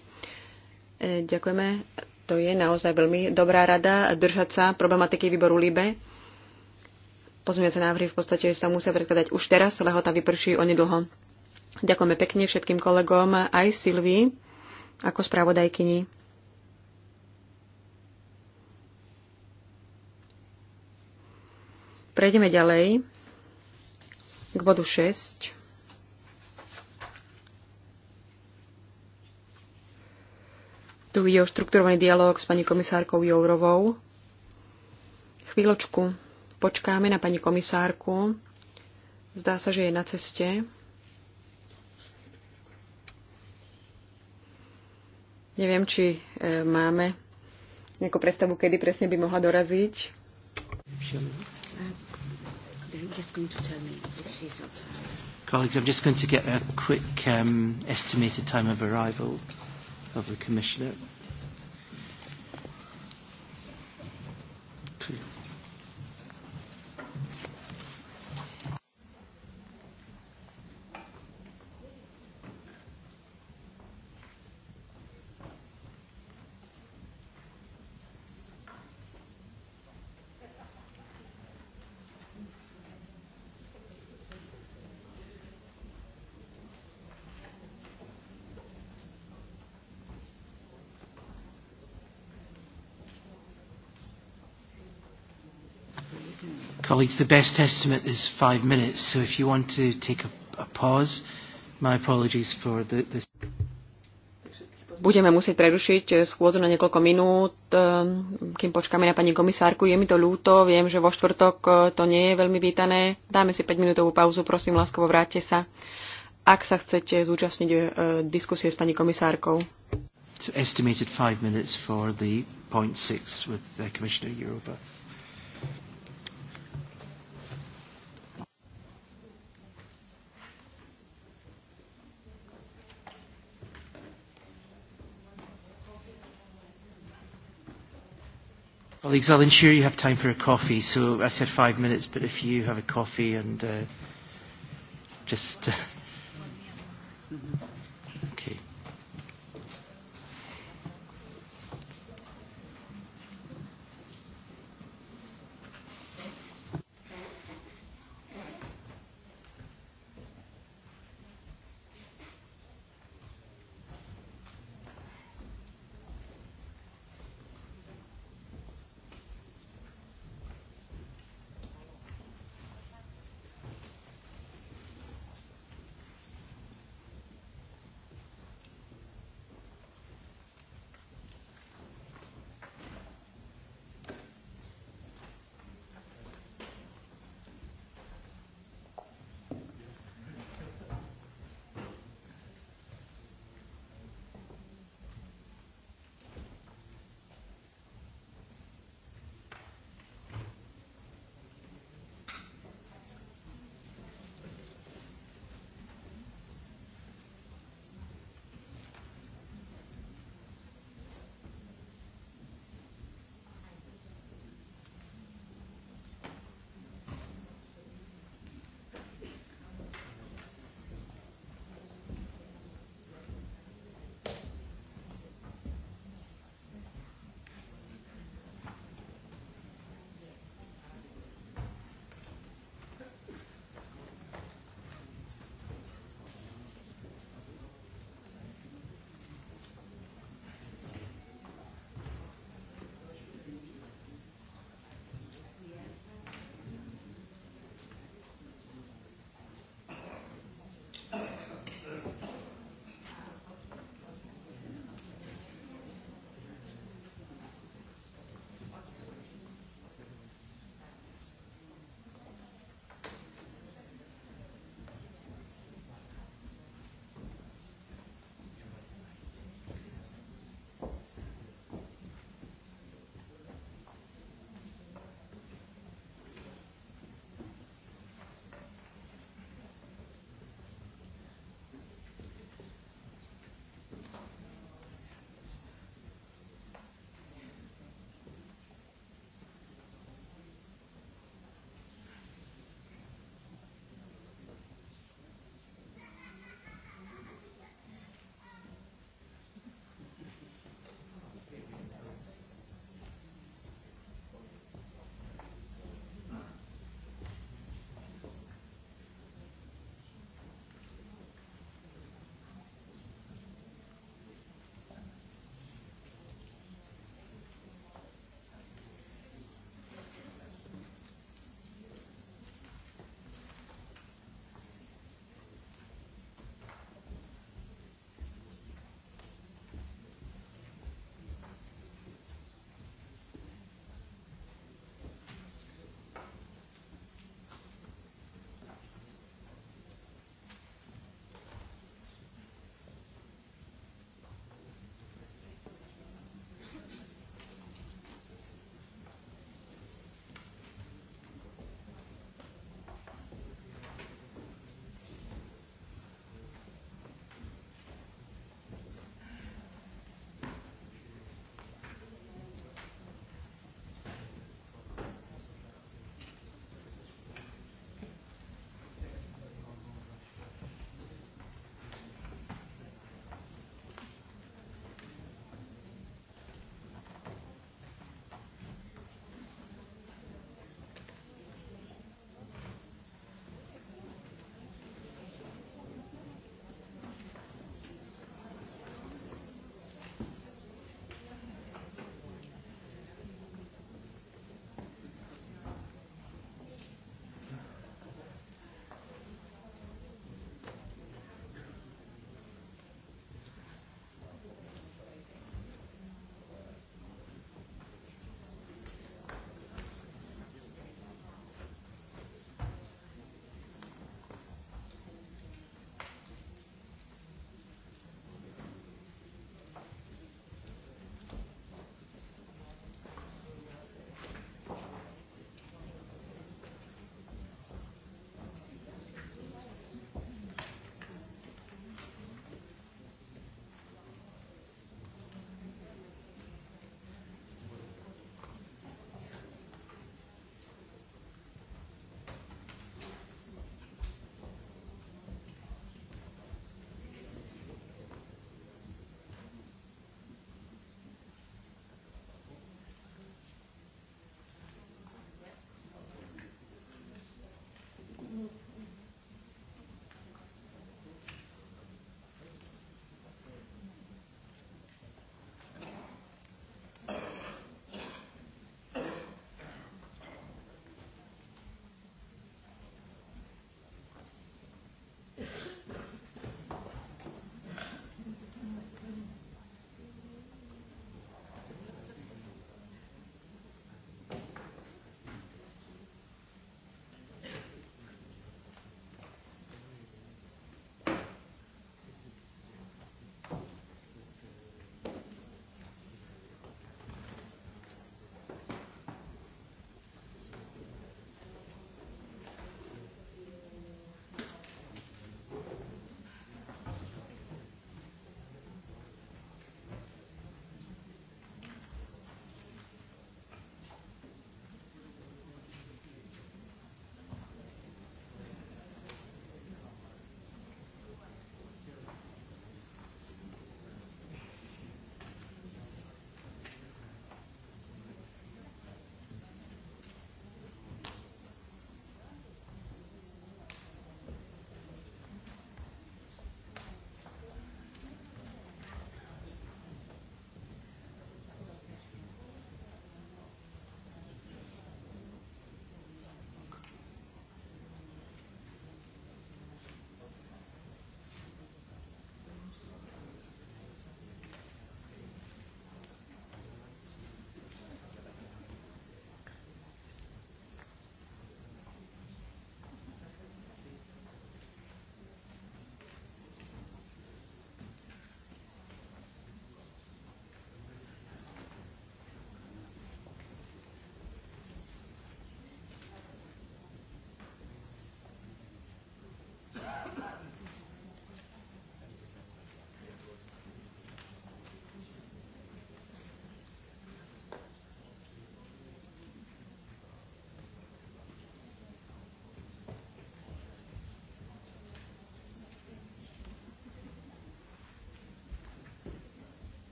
A: ďakujeme. To je naozaj veľmi dobrá rada držať sa problematiky výboru LIBE. Pozmeňovacie návrhy v podstate sa musia predkladať už teraz, lehota vyprší onedlho. Ďakujeme pekne všetkým kolegom aj Silvii ako spravodajkyni. Prejdeme ďalej k bodu 6. Tu je štruktúrovaný dialog s pani komisárkou Jourovou. Chvíľočku počkáme na pani komisárku. Zdá sa, že je na ceste. Neviem, či e, máme nejakú predstavu, kedy presne by mohla doraziť.
D: Colleagues, I'm just going to get a quick um, estimated time of arrival of the Commissioner. colleagues, the best estimate is five minutes, so if you want to take a, a pause, my apologies for the, the...
A: Budeme musieť prerušiť eh, schôdzu na niekoľko minút, eh, kým počkáme na pani komisárku. Je mi to ľúto, viem, že vo štvrtok eh, to nie je veľmi vítané. Dáme si 5-minútovú pauzu, prosím, láskovo vráťte sa, ak sa chcete zúčastniť diskusie s pani komisárkou.
D: It's estimated five minutes for the point six with the uh, Commissioner Europa. Colleagues, I'll ensure you have time for a coffee. So I said five minutes, but if you have a coffee and uh, just uh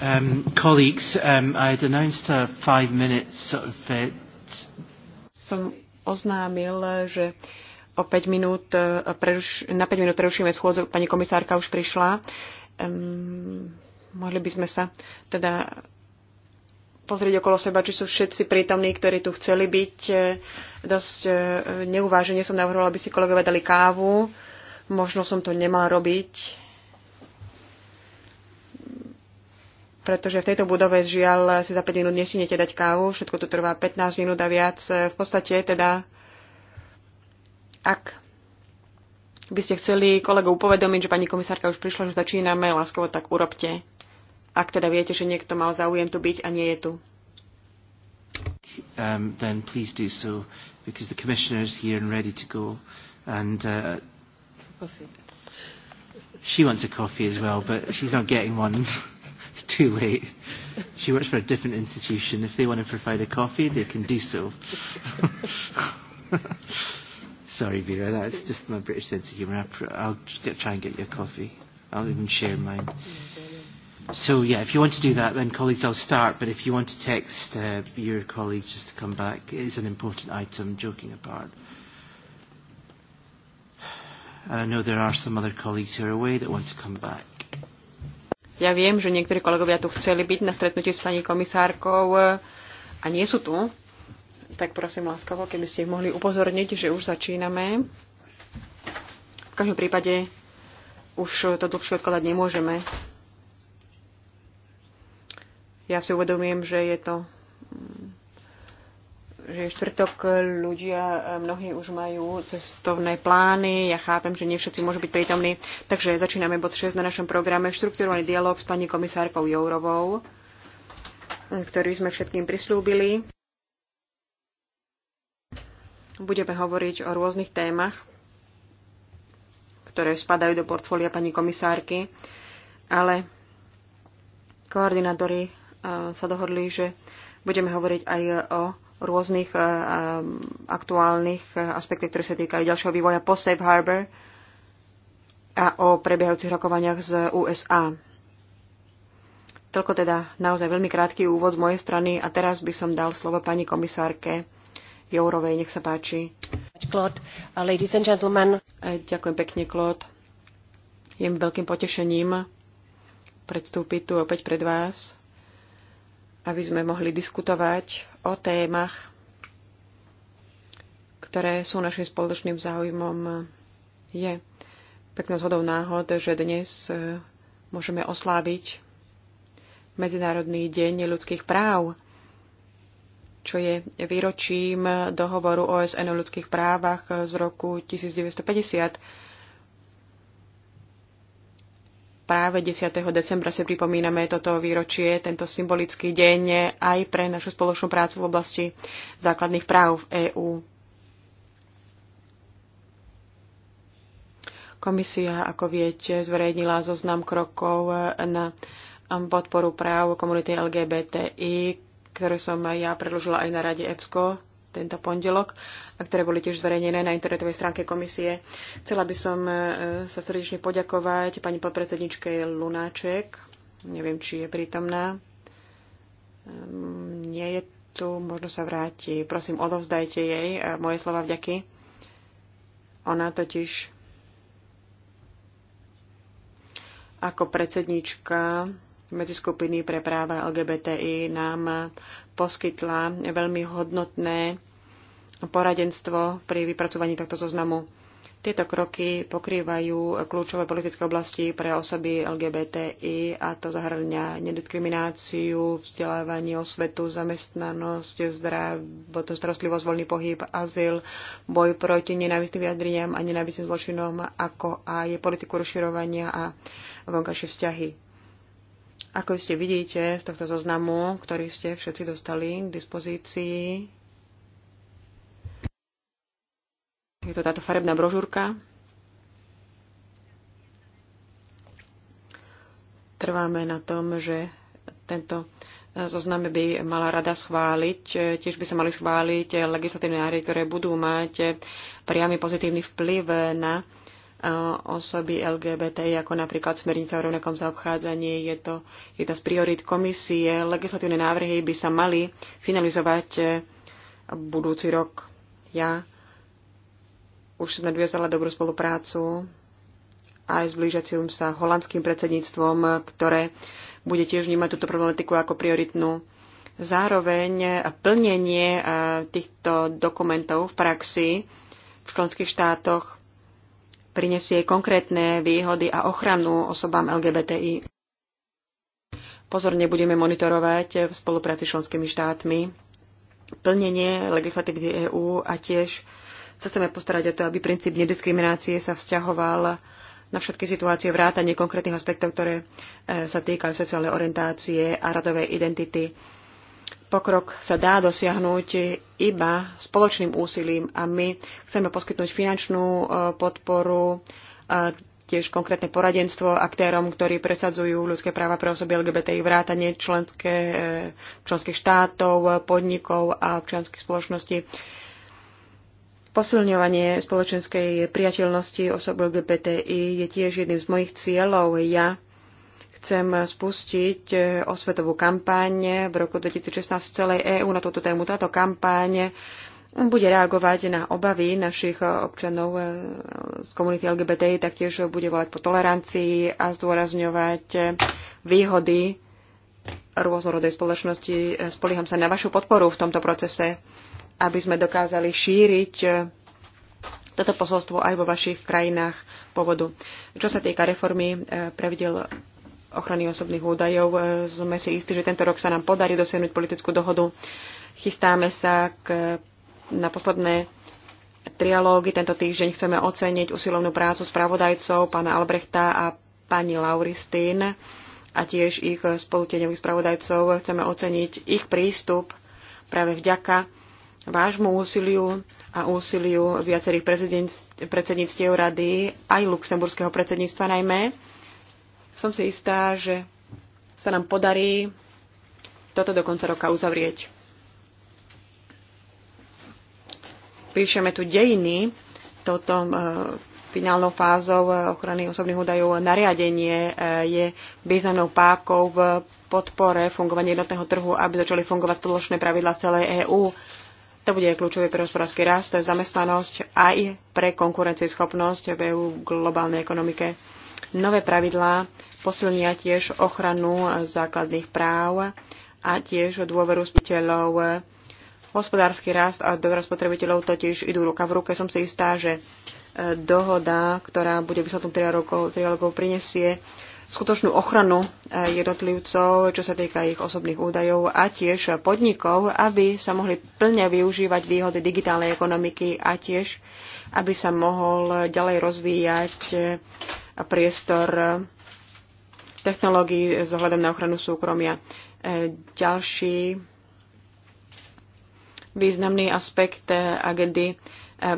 D: Um, colleagues, um, I had announced a five minutes sort of fit. Uh,
A: som oznámil, že o 5 minút, uh, preruš- na 5 minút prerušíme schôdzu. Pani komisárka už prišla. Um, mohli by sme sa teda pozrieť okolo seba, či sú všetci prítomní, ktorí tu chceli byť. Uh, dosť neuváženie som navrhovala, aby si kolegovia dali kávu. Možno som to nemala robiť, pretože v tejto budove žiaľ si za 5 minút nesinete dať kávu, všetko tu trvá 15 minút a viac. V podstate teda, ak by ste chceli kolegov upovedomiť, že pani komisárka už prišla, že začíname, láskovo tak urobte. Ak teda viete, že niekto mal záujem tu byť a nie je tu.
D: Um, then please do so, because the commissioner is here and ready to go. And uh, she wants a coffee as well, but she's not getting one. too late. She works for a different institution. If they want to provide a coffee, they can do so. Sorry, Vera, that's just my British sense of humour. I'll get, try and get you a coffee. I'll even share mine. So, yeah, if you want to do that, then colleagues, I'll start. But if you want to text uh, your colleagues just to come back, it is an important item, joking apart. And I know there are some other colleagues who are away that want to come back.
A: Ja viem, že niektorí kolegovia tu chceli byť na stretnutí s pani komisárkou eh, a nie sú tu. Tak prosím láskavo, keby ste ich mohli upozorniť, že už začíname. V každom prípade už to dlhšie odkladať nemôžeme. Ja si uvedomujem, že je to že štvrtok ľudia, e, mnohí už majú cestovné plány, ja chápem, že nie všetci môžu byť prítomní, takže začíname bod 6 na našom programe Štruktúrovaný dialog s pani komisárkou Jourovou, e, ktorý sme všetkým prislúbili. Budeme hovoriť o rôznych témach, ktoré spadajú do portfólia pani komisárky, ale koordinátori e, sa dohodli, že budeme hovoriť aj o rôznych eh, eh, aktuálnych eh, aspektov, ktoré sa týkajú ďalšieho vývoja po Safe Harbor a o prebiehajúcich rokovaniach z USA. Toľko teda naozaj veľmi krátky úvod z mojej strany a teraz by som dal slovo pani komisárke Jourovej. Nech sa páči. Uh, ladies and gentlemen. Ďakujem pekne, Claude. Je mi veľkým potešením predstúpiť tu opäť pred vás aby sme mohli diskutovať o témach, ktoré sú našim spoločným záujmom, je peknou zhodou náhod, že dnes e, môžeme osláviť Medzinárodný deň ľudských práv, čo je výročím dohovoru OSN o ľudských právach z roku 1950 práve 10. decembra si pripomíname toto výročie, tento symbolický deň aj pre našu spoločnú prácu v oblasti základných práv v EÚ. Komisia, ako viete, zverejnila zoznam krokov na podporu práv komunity LGBTI, ktoré som aj ja predložila aj na Rade EPSCO tento pondelok, a ktoré boli tiež zverejnené na internetovej stránke komisie. Chcela by som e, sa srdečne poďakovať pani podpredsedničke Lunáček. Neviem, či je prítomná. Ehm, nie je tu, možno sa vráti. Prosím, odovzdajte jej e, moje slova vďaky. Ona totiž ako predsednička medziskupiny pre práva LGBTI nám poskytla veľmi hodnotné poradenstvo pri vypracovaní tohto zoznamu. Tieto kroky pokrývajú kľúčové politické oblasti pre osoby LGBTI a to zahrňa nediskrimináciu, vzdelávanie, osvetu, zamestnanosť, zdravotnú starostlivosť, voľný pohyb, azyl, boj proti nenávistným vyjadreniam a nenávistným zločinom, ako aj politiku rozširovania a vonkajšie vzťahy. Ako ste vidíte z tohto zoznamu, ktorý ste všetci dostali k dispozícii, je to táto farebná brožúrka. Trváme na tom, že tento e, zoznam by mala rada schváliť. E, tiež by sa mali schváliť legislatívne nárie, ktoré budú mať e, priamy pozitívny vplyv na osoby LGBTI, ako napríklad smernica o rovnakom zaobchádzaní. Je to jedna z priorít komisie. Legislatívne návrhy by sa mali finalizovať e, budúci rok. Ja už som nadviazala dobrú spoluprácu aj s blížiacim sa holandským predsedníctvom, ktoré bude tiež vnímať túto problematiku ako prioritnú. Zároveň plnenie e, týchto dokumentov v praxi v členských štátoch prinesie konkrétne výhody a ochranu osobám LGBTI. Pozorne budeme monitorovať v spolupráci s členskými štátmi plnenie legislatívy EÚ a tiež sa chceme postarať o to, aby princíp nediskriminácie sa vzťahoval na všetky situácie vrátanie konkrétnych aspektov, ktoré e, sa týkajú sociálnej orientácie a radovej identity. Pokrok sa dá dosiahnuť iba spoločným úsilím a my chceme poskytnúť finančnú e, podporu, tiež konkrétne poradenstvo aktérom, ktorí presadzujú ľudské práva pre osoby LGBTI vrátanie členské, e, členských štátov, podnikov a občianských spoločností. Posilňovanie spoločenskej priateľnosti osob LGBTI je tiež jedným z mojich cieľov. Ja chcem spustiť eh, osvetovú kampaň v roku 2016 v celej EÚ na túto tému. Táto kampaň bude reagovať na obavy našich občanov eh, z komunity LGBTI, taktiež bude volať po tolerancii a zdôrazňovať eh, výhody rôznorodej spoločnosti. Spolíham sa na vašu podporu v tomto procese, aby sme dokázali šíriť toto posolstvo aj vo vašich krajinách povodu. Čo sa týka reformy pravidel ochrany osobných údajov. E, Sme si istí, že tento rok sa nám podarí dosiahnuť politickú dohodu. Chystáme sa k, na posledné trialógy. Tento týždeň chceme oceniť usilovnú prácu spravodajcov pána Albrechta a pani Lauristín a tiež ich spoluteňových spravodajcov. Chceme oceniť ich prístup práve vďaka vášmu úsiliu a úsiliu viacerých predsedníctiev rady, aj luxemburského predsedníctva najmä som si istá, že sa nám podarí toto do konca roka uzavrieť. Píšeme tu dejiny touto e, finálnou fázou e, ochrany osobných údajov nariadenie e, je významnou pákou v podpore fungovania jednotného trhu, aby začali fungovať spoločné pravidlá v celej EÚ. To bude kľúčové pre hospodársky rast, zamestnanosť aj pre konkurencieschopnosť v EÚ globálnej ekonomike. Nové pravidlá posilnia tiež ochranu základných práv a tiež dôveru spiteľov. Hospodársky rast a dôvera spotrebiteľov totiž idú ruka v ruke. Som si istá, že e, dohoda, ktorá bude výsledkom trialogov, prinesie skutočnú ochranu e, jednotlivcov, čo sa týka ich osobných údajov a tiež podnikov, aby sa mohli plne využívať výhody digitálnej ekonomiky a tiež, aby sa mohol ďalej rozvíjať e, priestor technológií s ohľadom na ochranu súkromia. E, ďalší významný aspekt e, agendy e,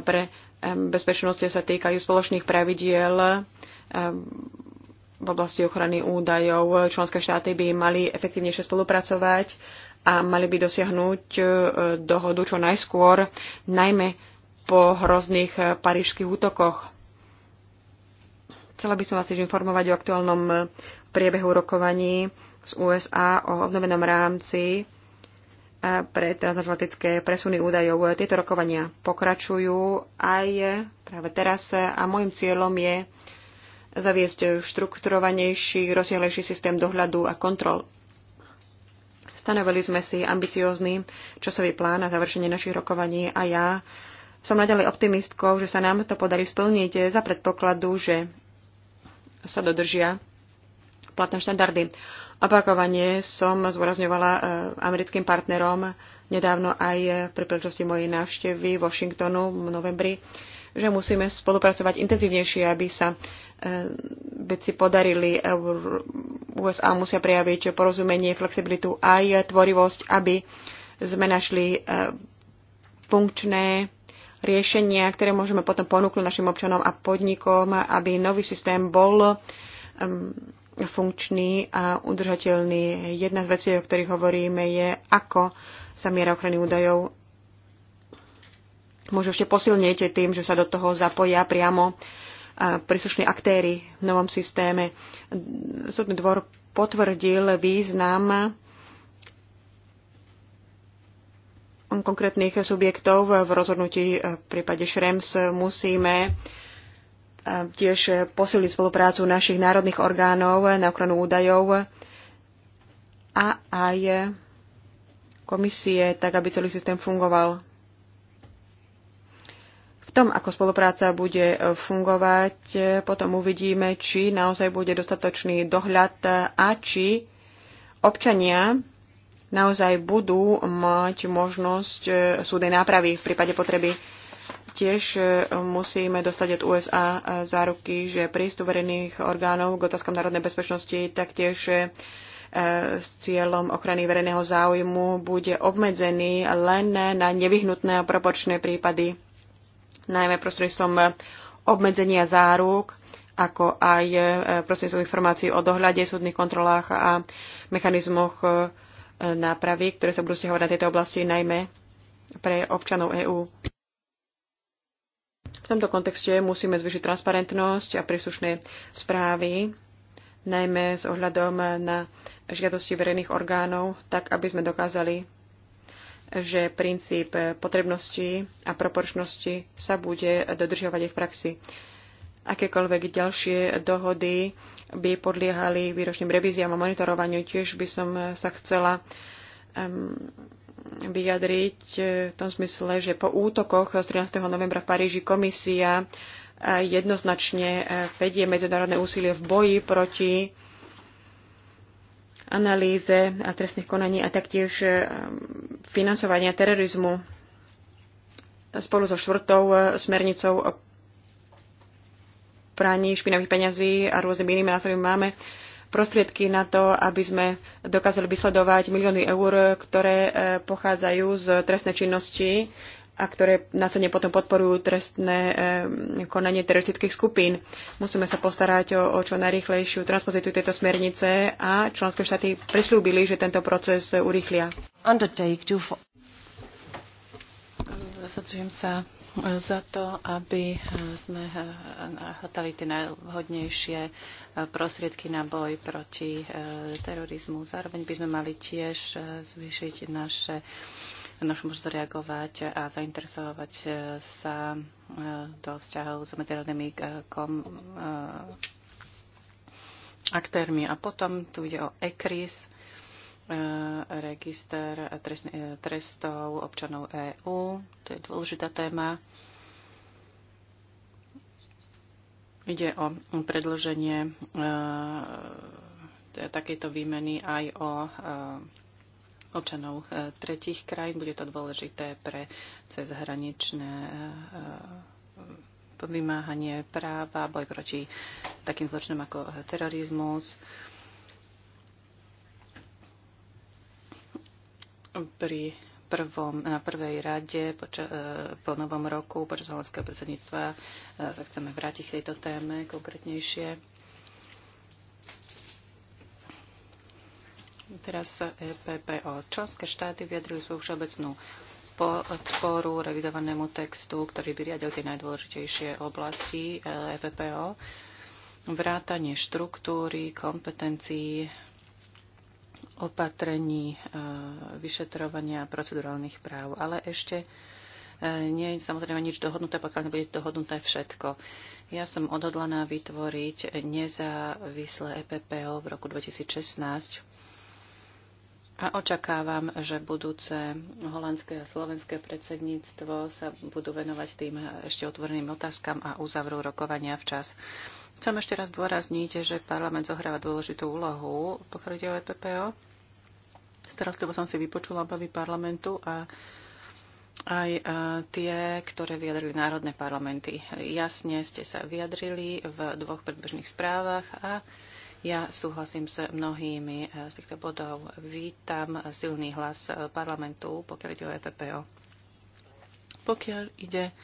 A: pre bezpečnosť sa týkajú spoločných pravidiel v oblasti ochrany údajov. Členské štáty by mali efektívnejšie spolupracovať a mali by dosiahnuť dohodu čo najskôr, najmä po hrozných parížských útokoch. Chcela by som vás informovať o aktuálnom eh, priebehu rokovaní z USA o obnovenom rámci eh, pre transatlantické presuny údajov. Tieto rokovania pokračujú aj eh, práve teraz a môjim cieľom je zaviesť štrukturovanejší, rozsiahlejší systém dohľadu a kontrol. Stanovili sme si ambiciózny časový plán na završenie našich rokovaní a ja som naďalej optimistkou, že sa nám to podarí splniť za predpokladu, že sa dodržia platné štandardy. Opakovanie som zdôrazňovala e, americkým partnerom nedávno aj pri príležitosti mojej návštevy Washingtonu v novembri, že musíme spolupracovať intenzívnejšie, aby sa e, veci podarili. USA musia prejaviť porozumenie, flexibilitu aj tvorivosť, aby sme našli e, funkčné riešenia, ktoré môžeme potom ponúknuť našim občanom a podnikom, aby nový systém bol um, funkčný a udržateľný. Jedna z vecí, o ktorých hovoríme, je, ako sa miera ochrany údajov môže ešte posilniť tým, že sa do toho zapoja priamo uh, príslušní aktéry v novom systéme. Súdny dvor potvrdil význam konkrétnych subjektov v rozhodnutí e, v prípade Šrems e, musíme e, tiež posiliť spoluprácu našich národných orgánov na ochranu údajov a aj komisie, tak aby celý systém fungoval. V tom, ako spolupráca bude fungovať, potom uvidíme, či naozaj bude dostatočný dohľad a či občania naozaj budú mať možnosť e, súdej nápravy v prípade potreby. Tiež e, musíme dostať od USA e, záruky, že prístup verejných orgánov k otázkam národnej bezpečnosti taktiež s cieľom ochrany verejného záujmu bude obmedzený len na nevyhnutné a propočné prípady, najmä prostredstvom obmedzenia záruk, ako aj prostredstvom informácií o dohľade, súdnych kontrolách a mechanizmoch nápravy, ktoré sa budú stiahovať na tejto oblasti, najmä pre občanov EÚ. V tomto kontexte musíme zvyšiť transparentnosť a príslušné správy, najmä s ohľadom na žiadosti verejných orgánov, tak aby sme dokázali, že princíp potrebnosti a proporčnosti sa bude dodržiavať aj v praxi. Akékoľvek ďalšie dohody by podliehali výročným revíziám a monitorovaniu. Tiež by som sa chcela um, vyjadriť v tom smysle, že po útokoch z 13. novembra v Paríži komisia eh, jednoznačne eh, vedie medzinárodné úsilie v boji proti analýze a trestných konaní a taktiež eh, financovania terorizmu spolu so štvrtou smernicou praní špinavých peňazí a rôznymi inými nástrojmi máme prostriedky na to, aby sme dokázali vysledovať milióny eur, ktoré e, pochádzajú z trestnej činnosti a ktoré následne potom podporujú trestné e, konanie teroristických skupín. Musíme sa postarať o, o čo najrychlejšiu transpozíciu tejto smernice a členské štáty prislúbili, že tento proces urýchlia.
B: Undertake to... Zasadzujem sa za to, aby eh, sme hľadali eh, tie najvhodnejšie eh, prostriedky na boj proti terorizmu. Zároveň by sme mali tiež zvýšiť naše našu možnosť reagovať a zainteresovať sa do vzťahov s medzinárodnými kom, aktérmi. A potom tu ide o ECRIS, E, register e, trestov občanov EÚ. To je dôležitá téma. Ide o predlženie e, takejto výmeny aj o občanov tretich krajín. Bude to dôležité pre cezhraničné vymáhanie práva, boj proti takým zločinom ako terorizmus pri prvom, na prvej rade poča, e, po novom roku počas holandského predsedníctva e, sa chceme vrátiť k tejto téme konkrétnejšie. Teraz EPPO. Členské štáty vyjadrujú svoju všeobecnú podporu revidovanému textu, ktorý by riadil tie najdôležitejšie oblasti EPPO, vrátanie štruktúry, kompetencií opatrení e, vyšetrovania procedurálnych práv. Ale ešte e, nie je samozrejme nič dohodnuté, pokiaľ nebude dohodnuté všetko. Ja som odhodlaná vytvoriť nezávislé EPPO v roku 2016 a očakávam, že budúce holandské a slovenské predsedníctvo sa budú venovať tým ešte otvoreným otázkam a uzavrú rokovania včas. Chcem ešte raz dôrazniť, že parlament zohráva dôležitú úlohu, pokiaľ ide o EPPO Starostlivo som si vypočula obavy parlamentu a aj tie, ktoré vyjadrili národné parlamenty. Jasne ste sa vyjadrili v dvoch predbežných správach a ja súhlasím s mnohými e, z týchto bodov. Vítam silný hlas e, parlamentu, pokiaľ ide o EPPO. Pokiaľ ide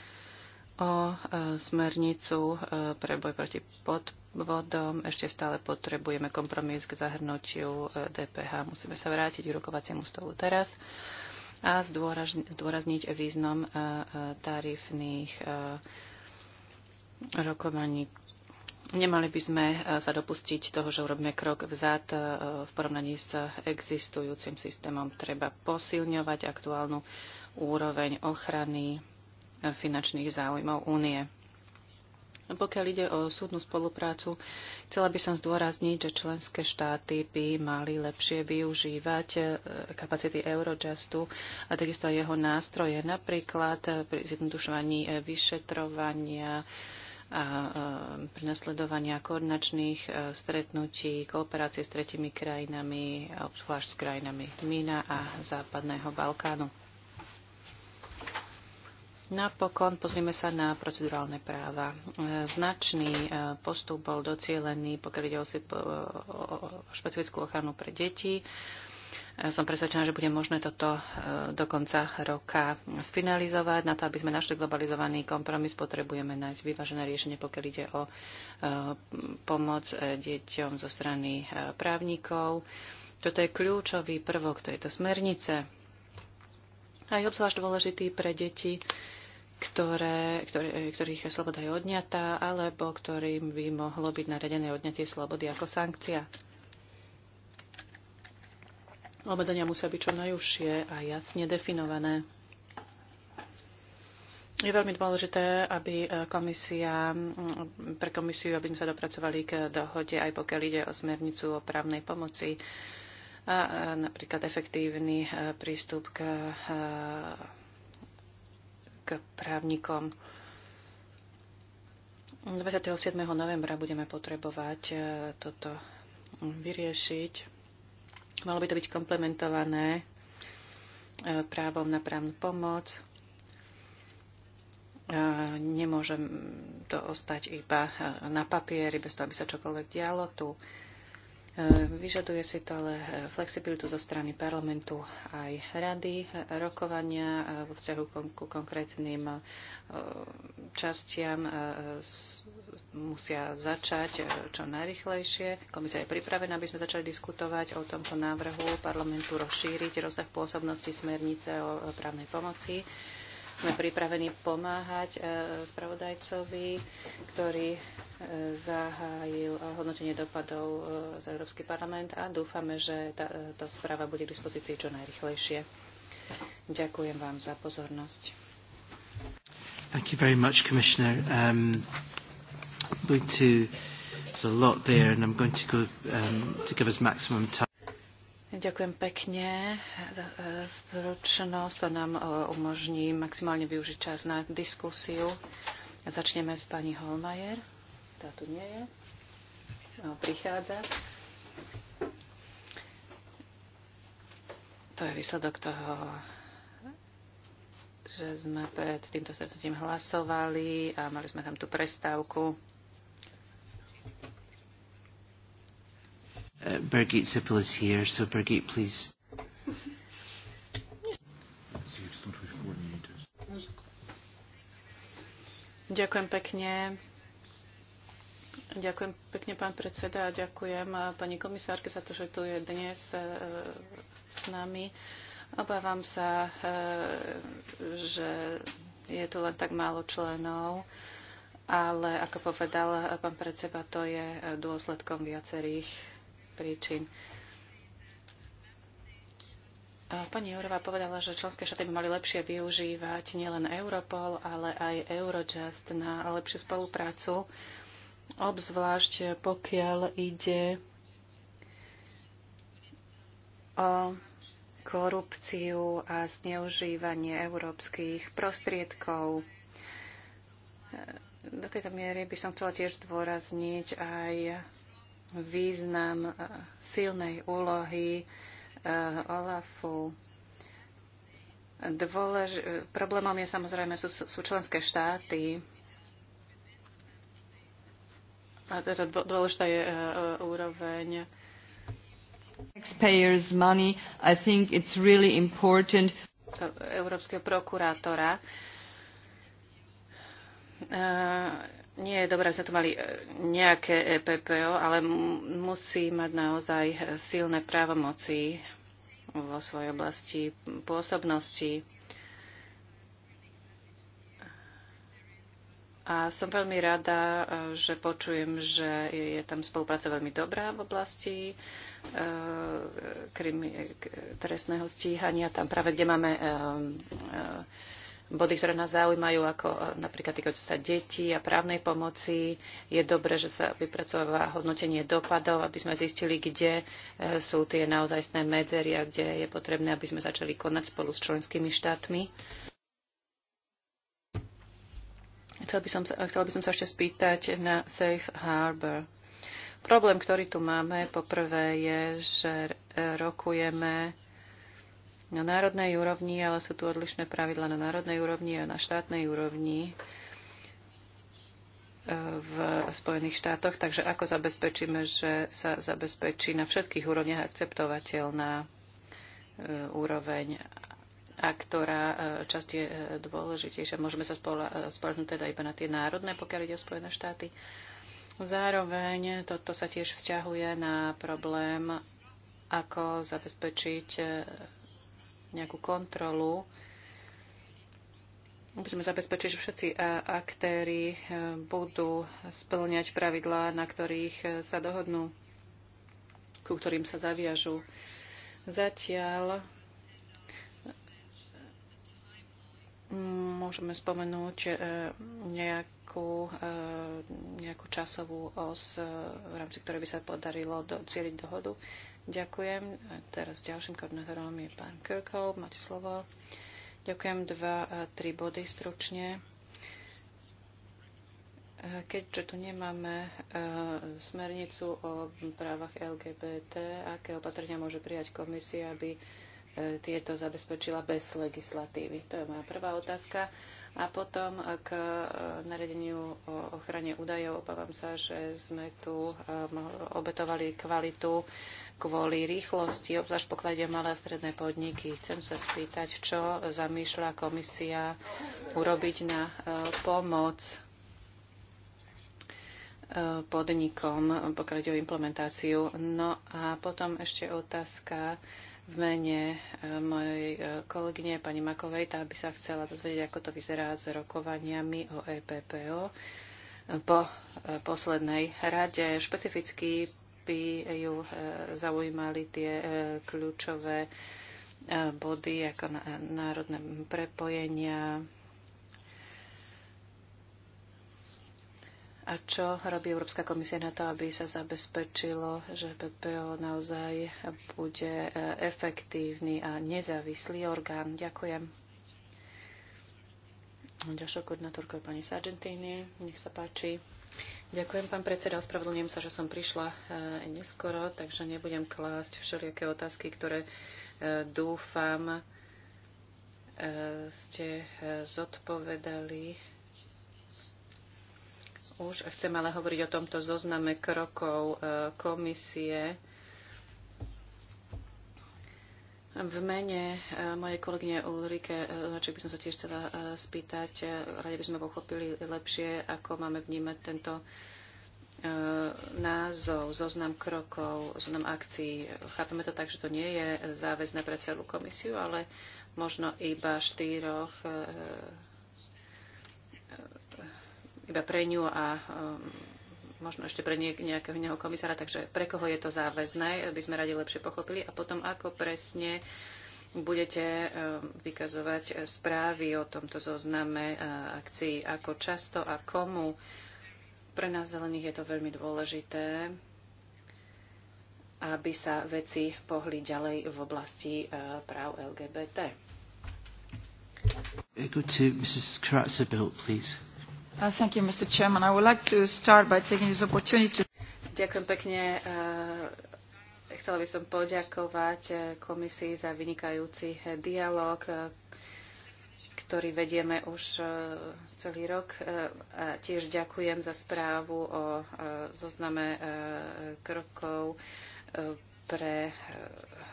B: o e, smernicu e, pre boj proti podvodom. Ešte stále potrebujeme kompromis k zahrnutiu e, DPH. Musíme sa vrátiť k rokovaciemu stolu teraz a zdôrazniť význam tarifných rokovaní. Nemali by sme sa dopustiť toho, že urobíme krok vzad v porovnaní s existujúcim systémom. Treba posilňovať aktuálnu úroveň ochrany finančných záujmov únie. Pokiaľ ide o súdnu spoluprácu, chcela by som zdôrazniť, že členské štáty by mali lepšie využívať e, kapacity Eurojustu a takisto aj jeho nástroje, napríklad pri zjednodušovaní e, vyšetrovania a e, prenasledovania koordinačných stretnutí, kooperácie s tretimi krajinami, obzvlášť s krajinami Mína a Západného Balkánu. Napokon pozrieme sa na procedurálne práva. E, značný e, postup bol docielený, pokiaľ ide o, špecifickú ochranu pre deti. E, som presvedčená, že bude možné toto do konca roka sfinalizovať. Na to, aby sme našli globalizovaný kompromis, potrebujeme nájsť vyvážené riešenie, pokiaľ ide o pomoc deťom zo strany právnikov. Toto je kľúčový prvok tejto smernice A je obzvlášť dôležitý pre deti, ktoré, ktorý, ktorých sloboda je odňatá, alebo ktorým by mohlo byť naradené odňatie slobody ako sankcia. Obmedzenia musia byť čo najúžšie a jasne definované. Je veľmi dôležité, aby eh, komisia, mm, pre komisiu, aby sme sa dopracovali k dohode, aj pokiaľ ide o smernicu o právnej pomoci a napríklad efektívny eh, prístup k eh, k právnikom. 27. novembra budeme potrebovať e, toto vyriešiť. Malo by to byť komplementované e, právom na právnu pomoc. E, nemôžem to ostať iba na papieri, bez toho, aby sa čokoľvek dialo. Tu Eh, vyžaduje si to ale eh, flexibilitu zo strany parlamentu aj rady, eh, rokovania vo vzťahu ku konkrétnym častiam musia začať čo najrychlejšie. Komisia je pripravená, aby sme začali diskutovať o tomto návrhu parlamentu rozšíriť rozsah pôsobnosti smernice o právnej pomoci sme pripravení pomáhať e, spravodajcovi, ktorý e, zahájil e, hodnotenie dopadov za Európsky parlament a dúfame, že táto správa bude k dispozícii čo najrychlejšie. Ďakujem vám za pozornosť.
D: Thank you very much, Commissioner. Um, going to, there's a lot there, and I'm going to go um, to give us maximum
B: time. Ďakujem pekne. E, stručnosť to nám e, umožní maximálne využiť čas na diskusiu. Začneme s pani Holmajer. Tá tu nie je. No, prichádza. To je výsledok toho, že sme pred týmto stretnutím hlasovali a mali sme tam tú prestávku.
D: Uh, Birgit Zippel is here, so Birgit, please.
B: Ďakujem pekne. Ďakujem pekne, pán predseda, a ďakujem pani komisárke za to, že tu je dnes e, s nami. Obávam sa, e, že je tu len tak málo členov, ale ako povedal e, pán predseda, to je dôsledkom viacerých príčin. Pani Jourová povedala, že členské štáty by mali lepšie využívať nielen Europol, ale aj Eurojust na lepšiu spoluprácu, obzvlášť pokiaľ ide o korupciu a zneužívanie európskych prostriedkov. Do tejto miery by som chcela tiež zdôrazniť aj význam e, silnej úlohy e, OLAFu. Dôlež... Problémom je samozrejme sú, sú členské štáty. A teda dôležitá je uh, úroveň
C: taxpayers' money. I think it's really important.
B: Európskeho prokurátora. Uh, nie je dobré, sme tu mali e, nejaké EPPO, ale musí mať naozaj silné právomoci vo svojej oblasti pôsobnosti. A som veľmi rada, e, že počujem, že je tam spolupráca veľmi dobrá v oblasti e, trestného stíhania, tam práve kde máme body, ktoré nás zaujímajú, ako eh, napríklad týkajúce sa detí a právnej pomoci. Je dobré, že sa vypracováva hodnotenie dopadov, aby sme zistili, kde eh, sú tie naozajstné medzery a kde je potrebné, aby sme začali konať spolu s členskými štátmi. Chcel by som sa, chcel by som sa ešte spýtať na Safe Harbor. Problém, ktorý tu máme, poprvé je, že rokujeme na národnej úrovni, ale sú tu odlišné pravidla na národnej úrovni a na štátnej úrovni e, v Spojených štátoch. Takže ako zabezpečíme, že sa zabezpečí na všetkých úrovniach akceptovateľná e, úroveň a ktorá e, časť je dôležitejšia. Môžeme sa spolahnúť teda iba na tie národné, pokiaľ ide o Spojené štáty. Zároveň toto sa tiež vzťahuje na problém, ako zabezpečiť nejakú kontrolu, Musíme zabezpečiť, že všetci eh, aktéry eh, budú splňať pravidlá, na ktorých eh, sa dohodnú, ku ktorým sa zaviažú. Zatiaľ môžeme spomenúť nejakú, nejakú časovú os, v rámci ktorej by sa podarilo docieliť dohodu. Ďakujem. Teraz ďalším koordinátorom je pán Kirkhope. Máte slovo. Ďakujem. Dva, e, tri body stručne. E, keďže tu nemáme e, smernicu o právach LGBT, aké opatrenia môže prijať komisia, aby tieto zabezpečila bez legislatívy? To je moja prvá otázka. A potom k e, naredeniu o ochrane údajov obávam sa, že sme tu e, obetovali kvalitu kvôli rýchlosti, obzvlášť pokladie malé a stredné podniky. Chcem sa spýtať, čo zamýšľa komisia urobiť na e, pomoc podnikom, pokiaľ ide o implementáciu. No a potom ešte otázka v mene e, mojej e, kolegyne pani Makovej, tá by sa chcela dozvedieť, ako to vyzerá s rokovaniami o EPPO po e, poslednej rade. Špecificky by ju zaujímali tie kľúčové body ako národné prepojenia, A čo robí Európska komisia na to, aby sa zabezpečilo, že PPO naozaj bude e, efektívny a nezávislý orgán? Ďakujem. Ďalšou koordinátorkou pani Sargentini. Nech sa páči. Ďakujem, pán predseda. Ospravedlňujem sa, že som prišla e, neskoro, takže nebudem klásť všelijaké otázky, ktoré e, dúfam ste zodpovedali už chcem ale hovoriť o tomto zozname krokov e, komisie. V mene e, mojej kolegyne Ulrike Lunaček e, by som sa tiež chcela spýtať, rade by sme pochopili lepšie, ako máme vnímať tento názov, zoznam krokov, zoznam akcií. Chápeme to tak, že to nie je záväzné pre celú komisiu, ale možno iba štyroch iba pre ňu a um, možno ešte pre nejakého iného komisára, takže pre koho je to záväzné, by sme radi lepšie pochopili a potom ako presne budete um, vykazovať správy o tomto zozname uh, akcií, ako často a komu. Pre nás zelených je to veľmi dôležité, aby sa veci pohli ďalej v oblasti uh, práv LGBT.
D: Go to Mrs. Kratzabilt, please.
A: Uh,
B: ďakujem pekne. Uh, chcela by som poďakovať uh, komisii za vynikajúci dialog, ktorý vedieme už celý rok. A tiež ďakujem za správu o zozname krokov pre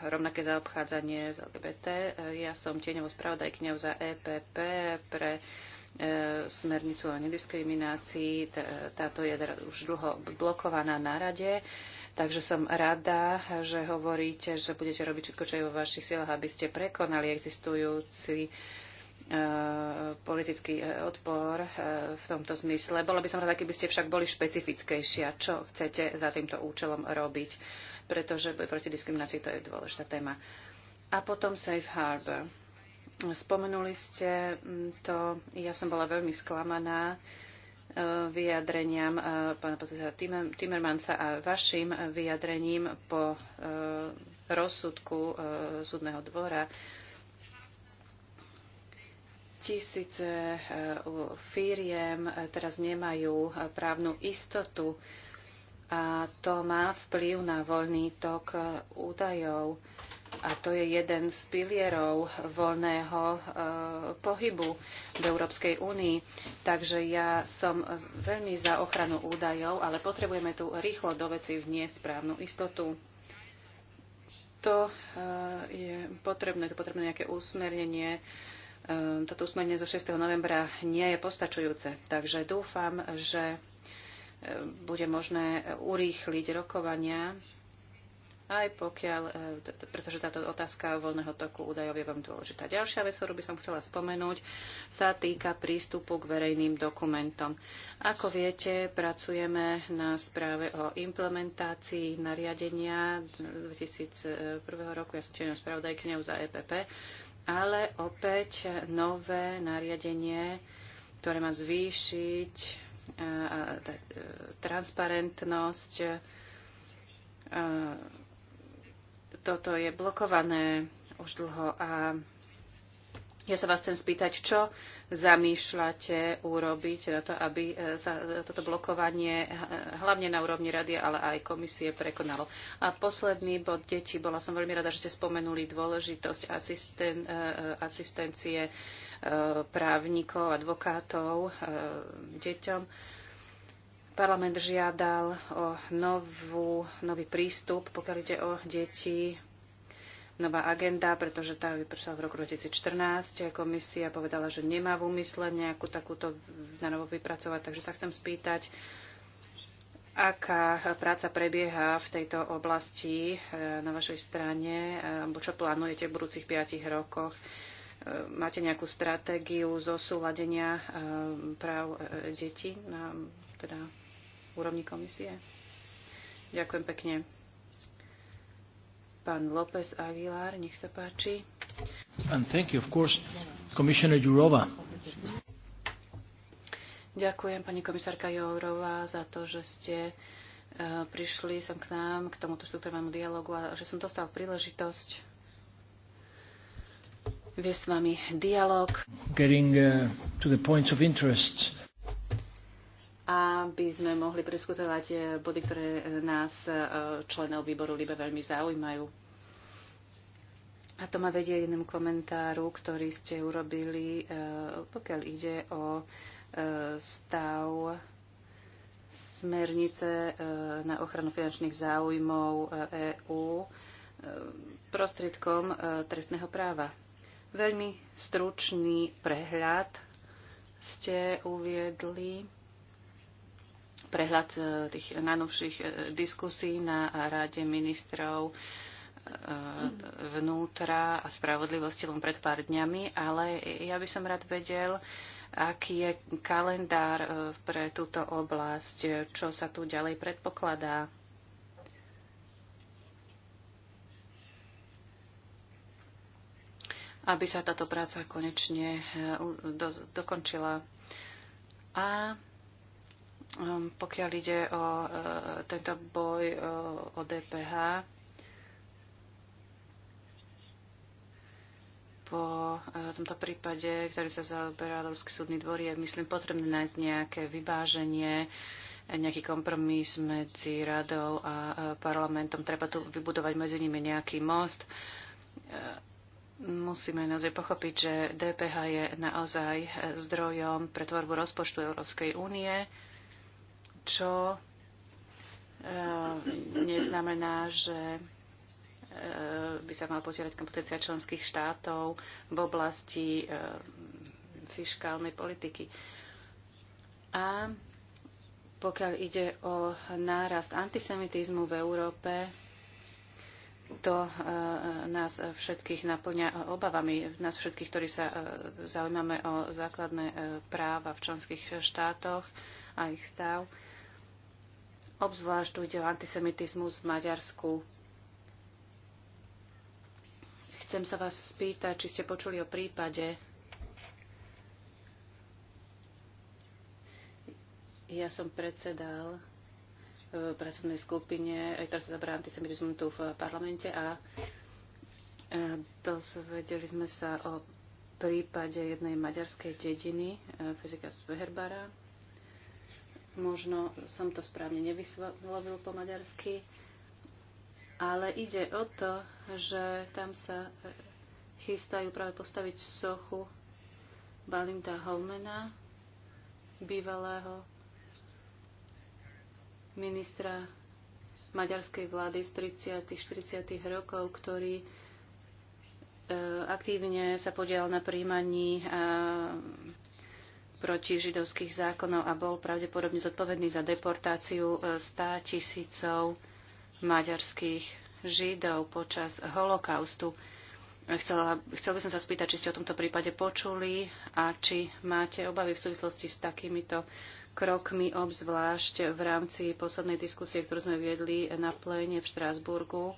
B: rovnaké zaobchádzanie z LGBT. Ja som tieňovou spravodajkňou za EPP pre E, smernicu o nediskriminácii. E, táto je už dlho blokovaná na rade. Takže som rada, že hovoríte, že budete robiť všetko, čo je vo vašich silách, aby ste prekonali existujúci e, politický odpor v tomto zmysle. Bola by som rada, keby ste však boli špecifickejšia, čo chcete za týmto účelom robiť, pretože proti diskriminácii to je dôležitá téma. A potom Safe Harbor. Spomenuli ste mm, to, ja som bola veľmi sklamaná e, vyjadreniam e, pána profesora Timmermansa a vašim vyjadrením po e, rozsudku súdneho dvora. Tisíce firiem teraz nemajú právnu istotu a to má vplyv na voľný tok údajov. A to je jeden z pilierov voľného e, pohybu v Európskej únii. Takže ja som veľmi za ochranu údajov, ale potrebujeme tu rýchlo do veci vniesť správnu istotu. To e, je potrebné, to potrebné nejaké usmernenie. E, toto úsmernenie zo 6. novembra nie je postačujúce. Takže dúfam, že bude možné urýchliť rokovania aj pokiaľ, e, pretože táto otázka voľného toku údajov je veľmi dôležitá. Ďalšia vec, ktorú by som chcela spomenúť, sa týka prístupu k verejným dokumentom. Ako viete, pracujeme na správe o implementácii nariadenia 2001 roku, ja som členom spravodajkňou za EPP, ale opäť nové nariadenie, ktoré má zvýšiť e, e, transparentnosť toto je blokované už dlho a ja sa vás chcem spýtať, čo zamýšľate urobiť na to, aby e, sa toto blokovanie e, hlavne na úrovni rady, ale aj komisie prekonalo. A posledný bod detí, Bola som veľmi rada, že ste spomenuli dôležitosť asisten, e, asistencie právnikov, advokátov deťom Parlament žiadal o novú, nový prístup, pokiaľ ide o deti, nová agenda, pretože tá vypršala v roku 2014. Komisia povedala, že nemá v úmysle nejakú takúto na novo vypracovať, takže sa chcem spýtať, aká práca prebieha v tejto oblasti eh, na vašej strane, eh, alebo čo plánujete v budúcich 5 rokoch. Eh, máte nejakú stratégiu zosúladenia práv detí na teda úrovni komisie? Ďakujem pekne. Pán López Aguilar, nech sa páči.
D: And thank you, of course, Commissioner Jurova.
B: Ďakujem, pani komisárka Jourová, za to, že ste uh, prišli sem k nám, k tomuto štruktúrnemu dialogu a že som dostal príležitosť viesť s vami dialog.
D: Getting uh, to the points of interest
B: aby sme mohli preskutovať eh, body, ktoré eh, nás eh, členov výboru LIBE veľmi zaujímajú. A to ma vedie jedným komentáru, ktorý ste urobili, pokiaľ ide o stav smernice na ochranu finančných záujmov EÚ e prostriedkom trestného práva. Veľmi stručný prehľad ste uviedli prehľad e, tých najnovších e, diskusí na Rade ministrov e, vnútra a spravodlivosti len pred pár dňami, ale ja by som rád vedel, aký je kalendár pre túto oblasť, čo sa tu ďalej predpokladá. aby sa táto práca konečne do, dokončila. A Um, pokiaľ ide o e, tento boj e, o DPH, po e, tomto prípade, ktorý sa zaoberá Európsky súdny dvor, je, myslím, potrebné nájsť nejaké vyváženie, nejaký kompromis medzi radou a parlamentom. Treba tu vybudovať medzi nimi nejaký most. Musíme naozaj pochopiť, že DPH je naozaj zdrojom pre tvorbu rozpočtu Európskej únie čo eh, neznamená, že eh, by sa mal potierať kompetencia členských štátov v oblasti eh, fiskálnej politiky. A pokiaľ ide o nárast antisemitizmu v Európe, to nás všetkých naplňa obavami, nás všetkých, ktorí sa zaujímame o základné práva v členských štátoch a ich stav. Obzvlášť ide o antisemitizmus v Maďarsku. Chcem sa vás spýtať, či ste počuli o prípade. Ja som predsedal v e, pracovnej skupine, e, ktorá sa zabrá antisemitizmu tu v parlamente a e, dozvedeli sme sa o prípade jednej maďarskej dediny, fyzika z Možno som to správne nevyslovil po maďarsky, ale ide o to, že tam sa chystajú práve postaviť sochu Balinta Holmena, bývalého ministra maďarskej vlády z 30. 40. rokov, ktorý e, aktívne sa podielal na príjmaní proti židovských zákonov a bol pravdepodobne zodpovedný za deportáciu 100 e, tisícov maďarských židov počas holokaustu. E, chcela, chcel by som sa spýtať, či ste o tomto prípade počuli a či máte obavy v súvislosti s takýmito krokmi, obzvlášť v rámci poslednej diskusie, ktorú sme viedli na pléne v Štrásburgu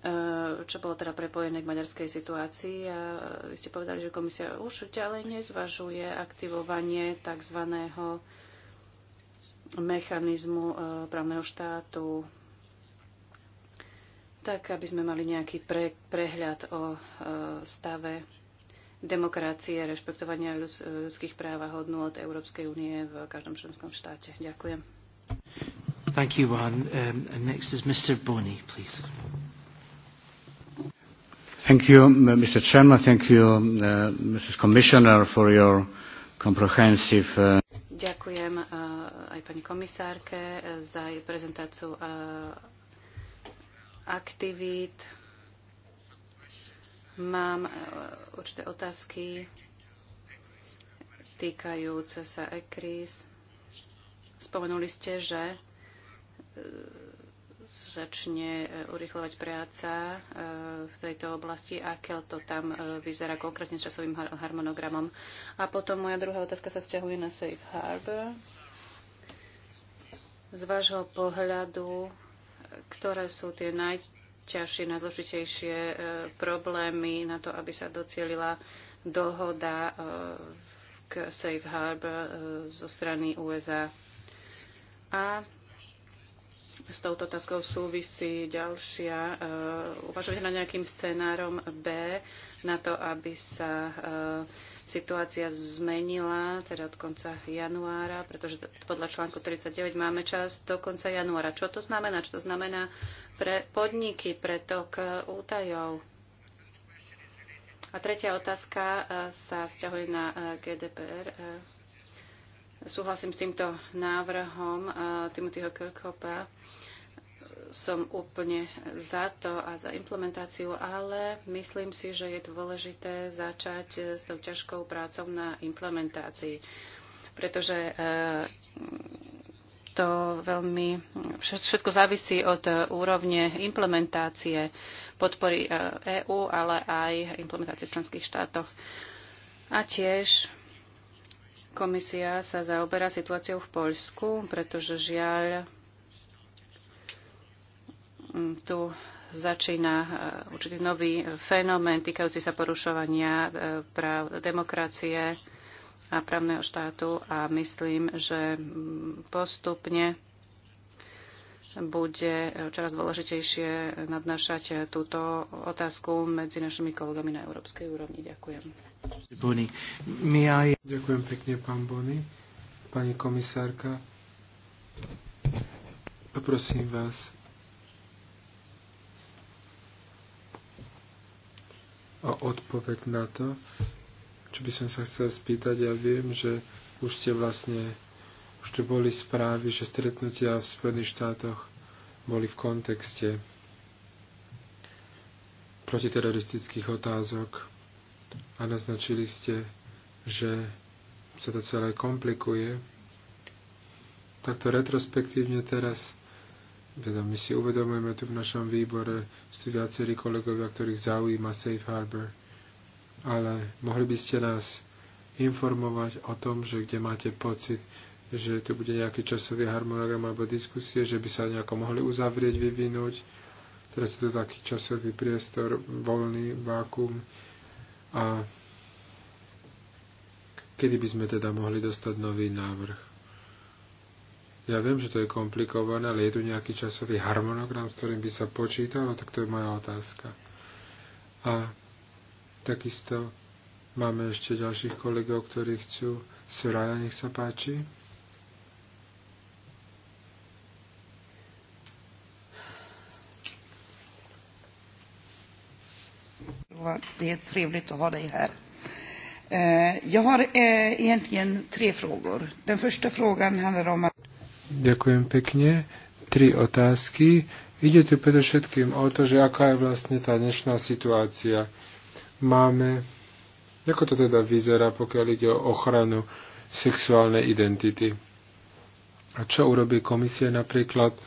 B: Eh, čo bolo teda prepojené k maďarskej situácii. A eh, vy ste povedali, že komisia už ďalej nezvažuje aktivovanie tzv. mechanizmu eh, právneho štátu, tak aby sme mali nejaký pre, prehľad o stave demokracie, rešpektovania ľudských práv a hodnôt Európskej únie v každom členskom štáte. Ďakujem.
D: Thank you, Juan. Um, next is Mr. Boney, please. Thank you, Mr. Chairman. Thank you, uh, Mrs. Commissioner,
C: for your comprehensive. Uh...
B: Ďakujem uh, aj pani komisárke uh, za jej prezentáciu uh, aktivít. Mám uh, určité otázky týkajúce sa ECRIS. Spomenuli ste, že uh, začne e, urychľovať práca e, v tejto oblasti, a keľ to tam e, vyzerá konkrétne s časovým harmonogramom. A potom moja druhá otázka sa vzťahuje na Safe Harbor. Z vášho pohľadu, ktoré sú tie najťažšie, najzložitejšie problémy na to, aby sa docielila dohoda k Safe Harbor zo strany USA? A s touto otázkou súvisí ďalšia. Eh, uvažujete na nejakým scenárom B na to, aby sa eh, situácia zmenila, teda od konca januára, pretože podľa článku 39 máme čas do konca januára. Čo to znamená? Čo to znamená pre podniky, pre tok eh, údajov? A tretia otázka sa vzťahuje na GDPR. Súhlasím s týmto návrhom Timothyho Kirkhopa som úplne za to a za implementáciu, ale myslím si, že je dôležité začať s tou ťažkou prácou na implementácii, pretože e, to veľmi, všetko závisí od e, úrovne implementácie podpory EÚ, e ale aj implementácie v členských štátoch. A tiež komisia sa zaoberá situáciou v Poľsku, pretože žiaľ Mm, tu začína e, určitý nový fenomén týkajúci sa porušovania e, práv demokracie a právneho štátu a myslím, že mm, postupne bude čoraz dôležitejšie nadnášať túto otázku medzi našimi kolegami na európskej úrovni. Ďakujem.
D: Bony.
E: My aj... Ďakujem pekne, pán Bony. Pani komisárka, poprosím vás, a odpoveď na to, čo by som sa chcel spýtať. Ja viem, že už ste vlastne, už tu boli správy, že stretnutia v Spojených štátoch boli v kontexte protiteroristických otázok a naznačili ste, že sa to celé komplikuje. Takto retrospektívne teraz teda my si uvedomujeme tu v našom výbore, sú viacerí kolegovia, ktorých zaujíma Safe Harbor. Ale mohli by ste nás informovať o tom, že kde máte pocit, že tu bude nejaký časový harmonogram alebo diskusie, že by sa nejako mohli uzavrieť, vyvinúť. Teraz je to taký časový priestor, voľný, vákum. A kedy by sme teda mohli dostať nový návrh? Ja viem, že to je komplikované, ale je tu nejaký časový harmonogram, s ktorým by sa počítalo, tak to je moja otázka. A takisto máme ešte ďalších kolegov, ktorí chcú. Soraya, nech sa páči.
C: Det är trevligt att ha dig här. Eh, jag
B: har eh, egentligen tre frågor. Den första frågan handlar om att
E: Ďakujem pekne. Tri otázky. Ide tu predovšetkým o to, že aká je vlastne tá dnešná situácia. Máme, ako to teda vyzerá, pokiaľ ide o ochranu sexuálnej identity. A čo urobí komisia napríklad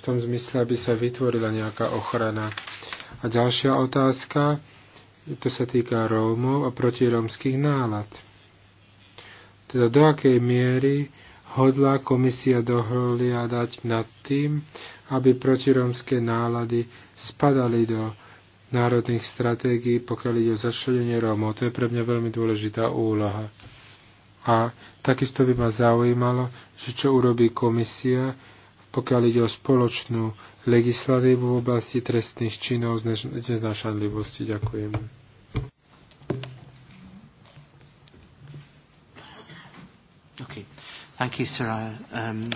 E: v tom zmysle, aby sa vytvorila nejaká ochrana. A ďalšia otázka, to sa týka Rómov a protiromských nálad. Teda do akej miery hodlá komisia dohliadať nad tým, aby protiromské nálady spadali do národných stratégií, pokiaľ ide o začlenenie Rómov. To je pre mňa veľmi dôležitá úloha. A takisto by ma zaujímalo, že čo urobí komisia, pokiaľ ide o spoločnú legislatívu v oblasti trestných činov z neznášanlivosti. Ďakujem. Okay. Thank you, Um...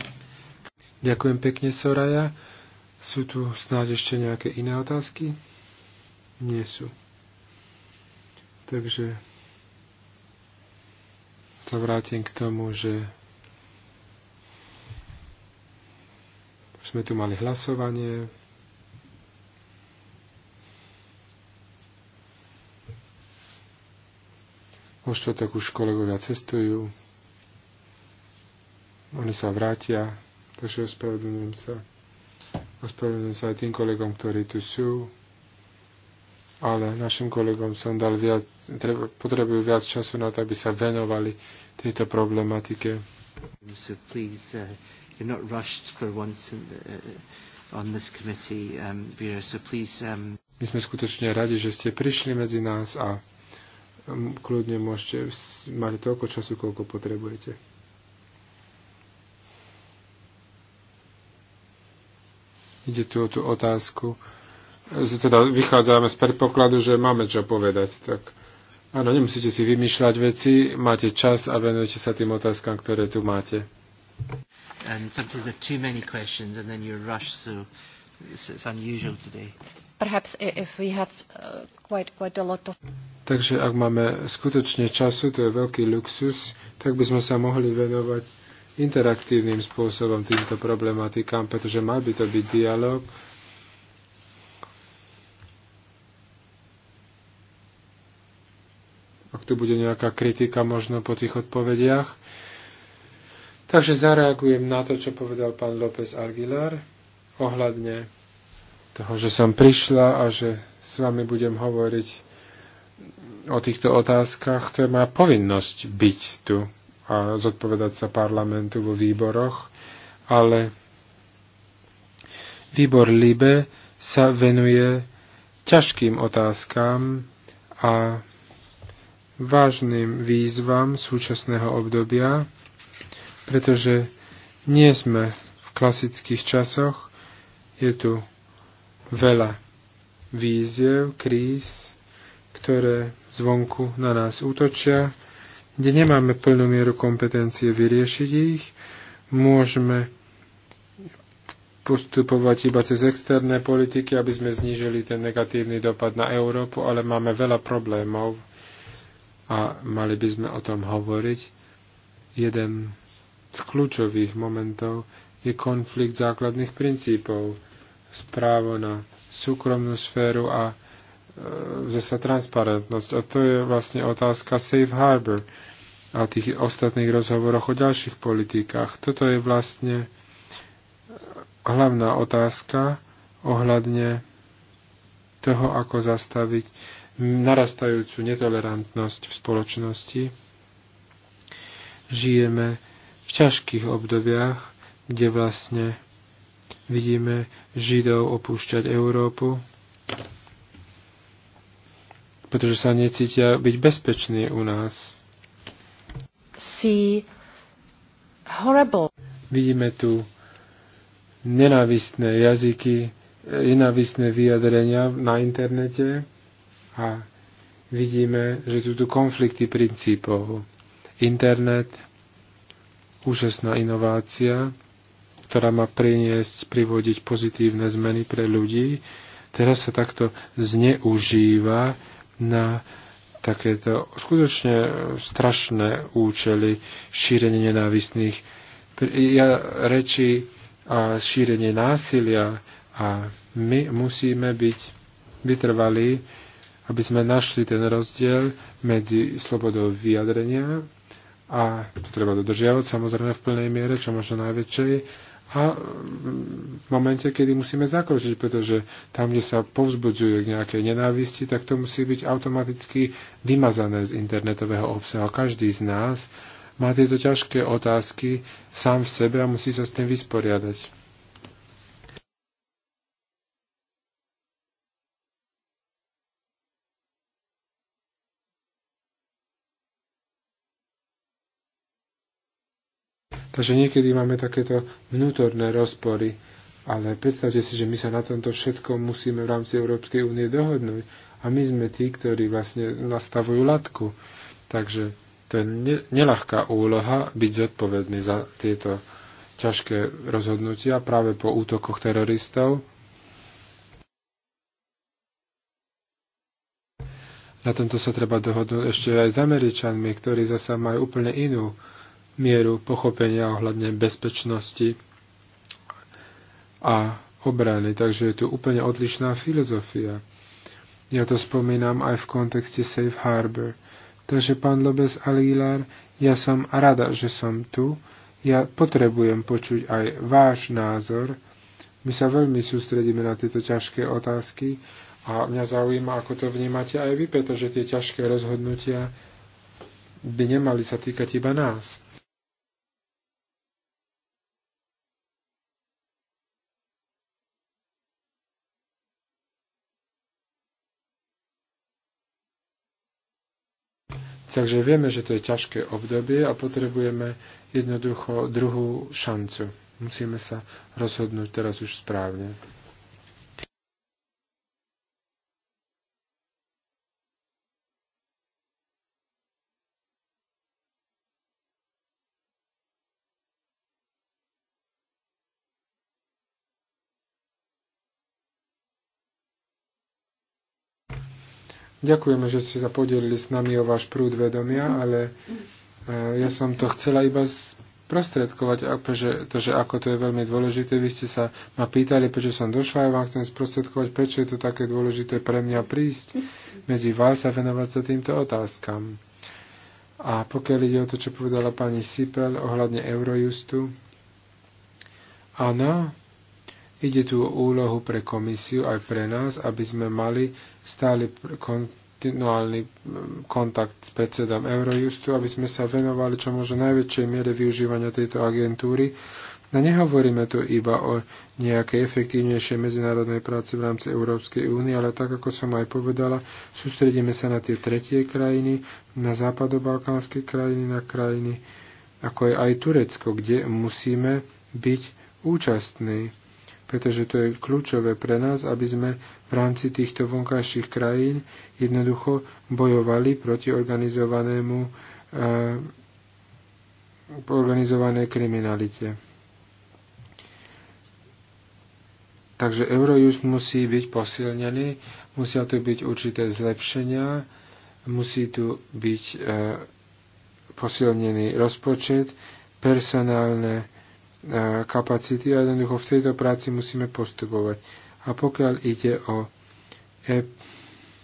E: Ďakujem pekne, Soraya. Sú tu snáď ešte nejaké iné otázky? Nie sú. Takže sa vrátim k tomu, že sme tu mali hlasovanie. O štvrtok už kolegovia cestujú. Oni sa vrátia, takže ospravedlňujem sa. Ospravedlňujem sa aj tým kolegom, ktorí tu sú, ale našim kolegom som dal viac, treba, potrebujú viac času na to, aby sa venovali tejto problematike.
D: So please, uh, you're not rushed
E: for once in, uh, on this committee, um, Vera, so please... Um... My sme skutočne radi, že ste prišli medzi nás a um, kľudne môžete mať toľko času, koľko potrebujete. Ide tu o tú otázku. Teda vychádzame z predpokladu, že máme čo povedať. Tak áno, nemusíte si vymýšľať veci, máte čas a venujte sa tým otázkam, ktoré tu máte. Takže ak máme skutočne času, to je veľký luxus, tak by sme sa mohli venovať interaktívnym spôsobom týmto problematikám, pretože mal by to byť dialog. Ak tu bude nejaká kritika možno po tých odpovediach. Takže zareagujem na to, čo povedal pán López Aguilar ohľadne toho, že som prišla a že s vami budem hovoriť o týchto otázkach. To je moja povinnosť byť tu a zodpovedať sa parlamentu vo výboroch, ale výbor LIBE sa venuje ťažkým otázkam a vážnym výzvam súčasného obdobia, pretože nie sme v klasických časoch, je tu veľa víziev, kríz, ktoré zvonku na nás útočia kde nemáme plnú mieru kompetencie vyriešiť ich, môžeme postupovať iba cez externé politiky, aby sme znížili ten negatívny dopad na Európu, ale máme veľa problémov a mali by sme o tom hovoriť. Jeden z kľúčových momentov je konflikt základných princípov, správo na súkromnú sféru a e, zase transparentnosť. A to je vlastne otázka safe harbor. E, a tých ostatných rozhovoroch o ďalších politikách. Toto je vlastne hlavná otázka ohľadne toho, ako zastaviť narastajúcu netolerantnosť v spoločnosti. Žijeme v ťažkých obdobiach, kde vlastne vidíme Židov opúšťať Európu, pretože sa necítia byť bezpeční u nás
C: see horrible.
E: Vidíme tu nenávistné jazyky, nenávistné vyjadrenia na internete a vidíme, že tu tu konflikty princípov. Internet, úžasná inovácia, ktorá má priniesť, privodiť pozitívne zmeny pre ľudí, teraz sa takto zneužíva na takéto skutočne strašné účely šírenie nenávistných reči a šírenie násilia a my musíme byť vytrvalí, aby sme našli ten rozdiel medzi slobodou vyjadrenia a to treba dodržiavať samozrejme v plnej miere, čo možno najväčšej, a mm, v momente, kedy musíme zakročiť, pretože tam, kde sa povzbudzuje k nejakej nenávisti, tak to musí byť automaticky vymazané z internetového obsahu. Každý z nás má tieto ťažké otázky sám v sebe a musí sa s tým vysporiadať. Takže niekedy máme takéto vnútorné rozpory. Ale predstavte si, že my sa na tomto všetko musíme v rámci Európskej únie dohodnúť. A my sme tí, ktorí vlastne nastavujú latku. Takže to je nelahká úloha byť zodpovedný za tieto ťažké rozhodnutia práve po útokoch teroristov. Na tomto sa treba dohodnúť ešte aj s Američanmi, ktorí zasa majú úplne inú mieru pochopenia ohľadne bezpečnosti a obrany. Takže je tu úplne odlišná filozofia. Ja to spomínam aj v kontexte Safe Harbor. Takže pán Lobes Aguilar, ja som rada, že som tu. Ja potrebujem počuť aj váš názor. My sa veľmi sústredíme na tieto ťažké otázky a mňa zaujíma, ako to vnímate aj vy, pretože tie ťažké rozhodnutia by nemali sa týkať iba nás. Takže vieme, že to je ťažké obdobie a potrebujeme jednoducho druhú šancu. Musíme sa rozhodnúť teraz už správne. Ďakujeme, že ste sa podelili s nami o váš prúd vedomia, ale e, ja som to chcela iba sprostredkovať, pretože to, že ako to je veľmi dôležité. Vy ste sa ma pýtali, prečo som došla, ja vám chcem sprostredkovať, prečo je to také dôležité pre mňa prísť medzi vás a venovať sa týmto otázkam. A pokiaľ ide o to, čo povedala pani Sipel ohľadne Eurojustu, áno, Ide tu o úlohu pre komisiu aj pre nás, aby sme mali stály kontinuálny kontakt s predsedom Eurojustu, aby sme sa venovali čo možno najväčšej miere využívania tejto agentúry. No nehovoríme tu iba o nejakej efektívnejšej medzinárodnej práci v rámci Európskej únie, ale tak, ako som aj povedala, sústredíme sa na tie tretie krajiny, na západobalkánske krajiny, na krajiny ako je aj Turecko, kde musíme byť účastní pretože to je kľúčové pre nás, aby sme v rámci týchto vonkajších krajín jednoducho bojovali proti organizovanému eh, organizované kriminalite. Takže Eurojust musí byť posilnený, musia tu byť určité zlepšenia, musí tu byť eh, posilnený rozpočet, personálne E, kapacity a jednoducho v tejto práci musíme postupovať. A pokiaľ ide o e,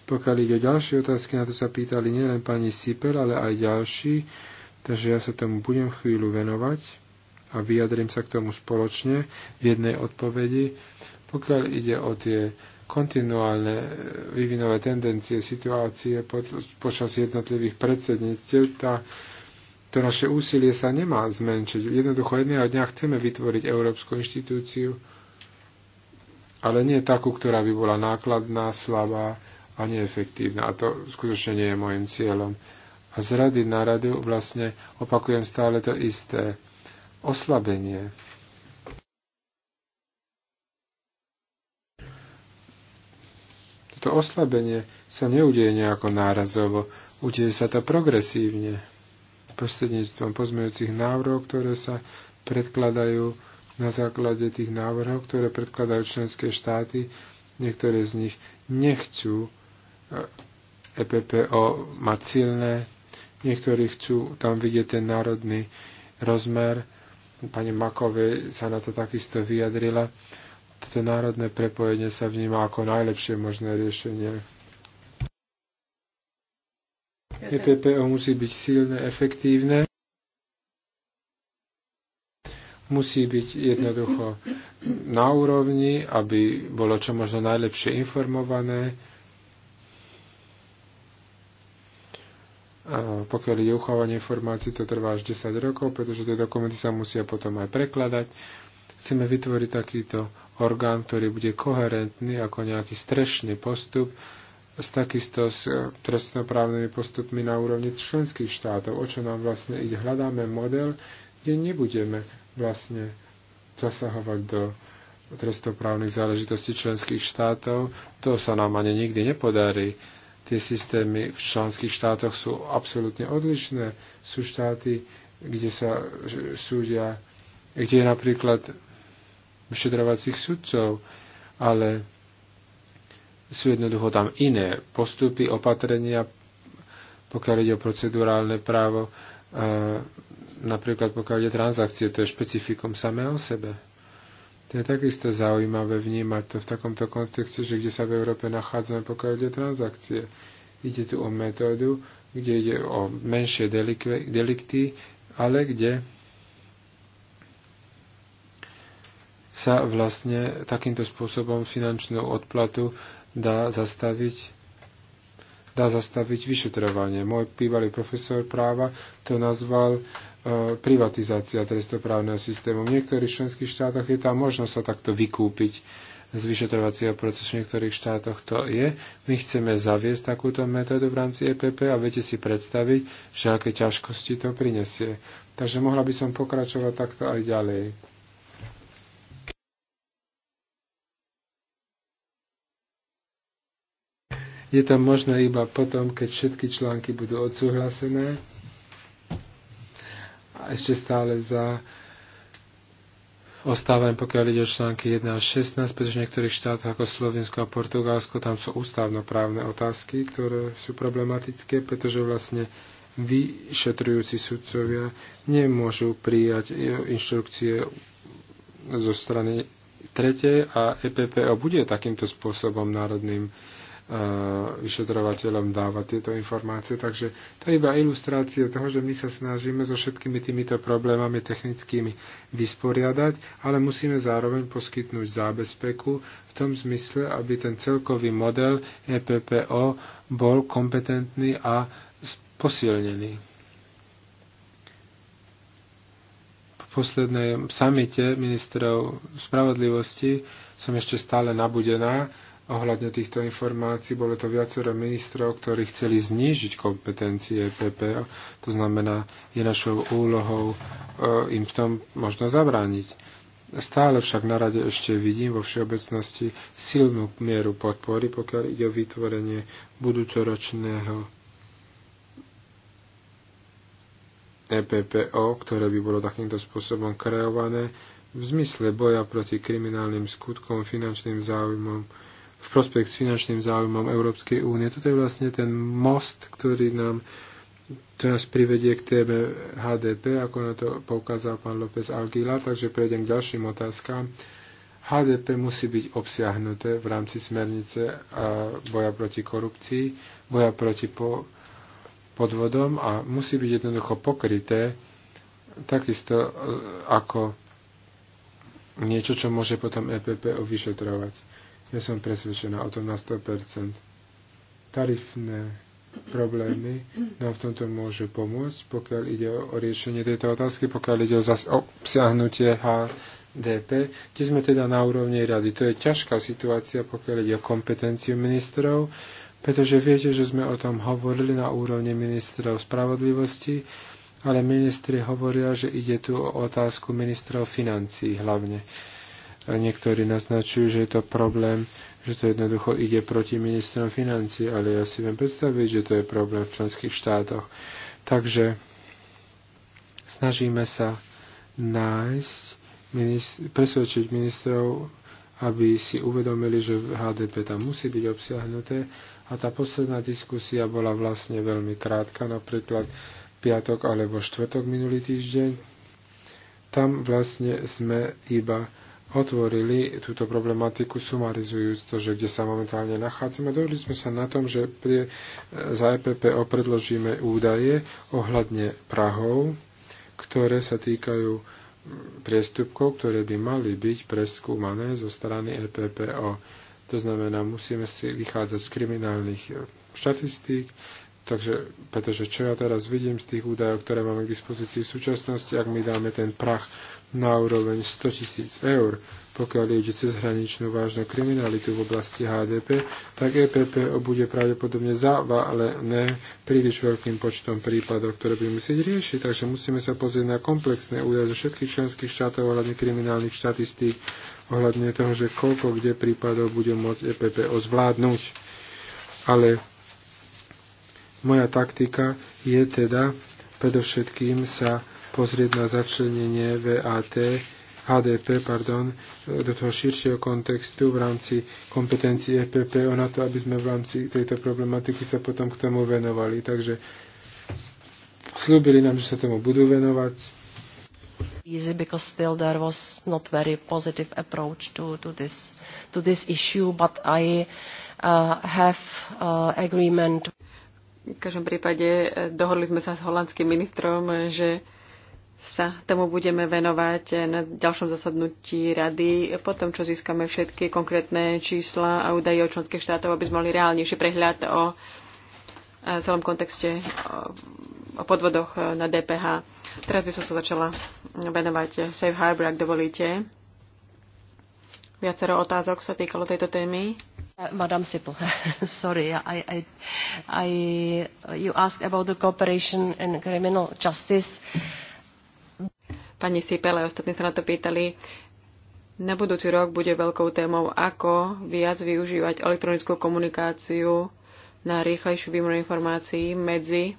E: pokiaľ ide o ďalšie otázky, na to sa pýtali nielen pani Siper, ale aj ďalší, takže ja sa tomu budem chvíľu venovať a vyjadrím sa k tomu spoločne v jednej odpovedi. Pokiaľ ide o tie kontinuálne e, vývinové tendencie situácie pod, počas jednotlivých predsedníctiev, tá to naše úsilie sa nemá zmenšiť. Jednoducho jedného dňa chceme vytvoriť európsku inštitúciu, ale nie takú, ktorá by bola nákladná, slabá a neefektívna. A to skutočne nie je môjim cieľom. A z rady na radu vlastne opakujem stále to isté. Oslabenie. Toto oslabenie sa neudeje nejako nárazovo, udeje sa to progresívne prostredníctvom pozmejúcich návrhov, ktoré sa predkladajú na základe tých návrhov, ktoré predkladajú členské štáty. Niektoré z nich nechcú EPPO eh, e mať silné, niektorí chcú tam vidieť ten národný rozmer. Pani Makovej sa na to takisto vyjadrila. Toto národné prepojenie sa vníma ako najlepšie možné riešenie EPPO musí byť silné, efektívne. Musí byť jednoducho na úrovni, aby bolo čo možno najlepšie informované. A pokiaľ je uchovanie informácií, to trvá až 10 rokov, pretože tie dokumenty sa musia potom aj prekladať. Chceme vytvoriť takýto orgán, ktorý bude koherentný ako nejaký strešný postup, takisto s e, trestnoprávnymi postupmi na úrovni členských štátov. O čo nám vlastne ide? Hľadáme model, kde nebudeme vlastne zasahovať do trestnoprávnych záležitostí členských štátov. To sa nám ani nikdy nepodarí. Tie systémy v členských štátoch sú absolútne odlišné. Sú štáty, kde sa súdia, kde je napríklad vyšetrovacích sudcov, ale sú jednoducho tam iné postupy, opatrenia, pokiaľ ide o procedurálne právo, e, napríklad pokiaľ ide transakcie, to je špecifikum samé o sebe. To je takisto zaujímavé vnímať to v takomto kontexte, že kde sa v Európe nachádzame, pokiaľ ide transakcie. Ide tu o metódu, kde ide o menšie delikve, delikty, ale kde sa vlastne takýmto spôsobom finančnú odplatu dá zastaviť dá zastaviť vyšetrovanie. Môj bývalý profesor práva to nazval e, privatizácia trestoprávneho systému. V niektorých členských štátoch je tá možnosť sa takto vykúpiť z vyšetrovacieho procesu. V niektorých štátoch to je. My chceme zaviesť takúto metódu v rámci EPP a viete si predstaviť, že aké ťažkosti to prinesie. Takže mohla by som pokračovať takto aj ďalej. Je to možné iba potom, keď všetky články budú odsúhlasené. A ešte stále za ostávam, pokiaľ ide o články 1 až 16, pretože v niektorých štátoch ako Slovensko a Portugalsko tam sú ústavnoprávne otázky, ktoré sú problematické, pretože vlastne vyšetrujúci sudcovia nemôžu prijať inštrukcie zo strany tretej a EPPO bude takýmto spôsobom národným vyšetrovateľom dáva tieto informácie. Takže to je iba ilustrácia toho, že my sa snažíme so všetkými týmito problémami technickými vysporiadať, ale musíme zároveň poskytnúť zábezpeku v tom zmysle, aby ten celkový model EPPO bol kompetentný a posilnený. V poslednej samite ministrov spravodlivosti som ešte stále nabudená, ohľadne týchto informácií. Bolo to viacero ministrov, ktorí chceli znížiť kompetencie e PPO. To znamená, je našou úlohou e, im v tom možno zabrániť. Stále však na rade ešte vidím vo všeobecnosti silnú mieru podpory, pokiaľ ide o vytvorenie budúcoročného EPPO, ktoré by bolo takýmto spôsobom kreované v zmysle boja proti kriminálnym skutkom, finančným záujmom, v prospekt s finančným záujmom Európskej únie. Toto je vlastne ten most, ktorý nám to nás privedie k téme HDP, ako na to poukázal pán López Algila, takže prejdem k ďalším otázkám. HDP musí byť obsiahnuté v rámci smernice a boja proti korupcii, boja proti po, podvodom a musí byť jednoducho pokryté takisto e, ako niečo, čo môže potom EPP vyšetrovať. Nie som presvedčená o tom na 100%. Tarifné problémy nám v tomto môžu pomôcť, pokiaľ ide o riešenie tejto otázky, pokiaľ ide o obsiahnutie HDP, kde sme teda na úrovni rady. To je ťažká situácia, pokiaľ ide o kompetenciu ministrov, pretože viete, že sme o tom hovorili na úrovni ministrov spravodlivosti, ale ministri hovoria, že ide tu o otázku ministrov financií hlavne. Niektorí naznačujú, že je to problém, že to jednoducho ide proti ministrom financí, ale ja si viem predstaviť, že to je problém v členských štátoch. Takže snažíme sa nájsť, presvedčiť ministrov, aby si uvedomili, že HDP tam musí byť obsiahnuté. A tá posledná diskusia bola vlastne veľmi krátka, napríklad piatok alebo štvrtok minulý týždeň. Tam vlastne sme iba otvorili túto problematiku sumarizujúc to, že kde sa momentálne nachádzame. Dohodli sme sa na tom, že pri, za EPPO predložíme údaje ohľadne Prahov, ktoré sa týkajú priestupkov, ktoré by mali byť preskúmané zo strany EPPO. To znamená, musíme si vychádzať z kriminálnych e, štatistík, takže, pretože čo ja teraz vidím z tých údajov, ktoré máme k dispozícii v súčasnosti, ak my dáme ten prach na úroveň 100 tisíc eur. Pokiaľ ide cezhraničnú vážnu kriminalitu v oblasti HDP, tak EPP bude pravdepodobne zavalené príliš veľkým počtom prípadov, ktoré by musieť riešiť, takže musíme sa pozrieť na komplexné údaje zo všetkých členských štátov ohľadne kriminálnych štatistík, ohľadne toho, že koľko kde prípadov bude môcť EPP ozvládnuť. Ale moja taktika je teda predovšetkým sa pozrieť na začlenenie VAT, HDP, pardon, do toho širšieho kontextu v rámci kompetencií FPPO e na to, aby sme v rámci tejto problematiky sa potom k tomu venovali. Takže slúbili nám, že sa tomu budú venovať
C: easy because still there was not very positive approach
A: to, to, this, to this issue, but I uh, have uh, agreement. V každom prípade eh, dohodli sme sa s holandským ministrom, eh, že sa tomu budeme venovať na ďalšom zasadnutí rady, po tom, čo získame všetky konkrétne čísla a údaje o členských štátov, aby sme mali reálnejší prehľad o celom kontexte o podvodoch e, na DPH. Teraz by som sa začala venovať Safe Harbor, ak dovolíte. Viacero otázok sa týkalo tejto témy. Uh, Madam Sippel, sorry, I, I, I, you ask about the cooperation in criminal justice. Uh, Pani Sipele, ostatní sa na to pýtali. Na budúci rok bude veľkou témou, ako viac využívať elektronickú komunikáciu na rýchlejšiu výmenu informácií medzi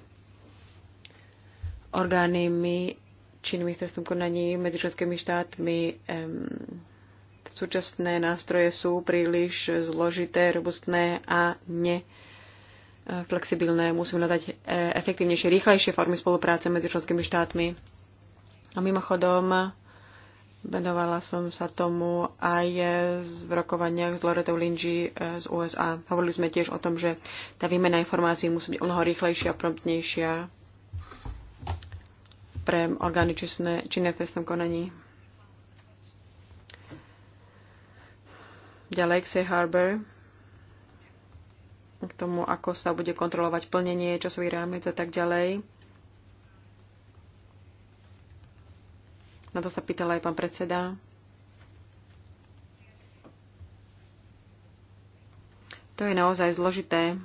A: orgánmi či ministerstvom konaní, medzi členskými štátmi. Súčasné nástroje sú príliš zložité, robustné a ne e, flexibilné. Musíme hľadať e, efektívnejšie, rýchlejšie formy spolupráce medzi členskými štátmi a mimochodom, venovala som sa tomu aj v rokovaniach s Loretou Lindži eh, z USA. Hovorili sme tiež o tom, že tá výmena informácií musí byť mnoho rýchlejšia a promptnejšia pre orgány činné v trestnom konaní. Ďalej Xe Harbor k tomu, ako sa bude kontrolovať plnenie, časových rámec a tak ďalej. Na to sa pýtal aj pán predseda. To je naozaj zložité.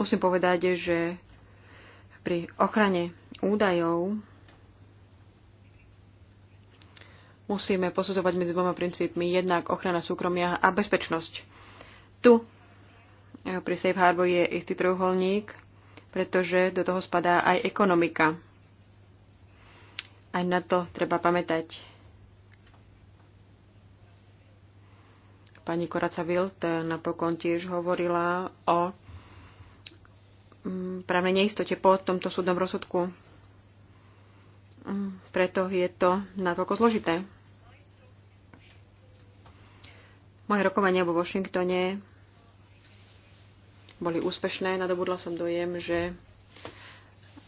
A: Musím povedať, že pri ochrane údajov musíme posudzovať medzi dvoma princípmi. Jednak ochrana súkromia a bezpečnosť. Tu eh, pri Safe Harbor je istý trojuholník pretože do toho spadá aj ekonomika. Aj na to treba pamätať. Pani Koraca Wild napokon tiež hovorila o mm, práve neistote po tomto súdnom rozsudku. Mm, preto je to natoľko zložité. Moje rokovanie vo Washingtone boli úspešné. Nadobudla som dojem, že e,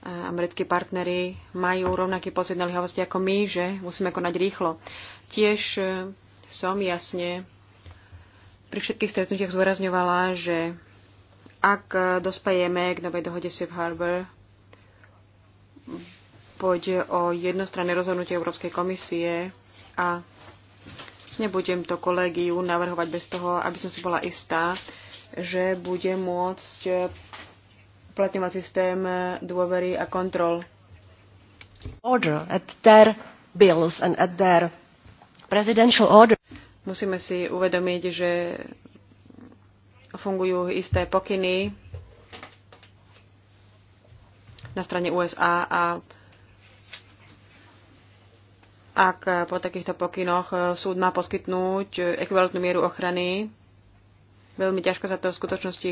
A: americkí partnery majú rovnaký pocit nalihavosti ako my, že musíme konať rýchlo. Tiež e, som jasne pri všetkých stretnutiach zvorazňovala, že ak e, dospejeme k novej dohode Safe Harbor, pôjde o jednostranné rozhodnutie Európskej komisie a Nebudem to kolegiu navrhovať bez toho, aby som si bola istá, že bude môcť uplatňovať systém dôvery a kontrol. Order at their bills and at their presidential order. Musíme si uvedomiť, že fungujú isté pokyny na strane USA a ak po takýchto pokynoch eh, súd má poskytnúť eh, ekvivalentnú mieru ochrany. Veľmi ťažko sa to v skutočnosti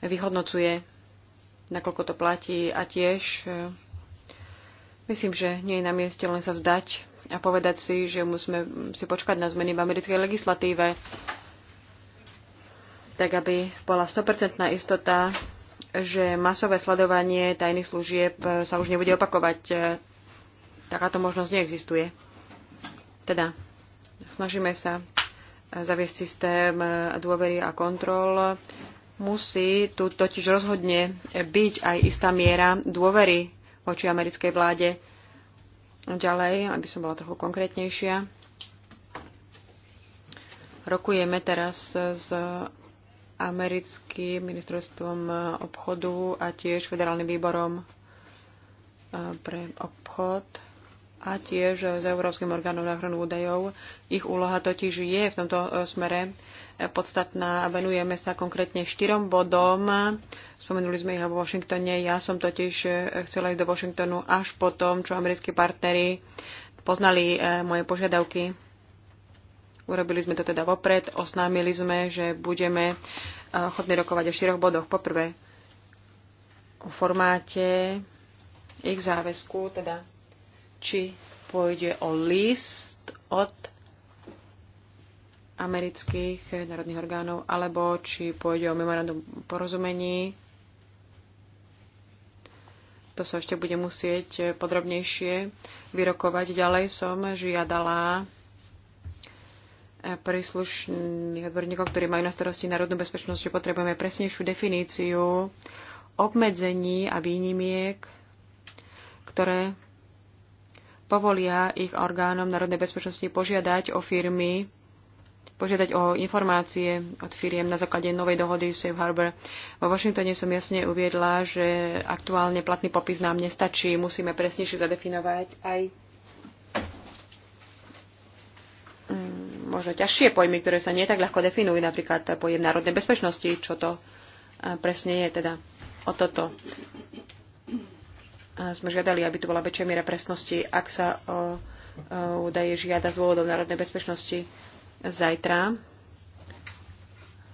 A: vyhodnocuje, nakoľko to platí a tiež eh, myslím, že nie je na mieste len sa vzdať a povedať si, že musíme hm, si počkať na zmeny v americkej legislatíve, tak aby bola 100% istota, že masové sledovanie tajných služieb sa už nebude opakovať Takáto možnosť neexistuje. Teda snažíme sa zaviesť systém dôvery a kontrol. Musí tu totiž rozhodne byť aj istá miera dôvery voči americkej vláde. Ďalej, aby som bola trochu konkrétnejšia, rokujeme teraz s americkým ministerstvom obchodu a tiež federálnym výborom eh, pre obchod a tiež s Európskym orgánom na ochranu údajov. Ich úloha totiž je v tomto e, smere podstatná a venujeme sa konkrétne štyrom bodom. Spomenuli sme ich vo Washingtone. Ja som totiž e, chcela ísť do Washingtonu až po tom, čo americkí partnery poznali e, moje požiadavky. Urobili sme to teda vopred, oznámili sme, že budeme ochotní rokovať o štyroch bodoch. Poprvé, o formáte ich záväzku, teda či pôjde o list od amerických národných orgánov, alebo či pôjde o memorandum porozumení. To sa ešte bude musieť podrobnejšie vyrokovať. Ďalej som žiadala eh, príslušných odborníkov, ktorí majú na starosti národnú bezpečnosť, že potrebujeme presnejšiu definíciu obmedzení a výnimiek, ktoré povolia ich orgánom národnej bezpečnosti požiadať o firmy, požiadať o informácie od firiem na základe novej dohody Safe Harbor. Vo Washingtone som jasne uviedla, že aktuálne platný popis nám nestačí, musíme presnejšie zadefinovať aj mm, možno ťažšie pojmy, ktoré sa nie tak ľahko definujú, napríklad pojem národnej bezpečnosti, čo to eh, presne je teda o toto sme žiadali, aby tu bola väčšia miera presnosti, ak sa o, o údaje žiada z dôvodov národnej bezpečnosti zajtra.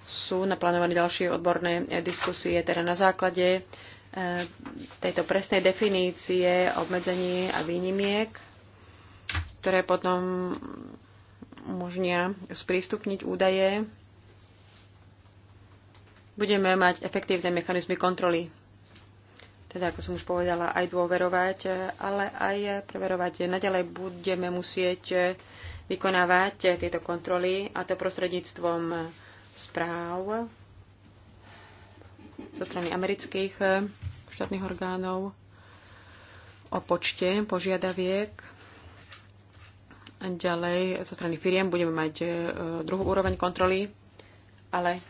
A: Sú naplánované ďalšie odborné e, diskusie, teda na základe e, tejto presnej definície obmedzení a výnimiek, ktoré potom umožnia sprístupniť údaje. Budeme mať efektívne mechanizmy kontroly teda ako som už povedala, aj dôverovať, ale aj preverovať. Naďalej budeme musieť vykonávať tieto kontroly a to prostredníctvom správ zo strany amerických štátnych orgánov o počte požiadaviek. Ďalej zo strany firiem budeme mať eh, druhú úroveň kontroly, ale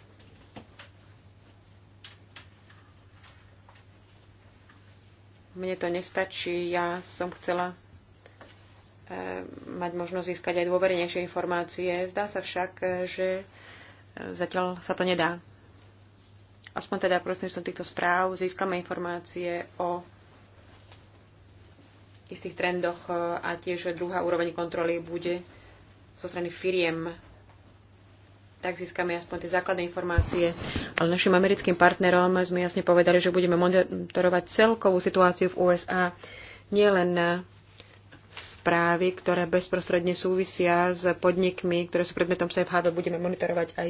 A: Mne to nestačí. Ja som chcela eh, mať možnosť získať aj dôvernejšie informácie. Zdá sa však, eh, že eh, zatiaľ sa to nedá. Aspoň teda prosím som týchto správ získame informácie o istých trendoch a tiež druhá úroveň kontroly bude zo strany firiem tak získame aspoň tie základné informácie. Ale našim americkým partnerom sme jasne povedali, že budeme monitorovať celkovú situáciu v USA, nielen eh, správy, ktoré bezprostredne súvisia s podnikmi, ktoré sú predmetom safe harbor, budeme monitorovať aj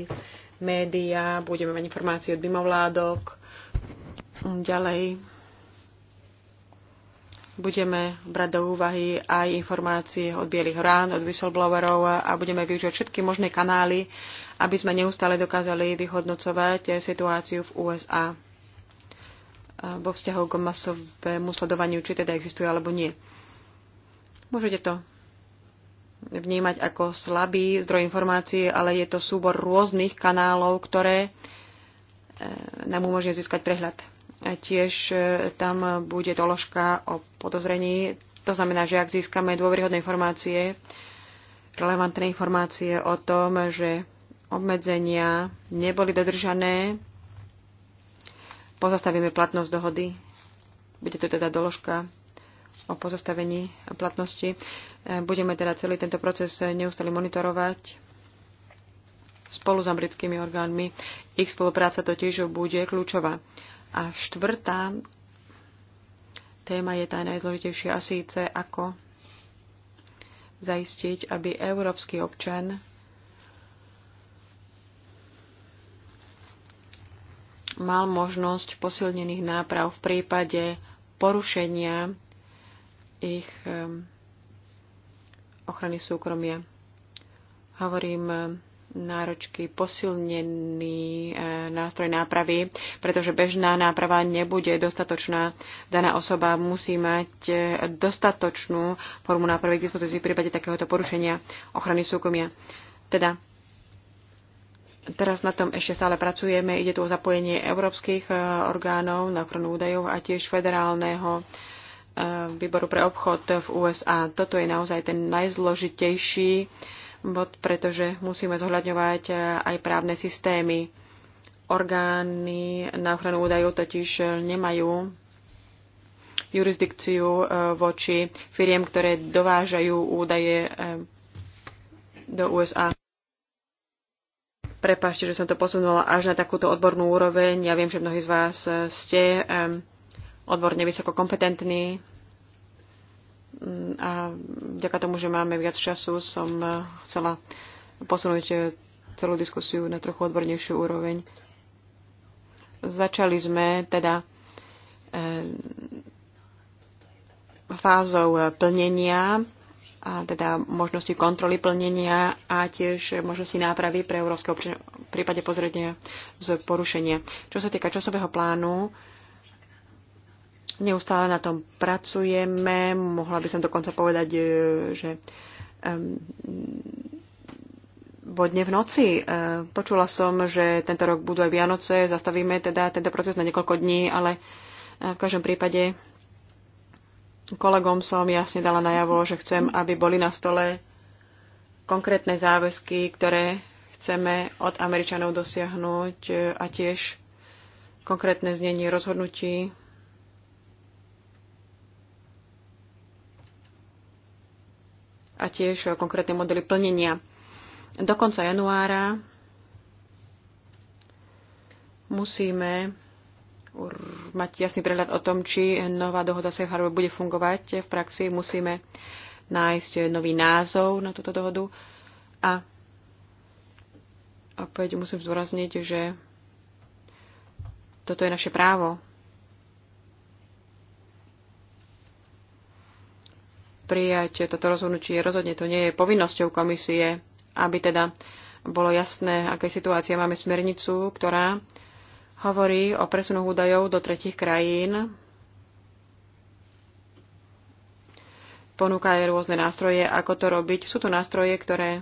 A: médiá, budeme mať informácie od mimovládok, ďalej budeme brať do úvahy aj informácie od Bielých rán, od whistleblowerov a budeme využívať všetky možné kanály, aby sme neustále dokázali vyhodnocovať situáciu v USA vo vzťahu k masovému sledovaniu, či teda existuje alebo nie. Môžete to vnímať ako slabý zdroj informácií, ale je to súbor rôznych kanálov, ktoré e, nám umožňuje získať prehľad. Tiež e, tam bude doložka o podozrení. To znamená, že ak získame dôveryhodné informácie, relevantné informácie o tom, že obmedzenia neboli dodržané, pozastavíme platnosť dohody. Bude to teda doložka o pozastavení platnosti. E, budeme teda celý tento proces neustále monitorovať spolu s americkými orgánmi. Ich spolupráca totiž bude kľúčová. A štvrtá téma je tá najzložitejšia a síce ako zaistiť, aby európsky občan mal možnosť posilnených náprav v prípade porušenia ich ehm, ochrany súkromia. Hovorím ehm, náročky, posilnený e, nástroj nápravy, pretože bežná náprava nebude dostatočná. Daná osoba musí mať e, dostatočnú formu nápravy k dispozícii v prípade takéhoto porušenia ochrany súkomia. Teda Teraz na tom ešte stále pracujeme. Ide tu o zapojenie európskych e, orgánov na ochranu údajov a tiež federálneho výboru pre obchod v USA. Toto je naozaj ten najzložitejší bod, pretože musíme zohľadňovať e, aj právne systémy. Orgány na ochranu údajov totiž e, nemajú jurisdikciu e, voči firiem, ktoré dovážajú údaje do USA. Prepašte, že som to posunula až na takúto odbornú úroveň. Ja viem, že mnohí z vás ste odborne vysoko kompetentní a vďaka tomu, že máme viac času, som eh, chcela posunúť eh, celú diskusiu na trochu odbornejšiu úroveň. Začali sme teda eh, fázou plnenia, a teda možnosti kontroly plnenia a tiež možnosti nápravy pre európske občania v prípade pozrenia z porušenia. Čo sa týka časového plánu, Neustále na tom pracujeme. Mohla by som dokonca povedať, e, že vodne v noci. E, počula som, že tento rok budú aj Vianoce, zastavíme teda tento proces na niekoľko dní, ale e, v každom prípade kolegom som jasne dala najavo, že chcem, aby boli na stole konkrétne záväzky, ktoré chceme od Američanov dosiahnuť a tiež konkrétne znenie rozhodnutí, a tiež konkrétne modely plnenia. Do konca januára musíme mať jasný prehľad o tom, či nová dohoda Safe Harbor bude fungovať v praxi. Musíme nájsť nový názov na túto dohodu a opäť musím zdôrazniť, že toto je naše právo prijať toto rozhodnutie. Rozhodne to nie je povinnosťou komisie, aby teda bolo jasné, aké situácie máme smernicu, ktorá hovorí o presunu údajov do tretich krajín. Ponúka aj rôzne nástroje, ako to robiť. Sú to nástroje, ktoré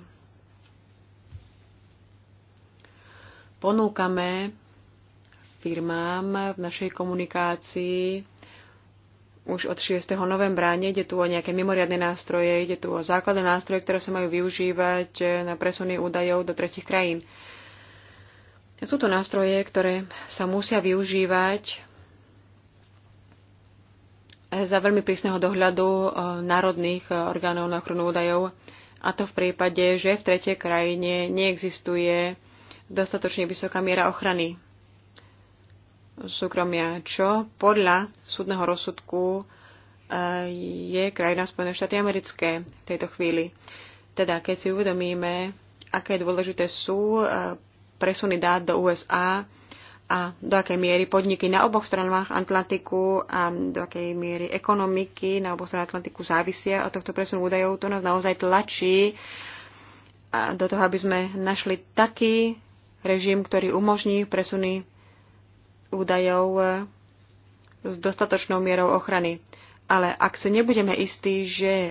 A: ponúkame firmám v našej komunikácii už od 6. novembra. Nejde tu o nejaké mimoriadne nástroje, ide tu o základné nástroje, ktoré sa majú využívať e, na presuny údajov do tretich krajín. Sú to nástroje, ktoré sa musia využívať za veľmi prísneho dohľadu e, národných e, orgánov na ochranu údajov, a to v prípade, že v tretej krajine neexistuje dostatočne vysoká miera ochrany súkromia, čo podľa súdneho rozsudku e, je krajina Spojené štáty americké v tejto chvíli. Teda keď si uvedomíme, aké dôležité sú e, presuny dát do USA a do akej miery podniky na oboch stranách Atlantiku a do akej miery ekonomiky na oboch stranách Atlantiku závisia od tohto presunu údajov, to nás naozaj tlačí e, do toho, aby sme našli taký režim, ktorý umožní presuny údajov e, s dostatočnou mierou ochrany. Ale ak si nebudeme istí, že e,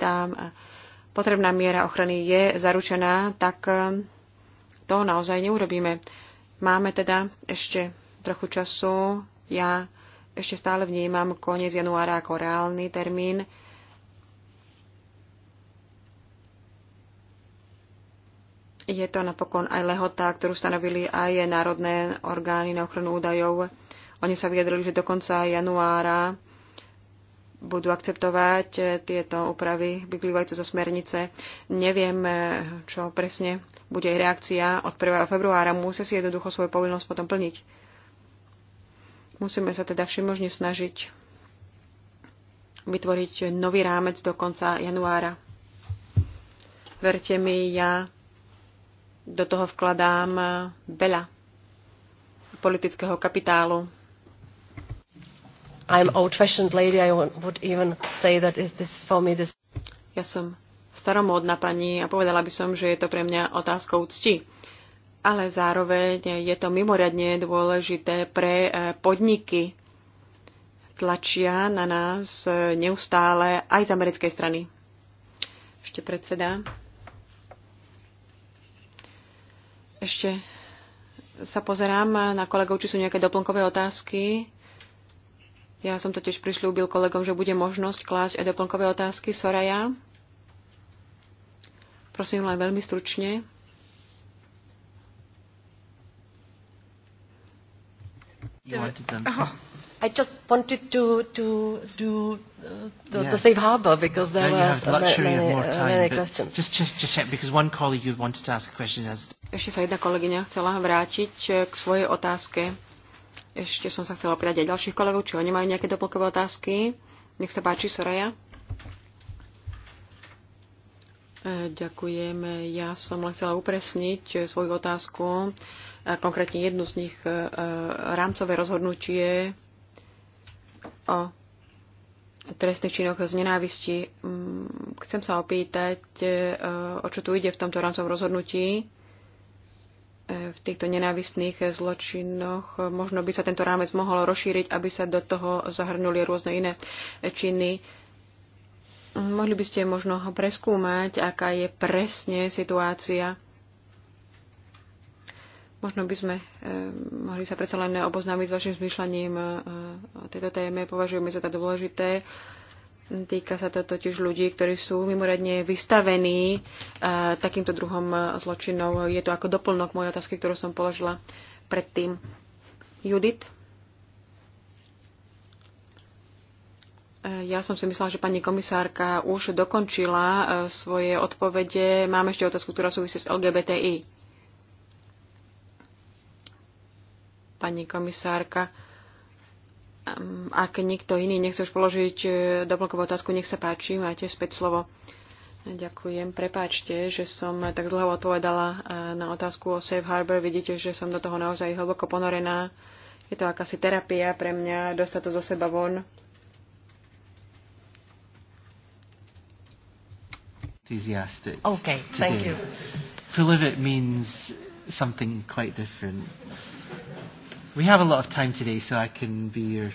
A: tam potrebná miera ochrany je zaručená, tak e, to naozaj neurobíme. Máme teda ešte trochu času. Ja ešte stále vnímam koniec januára ako reálny termín. Je to napokon aj lehota, ktorú stanovili aj národné orgány na ochranu údajov. Oni sa vyjadrili, že do konca januára budú akceptovať eh, tieto úpravy vyplývajúce zo smernice. Neviem, eh, čo presne bude jej reakcia od 1. februára. Musia si jednoducho svoju povinnosť potom plniť. Musíme sa teda všemožne snažiť vytvoriť nový rámec do konca januára. Verte mi, ja do toho vkladám eh, veľa politického kapitálu. I'm old-fashioned lady, I would even say that is this for me this... Ja som staromódna pani a povedala by som, že je to pre mňa otázkou cti. Ale zároveň je to mimoriadne dôležité pre eh, podniky. Tlačia na nás eh, neustále aj z americkej strany. Ešte predseda. Ešte sa pozerám na kolegov, či sú nejaké doplnkové otázky. Ja som totiž prišľúbil kolegom, že bude možnosť klásť aj doplnkové otázky. Soraya. Prosím len veľmi stručne.
D: You wanted them. Oh.
C: I just wanted to, to do uh, the, yeah. the safe harbour because there no, were the
D: luxury many, more uh, time, many questions. Just, just, just check, because one colleague who wanted to ask a question has...
A: Ešte sa jedna kolegyňa chcela vrátiť eh, k svojej otázke. Ešte som sa chcela opýtať aj ďalších kolegov, či oni majú nejaké doplnkové otázky. Nech sa páči, Soraya. Eh, ďakujem. Ja som len chcela upresniť eh, svoju otázku, konkrétne jednu z nich, rámcové rozhodnutie o trestných činoch z nenávisti. Mm, chcem sa opýtať, e, o čo tu ide v tomto rámcovom rozhodnutí e, v týchto nenávistných zločinoch. Možno by sa tento rámec mohol rozšíriť, aby sa do toho zahrnuli rôzne iné činy. Mohli by ste možno preskúmať, aká je presne situácia Možno by sme eh, mohli sa predsa len oboznámiť s vašim zmyšľaním eh, o tejto téme. Považujeme za to dôležité. Týka sa to totiž ľudí, ktorí sú mimoriadne vystavení eh, takýmto druhom zločinov. Je to ako doplnok mojej otázky, ktorú som položila predtým. Judith? Ja som si myslela, že pani komisárka už dokončila svoje odpovede. Mám ešte otázku, ktorá súvisí s LGBTI. pani komisárka. Um, ak nikto iný nechce už položiť e, doplnkovú otázku, nech sa páči, máte späť slovo. Ďakujem. Prepáčte, že som tak dlho odpovedala e, na otázku o Safe Harbor. Vidíte, že som do toho naozaj hlboko ponorená. Je to akási terapia pre mňa, dostať to zo seba von.
D: Okay, thank you. means something quite different. We have a lot of time today, so I can be your,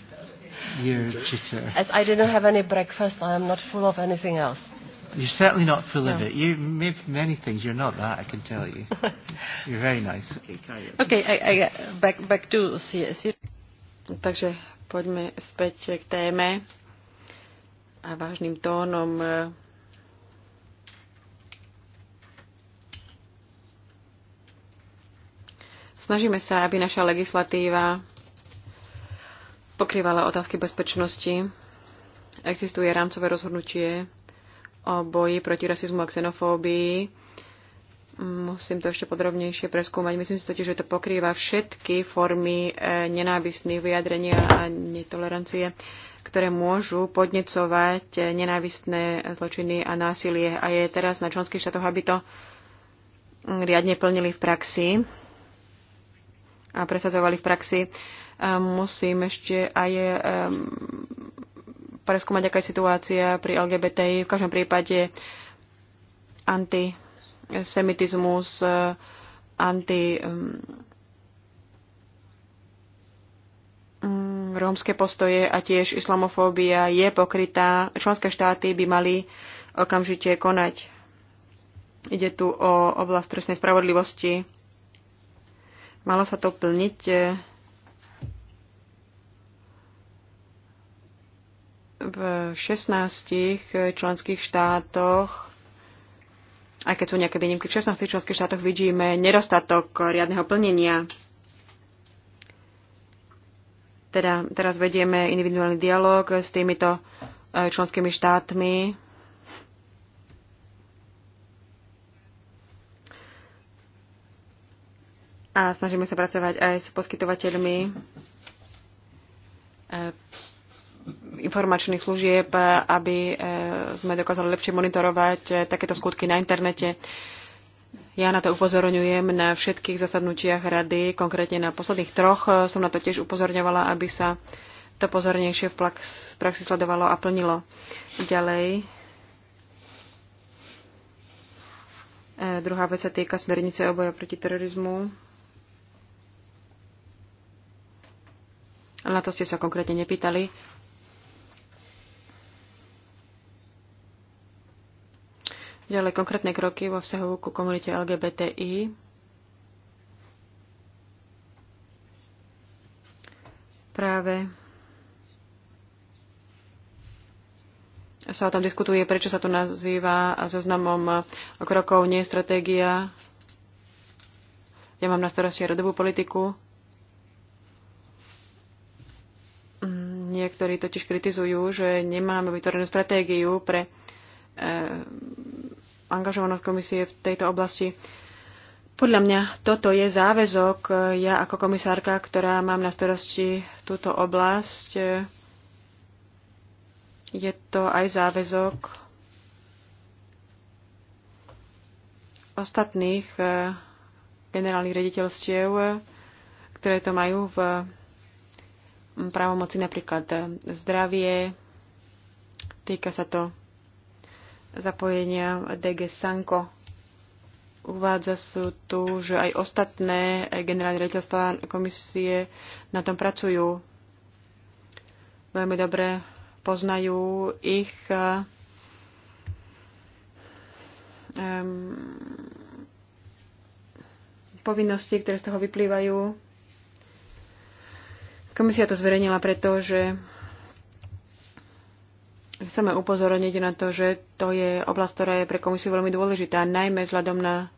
D: your tutor.
C: As I do not have any breakfast, I am not full of anything else. You're certainly not full no. of it.
D: You may many things. You're not that, I can tell you. You're very nice. Okay, carry
A: Okay, I, I, back, back to CSU. Takže poďme späť k téme a vážnym tónom eh, Snažíme sa, aby naša legislatíva pokrývala otázky bezpečnosti. Existuje rámcové rozhodnutie o boji proti rasizmu a xenofóbii. Musím to ešte podrobnejšie preskúmať. Myslím si totiž, že to pokrýva všetky formy eh, nenávistných vyjadrenia a netolerancie, ktoré môžu podnecovať eh, nenávistné zločiny a násilie. A je teraz na členských štátoch, aby to riadne plnili v praxi a presadzovali v praxi. Ehm, musím ešte aj ehm, preskúmať, aká je situácia pri LGBTI. V každom prípade antisemitizmus, ehm, anti mm, rómske postoje a tiež islamofóbia je pokrytá. Členské štáty by mali okamžite konať. Ide tu o oblasť trestnej spravodlivosti Malo sa to plniť e, v 16 členských štátoch aj keď sú nejaké výnimky v 16 členských štátoch, vidíme nedostatok riadneho plnenia. Teda teraz vedieme individuálny dialog s týmito e, členskými štátmi a snažíme sa pracovať aj s poskytovateľmi e, informačných služieb, aby e, sme dokázali lepšie monitorovať e, takéto skutky na internete. Ja na to upozorňujem na všetkých zasadnutiach rady, konkrétne na posledných troch som na to tiež upozorňovala, aby sa to pozornejšie v praxi sledovalo a plnilo. Ďalej. Druhá vec sa týka smernice oboja proti terorizmu. ale na to ste sa konkrétne nepýtali. Ďalej konkrétne kroky vo vzťahu ku komunite LGBTI. Práve sa o tom diskutuje, prečo sa to nazýva zoznamom krokov, nie stratégia. Ja mám na starosti rodovú politiku. Niektorí totiž kritizujú, že nemáme vytvorenú stratégiu pre e, angažovanosť komisie v tejto oblasti. Podľa mňa toto je záväzok. Ja ako komisárka, ktorá mám na starosti túto oblasť, je to aj záväzok ostatných e, generálnych rediteľstiev, ktoré to majú v právomoci, napríklad eh, zdravie, týka sa to zapojenia DG Sanko. Uvádza sa tu, že aj ostatné eh, generálne riaditeľstva komisie na tom pracujú. Veľmi dobre poznajú ich um, povinnosti, ktoré z toho vyplývajú Komisia to zverejnila preto, že chceme upozorniť na to, že to je oblasť, ktorá je pre komisiu veľmi dôležitá, najmä vzhľadom na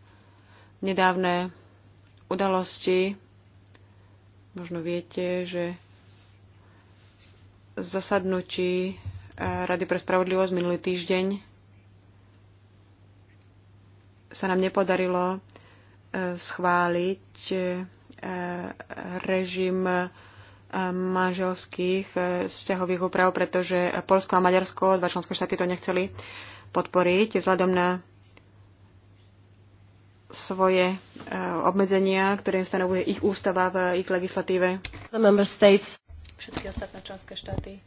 A: nedávne udalosti. Možno viete, že zasadnutí eh, Rady pre spravodlivosť minulý týždeň sa nám nepodarilo eh, schváliť eh, režim manželských e, vzťahových úprav, pretože Polsko a Maďarsko, dva členské štáty to nechceli podporiť vzhľadom na svoje e, obmedzenia, ktoré im stanovuje ich ústava v ich legislatíve.
B: Všetky ostatné členské štáty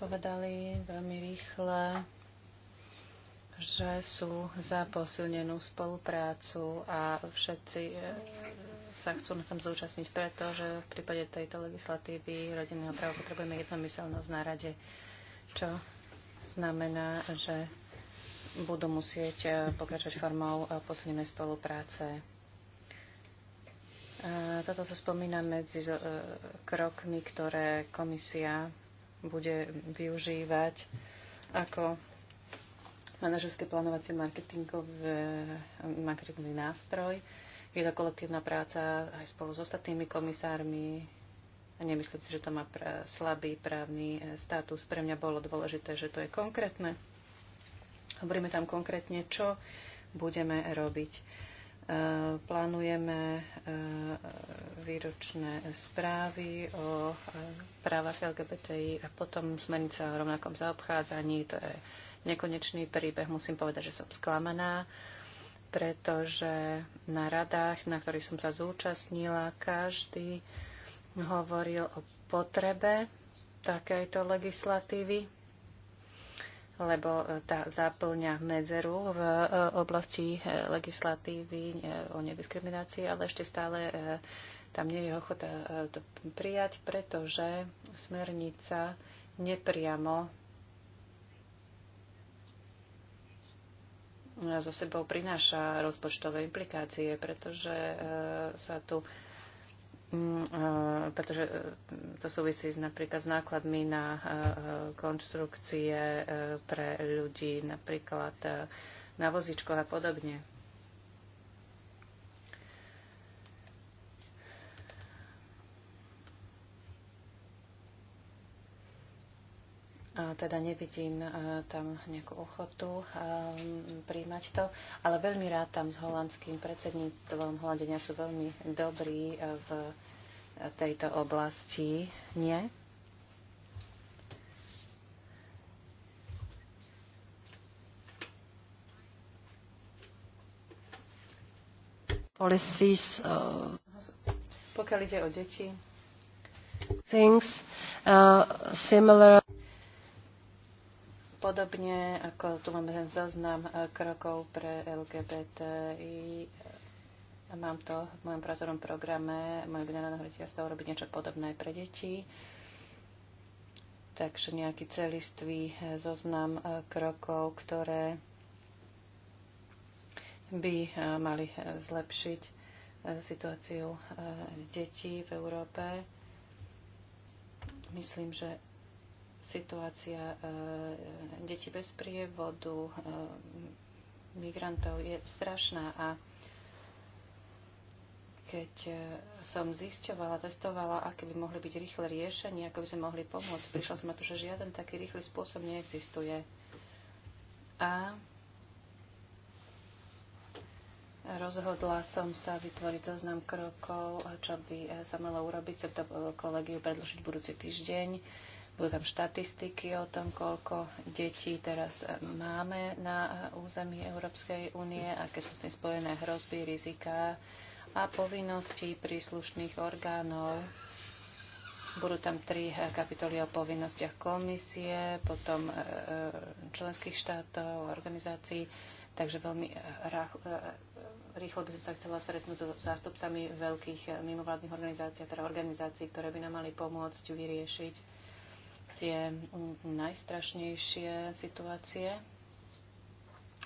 B: povedali veľmi rýchle, že sú za posilnenú spoluprácu a všetci e, sa chcú na tom zúčastniť, pretože v prípade tejto legislatívy rodinného práva potrebujeme jednomyselnosť na rade, čo znamená, že budú musieť eh, pokračovať formou eh, posilnenej spolupráce. Eh, toto sa spomína medzi krokmi, ktoré komisia bude využívať ako manažerské plánovacie marketingové, marketingový nástroj. Je to kolektívna práca aj spolu s ostatnými komisármi. A nemyslím si, že to má pra- slabý právny e, status. Pre mňa bolo dôležité, že to je konkrétne. Hovoríme tam konkrétne, čo budeme robiť. E, plánujeme e, výročné správy o právach LGBTI a potom smernica o rovnakom zaobchádzaní. To je nekonečný príbeh. Musím povedať, že som sklamaná pretože na radách, na ktorých som sa zúčastnila, každý hovoril o potrebe takejto legislatívy, lebo e, tá zaplňa medzeru v e, oblasti e, legislatívy o nediskriminácii, ale ešte stále tam nie je ochota to prijať, pretože smernica nepriamo zo sebou prináša rozpočtové implikácie, pretože e, sa tu mm, e, pretože e, to súvisí napríklad s nákladmi na konštrukcie pre ľudí, napríklad na vozičkoch a podobne. teda nevidím e, tam nejakú ochotu e, príjmať to, ale veľmi rád tam s holandským predsedníctvom. Holandenia sú veľmi dobrí e, v tejto oblasti. Nie?
C: Policies, uh...
B: Pokiaľ ide o deti,
C: things uh, similar
B: Podobne ako tu máme ten zoznam eh, krokov pre LGBT eh, mám to v mojom pracovnom programe mojho generálneho riaditeľstva urobiť niečo podobné aj pre deti. Takže nejaký celistvý eh, zoznam krokov, ktoré by mali zlepšiť situáciu detí v Európe. Myslím, že Situácia e, detí bez prievodu, e, migrantov je strašná a keď e, som zisťovala, testovala, aké by mohli byť rýchle riešenie, ako by sme mohli pomôcť, prišla som na to, že žiaden taký rýchly spôsob neexistuje. A rozhodla som sa vytvoriť zoznam krokov, čo by sa malo urobiť. Chcem to kolegiu predložiť budúci týždeň budú tam štatistiky o tom, koľko detí teraz e, máme na území Európskej únie, aké sú s tým spojené hrozby, riziká a povinnosti príslušných orgánov. Budú tam tri e, kapitoly o povinnostiach komisie, potom e, členských štátov, organizácií. Takže veľmi rýchlo by som sa chcela stretnúť so zástupcami veľkých mimovládnych organizácií, teda organizácií, ktoré by nám mali pomôcť vyriešiť tie najstrašnejšie situácie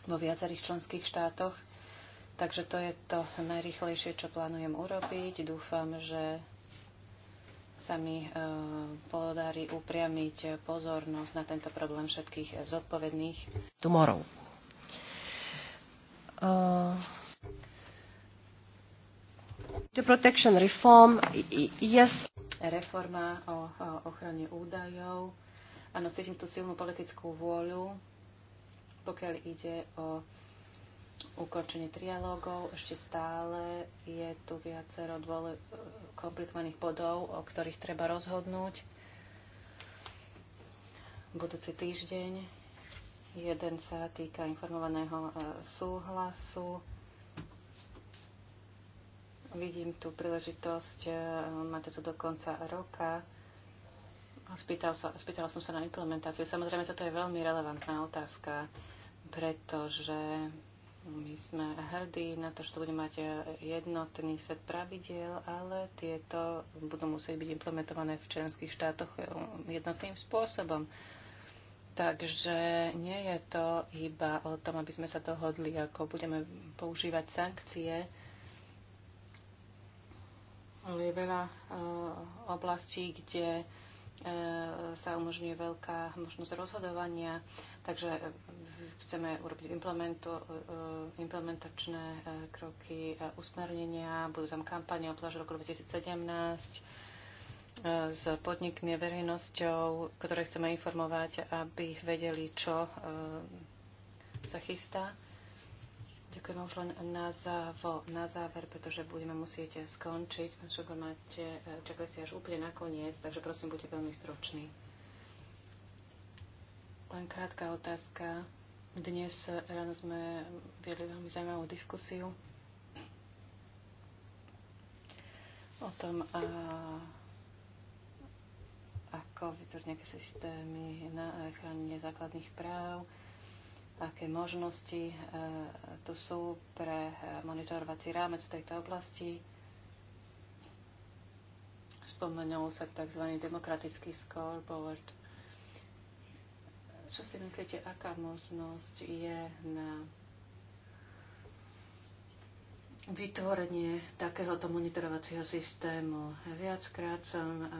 B: vo viacerých členských štátoch. Takže to je to najrychlejšie, čo plánujem urobiť. Dúfam, že sa mi e, podarí upriamiť pozornosť na tento problém všetkých zodpovedných.
C: tumorov. Uh... E, protection reform, yes.
B: Reforma o, o ochrane údajov. Áno, cítim tú silnú politickú vôľu, pokiaľ ide o ukončenie trialógov. Ešte stále je tu viacero dôle, komplikovaných bodov, o ktorých treba rozhodnúť. Budúci týždeň jeden sa týka informovaného e, súhlasu Vidím tú príležitosť, eh, máte tu do konca roka. Spýtal sa, spýtala som sa na implementáciu. Samozrejme, toto je veľmi relevantná otázka, pretože my sme hrdí na to, že to bude mať eh, jednotný set pravidiel, ale tieto budú musieť byť implementované v členských štátoch eh, jednotným spôsobom. Takže nie je to iba o tom, aby sme sa dohodli, ako budeme používať sankcie, je veľa eh, oblastí, kde eh, sa umožňuje veľká možnosť rozhodovania, takže eh, chceme urobiť implementačné kroky usmernenia, budú tam kampane, obzvlášť roku 2017, s podnikmi a verejnosťou, ktoré chceme informovať, aby vedeli, čo sa chystá. Ďakujem vám už len na, záver, na záver, pretože budeme musieť skončiť. Pán Šogor, máte, e, čakali ste až úplne na koniec, takže prosím, buďte veľmi stroční. Len krátka otázka. Dnes ráno sme viedli veľmi zaujímavú diskusiu o tom, a, ako vytvoriť nejaké systémy na chránenie základných práv aké možnosti eh, tu sú pre eh, monitorovací rámec v tejto oblasti. Spomenul sa tzv. demokratický scoreboard. Čo si myslíte, aká možnosť je na vytvorenie takéhoto monitorovacieho systému. Viackrát som eh,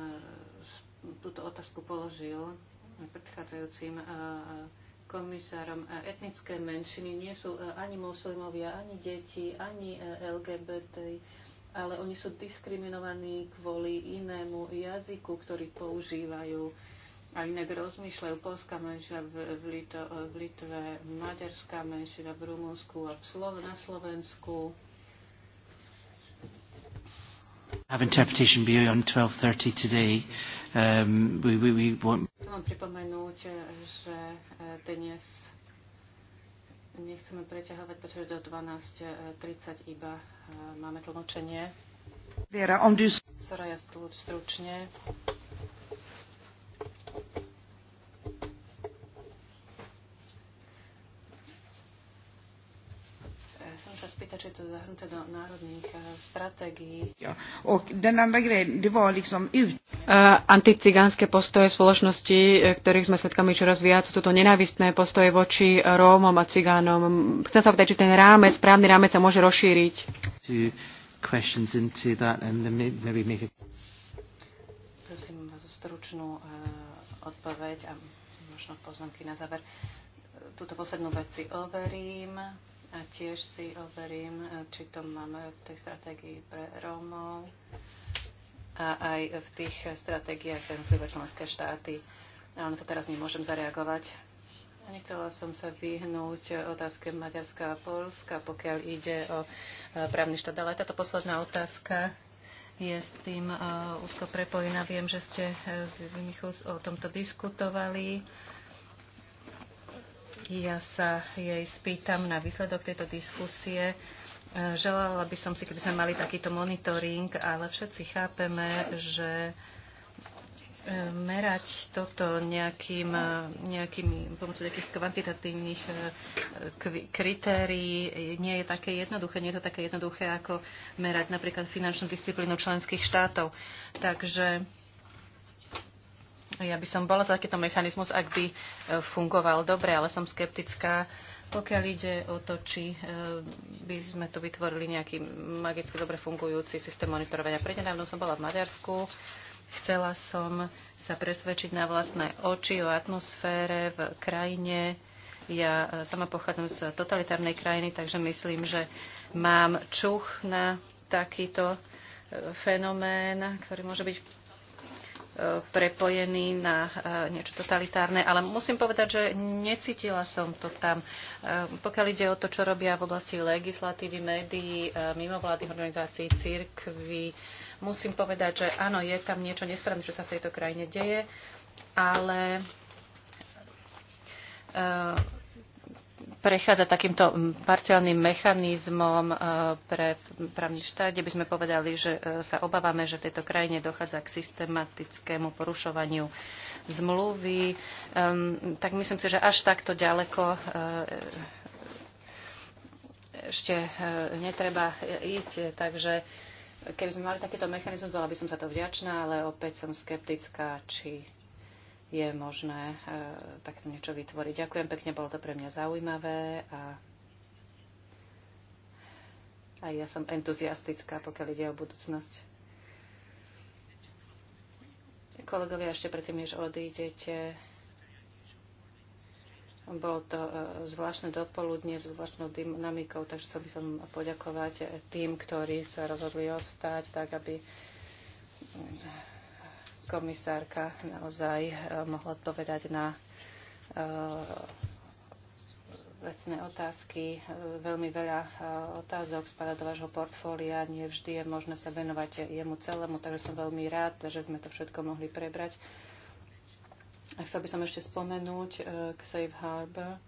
B: túto otázku položil predchádzajúcim komisárom. E, etnické menšiny nie sú e, ani moslimovia, ani deti, ani e, LGBT, ale oni sú diskriminovaní kvôli inému jazyku, ktorý používajú a inak rozmýšľajú. Polská menšina v, v, Lito, v Litve, maďarská menšina v Rumunsku a v Slo- na Slovensku
D: Have interpretation beyond 12.30 today. Um, we, we, we want...
B: Chcem pripomenúť, že eh, dnes nechceme preťahovať, pretože do 12.30 iba eh, máme tlmočenie.
C: Viera, on do... du...
B: ja stručne. takže to do národných eh, stratégií.
A: den andra det var liksom ut... Eh, Anticigánske postoje spoločnosti, eh, ktorých sme svedkami čoraz viac, sú to nenávistné postoje voči Rómom a Cigánom. Chcem sa opýtať, či ten rámec, právny rámec sa môže rozšíriť.
D: Prosím
B: vás o stručnú odpoveď a možno poznámky na záver. Túto poslednú vec si overím. A tiež si overím, e, či to máme v tej stratégii pre Rómov a aj v tých stratégiách pre jednotlivé členské štáty. Ale na to teraz nemôžem zareagovať. Nechcela som sa vyhnúť otázke Maďarska a Polska, pokiaľ ide o e, právny štát. Ale táto posledná otázka je s tým e, úzko prepojená. Viem, že ste s Michus o tomto diskutovali. Ja sa jej spýtam na výsledok tejto diskusie. E, želala by som si, keby sme mali takýto monitoring, ale všetci chápeme, že e, merať toto nejakým, e, nejakým pomocou nejakých kvantitatívnych kritérií nie je také jednoduché. Nie je to také jednoduché, ako merať napríklad finančnú disciplínu členských štátov. Takže ja by som bola za takýto mechanizmus, ak by e, fungoval dobre, ale som skeptická, pokiaľ ide o to, či e, by sme tu vytvorili nejaký magicky dobre fungujúci systém monitorovania. Prednedávno som bola v Maďarsku, chcela som sa presvedčiť na vlastné oči o atmosfére v krajine. Ja e, sama pochádzam z totalitárnej krajiny, takže myslím, že mám čuch na takýto fenomén, ktorý môže byť prepojený na eh, niečo totalitárne, ale musím povedať, že necítila som to tam. Eh, pokiaľ ide o to, čo robia v oblasti legislatívy, médií, eh, mimovládnych organizácií, církvy, musím povedať, že áno, je tam niečo nesprávne, čo sa v tejto krajine deje, ale prechádza takýmto parciálnym mechanizmom e, pre právny štát, kde by sme povedali, že e, sa obávame, že v tejto krajine dochádza k systematickému porušovaniu zmluvy, tak myslím si, že až takto ďaleko e, ešte netreba ísť, takže keby sme mali takýto mechanizmus, bola by som sa to vďačná, ale opäť som skeptická, či je možné e, takto niečo vytvoriť. Ďakujem pekne, bolo to pre mňa zaujímavé a aj ja som entuziastická, pokiaľ ide o budúcnosť. Kolegovia, ešte predtým, než odídete, bolo to e, zvláštne dopoludne so zvláštnou dynamikou, takže chcel by som poďakovať tým, ktorí sa rozhodli ostať, tak aby komisárka naozaj eh, mohla odpovedať na eh, vecné otázky. Eh, veľmi veľa otázok spada do vášho portfólia. Nie vždy je možné sa venovať jemu celému, takže som veľmi rád, že sme to všetko mohli prebrať. A chcel by som ešte spomenúť k Safe Harbor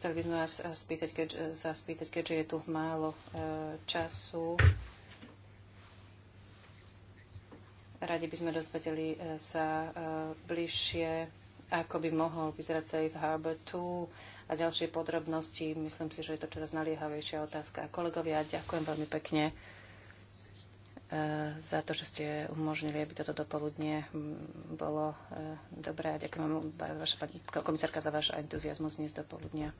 B: Chceli by sme vás eh, spýtať, keď, eh, sa spýtať, keďže je tu málo eh, času. Radi by sme dozvedeli sa bližšie ako by mohol vyzerať Safe Harbor 2 a ďalšie podrobnosti. Myslím si, že je to čoraz naliehavejšia otázka. Kolegovia, ďakujem veľmi pekne. E, za to, že ste umožnili, aby toto dopoludne bolo e, dobré. A ďakujem vám, vaša pani komisárka, za váš entuziasmus dnes dopoludnia.